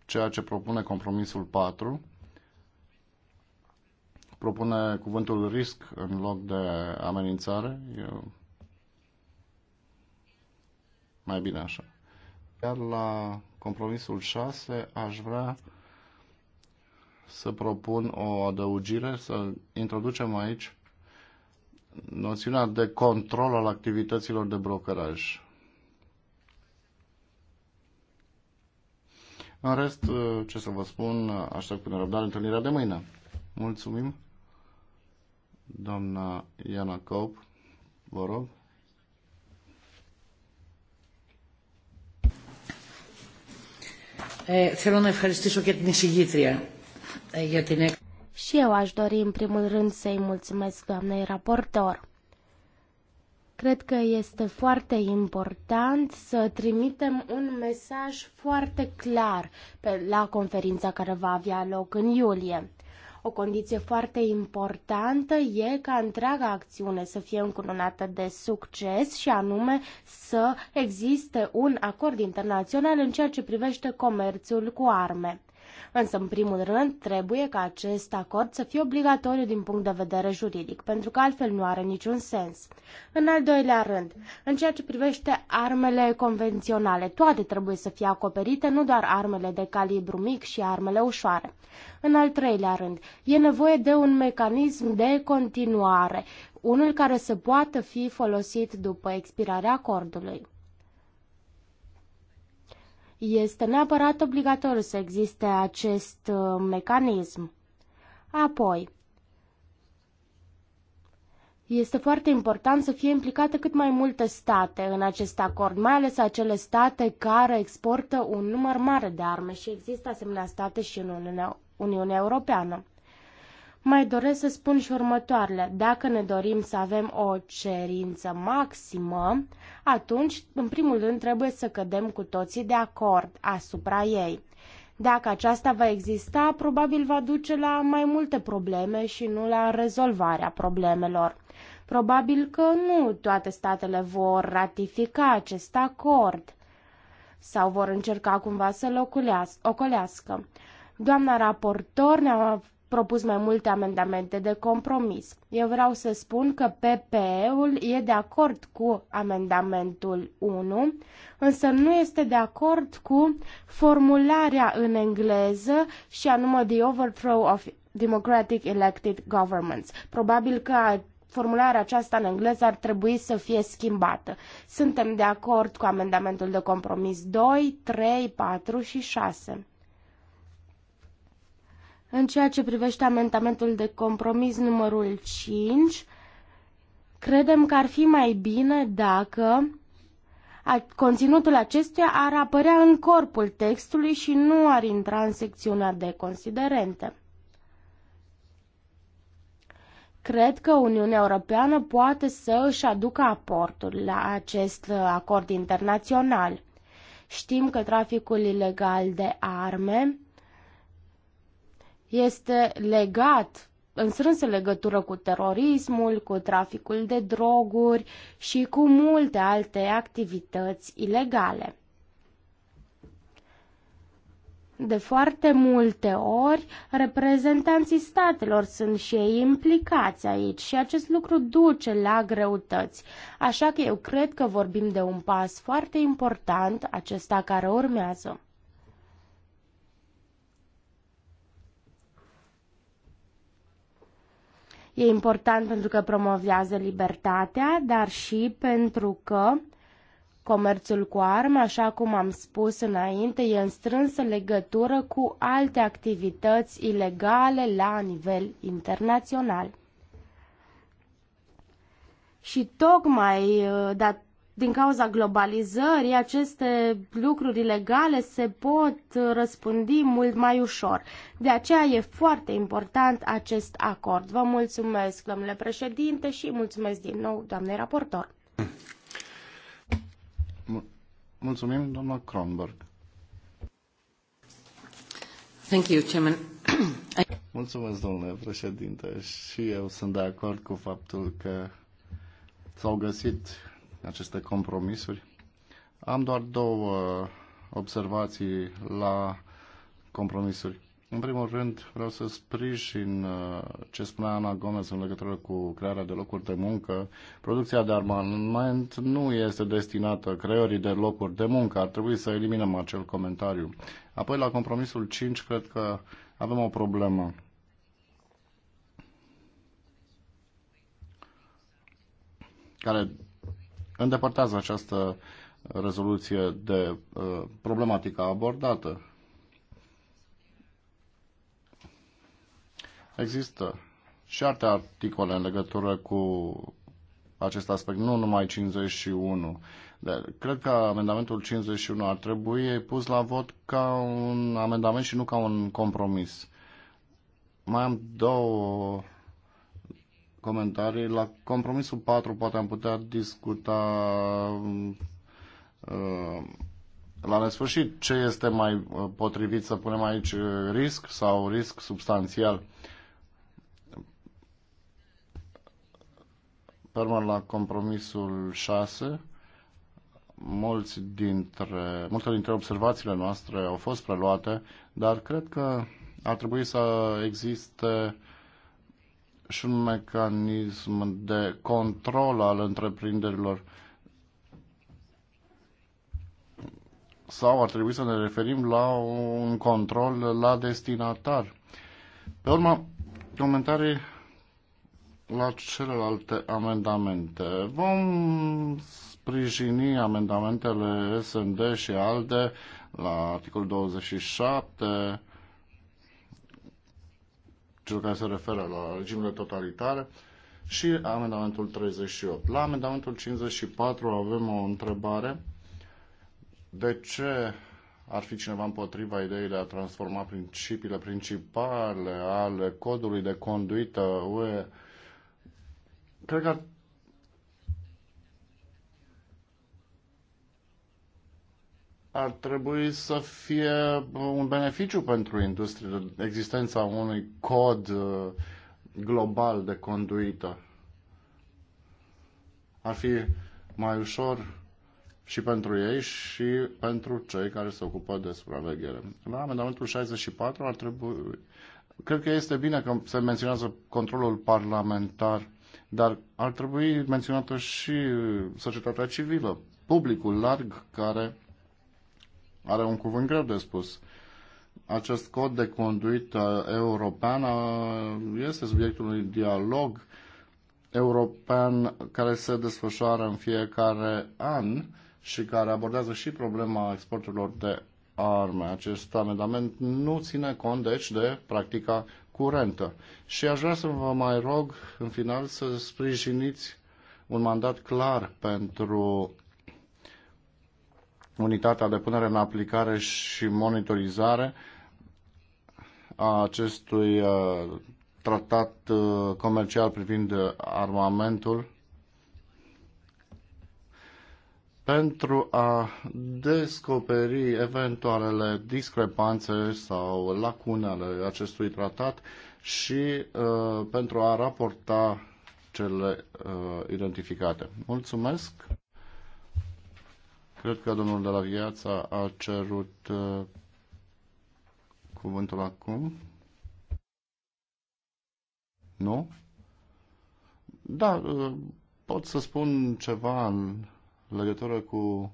ceea ce propune compromisul 4 propune cuvântul risc în loc de amenințare. Eu... Mai bine așa. Iar la compromisul 6 aș vrea să propun o adăugire, să introducem aici noțiunea de control al activităților de brokeraj. În rest, ce să vă spun, aștept cu nerăbdare întâlnirea de mâine. Mulțumim! Doamna Iana Cop, vă rog. Eh, Și eu aș dori în primul rând să-i mulțumesc doamnei raportor. Cred că este foarte important să trimitem un mesaj foarte clar pe, la conferința care va avea loc în iulie. O condiție foarte importantă e ca întreaga acțiune să fie încununată de succes și anume să existe un acord internațional în ceea ce privește comerțul cu arme. Însă, în primul rând, trebuie ca acest acord să fie obligatoriu din punct de vedere juridic, pentru că altfel nu are niciun sens. În al doilea rând, în ceea ce privește armele convenționale, toate trebuie să fie acoperite, nu doar armele de calibru mic și armele ușoare. În al treilea rând, e nevoie de un mecanism de continuare, unul care să poată fi folosit după expirarea acordului. Este neapărat obligatoriu să existe acest uh, mecanism. Apoi, este foarte important să fie implicate cât mai multe state în acest acord, mai ales acele state care exportă un număr mare de arme și există asemenea state și în Uniunea, Uniunea Europeană. Mai doresc să spun și următoarele. Dacă ne dorim să avem o cerință maximă, atunci, în primul rând, trebuie să cădem cu toții de acord asupra ei. Dacă aceasta va exista, probabil va duce la mai multe probleme și nu la rezolvarea problemelor. Probabil că nu toate statele vor ratifica acest acord sau vor încerca cumva să-l ocolească. Doamna raportor ne-a propus mai multe amendamente de compromis. Eu vreau să spun că PPE-ul e de acord cu amendamentul 1, însă nu este de acord cu formularea în engleză și anume The Overthrow of Democratic Elected Governments. Probabil că formularea aceasta în engleză ar trebui să fie schimbată. Suntem de acord cu amendamentul de compromis 2, 3, 4 și 6. În ceea ce privește amendamentul de compromis numărul 5, credem că ar fi mai bine dacă conținutul acestuia ar apărea în corpul textului și nu ar intra în secțiunea de considerente. Cred că Uniunea Europeană poate să își aducă aportul la acest acord internațional. Știm că traficul ilegal de arme este legat în strânsă legătură cu terorismul, cu traficul de droguri și cu multe alte activități ilegale. De foarte multe ori, reprezentanții statelor sunt și ei implicați aici și acest lucru duce la greutăți. Așa că eu cred că vorbim de un pas foarte important, acesta care urmează. E important pentru că promovează libertatea, dar și pentru că comerțul cu arme, așa cum am spus înainte, e în strânsă legătură cu alte activități ilegale la nivel internațional. Și tocmai uh, dat din cauza globalizării, aceste lucruri ilegale se pot răspândi mult mai ușor. De aceea e foarte important acest acord. Vă mulțumesc, domnule președinte, și mulțumesc din nou, doamnei raportor. Mulțumim, doamna Kronberg. Thank you, Chairman. Mulțumesc, domnule președinte, și eu sunt de acord cu faptul că s-au găsit aceste compromisuri. Am doar două observații la compromisuri. În primul rând, vreau să sprijin uh, ce spunea Ana Gomez în legătură cu crearea de locuri de muncă. Producția de armament nu este destinată creării de locuri de muncă. Ar trebui să eliminăm acel comentariu. Apoi, la compromisul 5, cred că avem o problemă. care îndepărtează această rezoluție de uh, problematica abordată. Există și alte articole în legătură cu acest aspect, nu numai 51. De, cred că amendamentul 51 ar trebui pus la vot ca un amendament și nu ca un compromis. Mai am două comentarii. La compromisul 4 poate am putea discuta uh, la nesfârșit ce este mai uh, potrivit să punem aici uh, risc sau risc substanțial. Permă la compromisul 6 mulți dintre, multe dintre observațiile noastre au fost preluate, dar cred că ar trebui să existe și un mecanism de control al întreprinderilor sau ar trebui să ne referim la un control la destinatar. Pe urmă, comentarii la celelalte amendamente. Vom sprijini amendamentele SND și ALDE la articolul 27, cel care se referă la regimurile totalitare, și amendamentul 38. La amendamentul 54 avem o întrebare. De ce ar fi cineva împotriva ideii de a transforma principiile principale ale codului de conduită UE? Cred că ar ar trebui să fie un beneficiu pentru industrie existența unui cod uh, global de conduită. Ar fi mai ușor și pentru ei și pentru cei care se ocupă de supraveghere. La amendamentul 64 ar trebui... Cred că este bine că se menționează controlul parlamentar, dar ar trebui menționată și societatea civilă, publicul larg care are un cuvânt greu de spus. Acest cod de conduită europeană este subiectul unui dialog european care se desfășoară în fiecare an și care abordează și problema exporturilor de arme. Acest amendament nu ține cont, deci, de practica curentă. Și aș vrea să vă mai rog, în final, să sprijiniți un mandat clar pentru unitatea de punere în aplicare și monitorizare a acestui uh, tratat uh, comercial privind uh, armamentul pentru a descoperi eventualele discrepanțe sau lacune ale acestui tratat și uh, pentru a raporta cele uh, identificate. Mulțumesc! Cred că domnul de la Viața a cerut uh, cuvântul acum. Nu? Da, uh, pot să spun ceva în legătură cu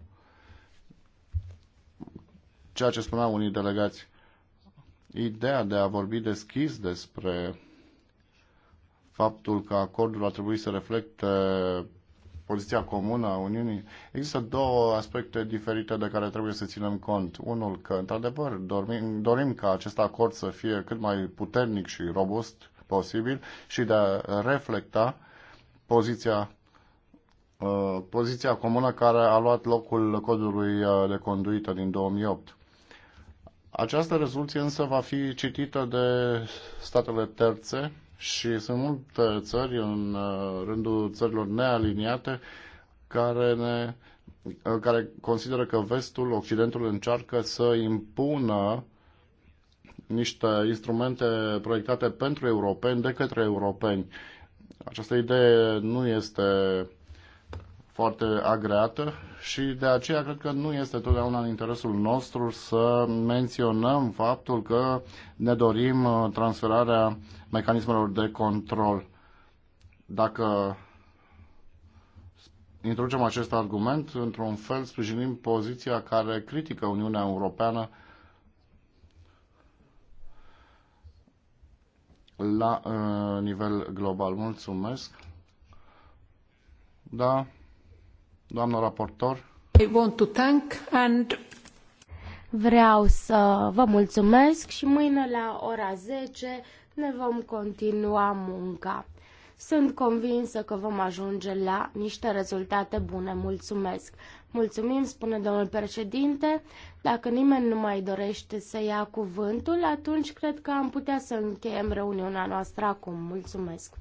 ceea ce spuneau unii delegați. Ideea de a vorbi deschis despre faptul că acordul ar trebui să reflecte poziția comună a Uniunii, există două aspecte diferite de care trebuie să ținem cont. Unul că, într-adevăr, dorim, dorim ca acest acord să fie cât mai puternic și robust posibil și de a reflecta poziția uh, poziția comună care a luat locul codului uh, de conduită din 2008. Această rezoluție însă va fi citită de statele terțe și sunt multe țări în uh, rândul țărilor nealiniate care, ne, uh, care consideră că vestul, Occidentul încearcă să impună niște instrumente proiectate pentru europeni de către europeni. Această idee nu este foarte agreată și de aceea cred că nu este totdeauna în interesul nostru să menționăm faptul că ne dorim uh, transferarea mecanismelor de control. Dacă introducem acest argument, într-un fel sprijinim poziția care critică Uniunea Europeană la uh, nivel global. Mulțumesc. Da, doamnă raportor. I want to thank and Vreau să vă mulțumesc și mâine la ora 10 ne vom continua munca. Sunt convinsă că vom ajunge la niște rezultate bune. Mulțumesc! Mulțumim, spune domnul președinte. Dacă nimeni nu mai dorește să ia cuvântul, atunci cred că am putea să încheiem reuniunea noastră acum. Mulțumesc!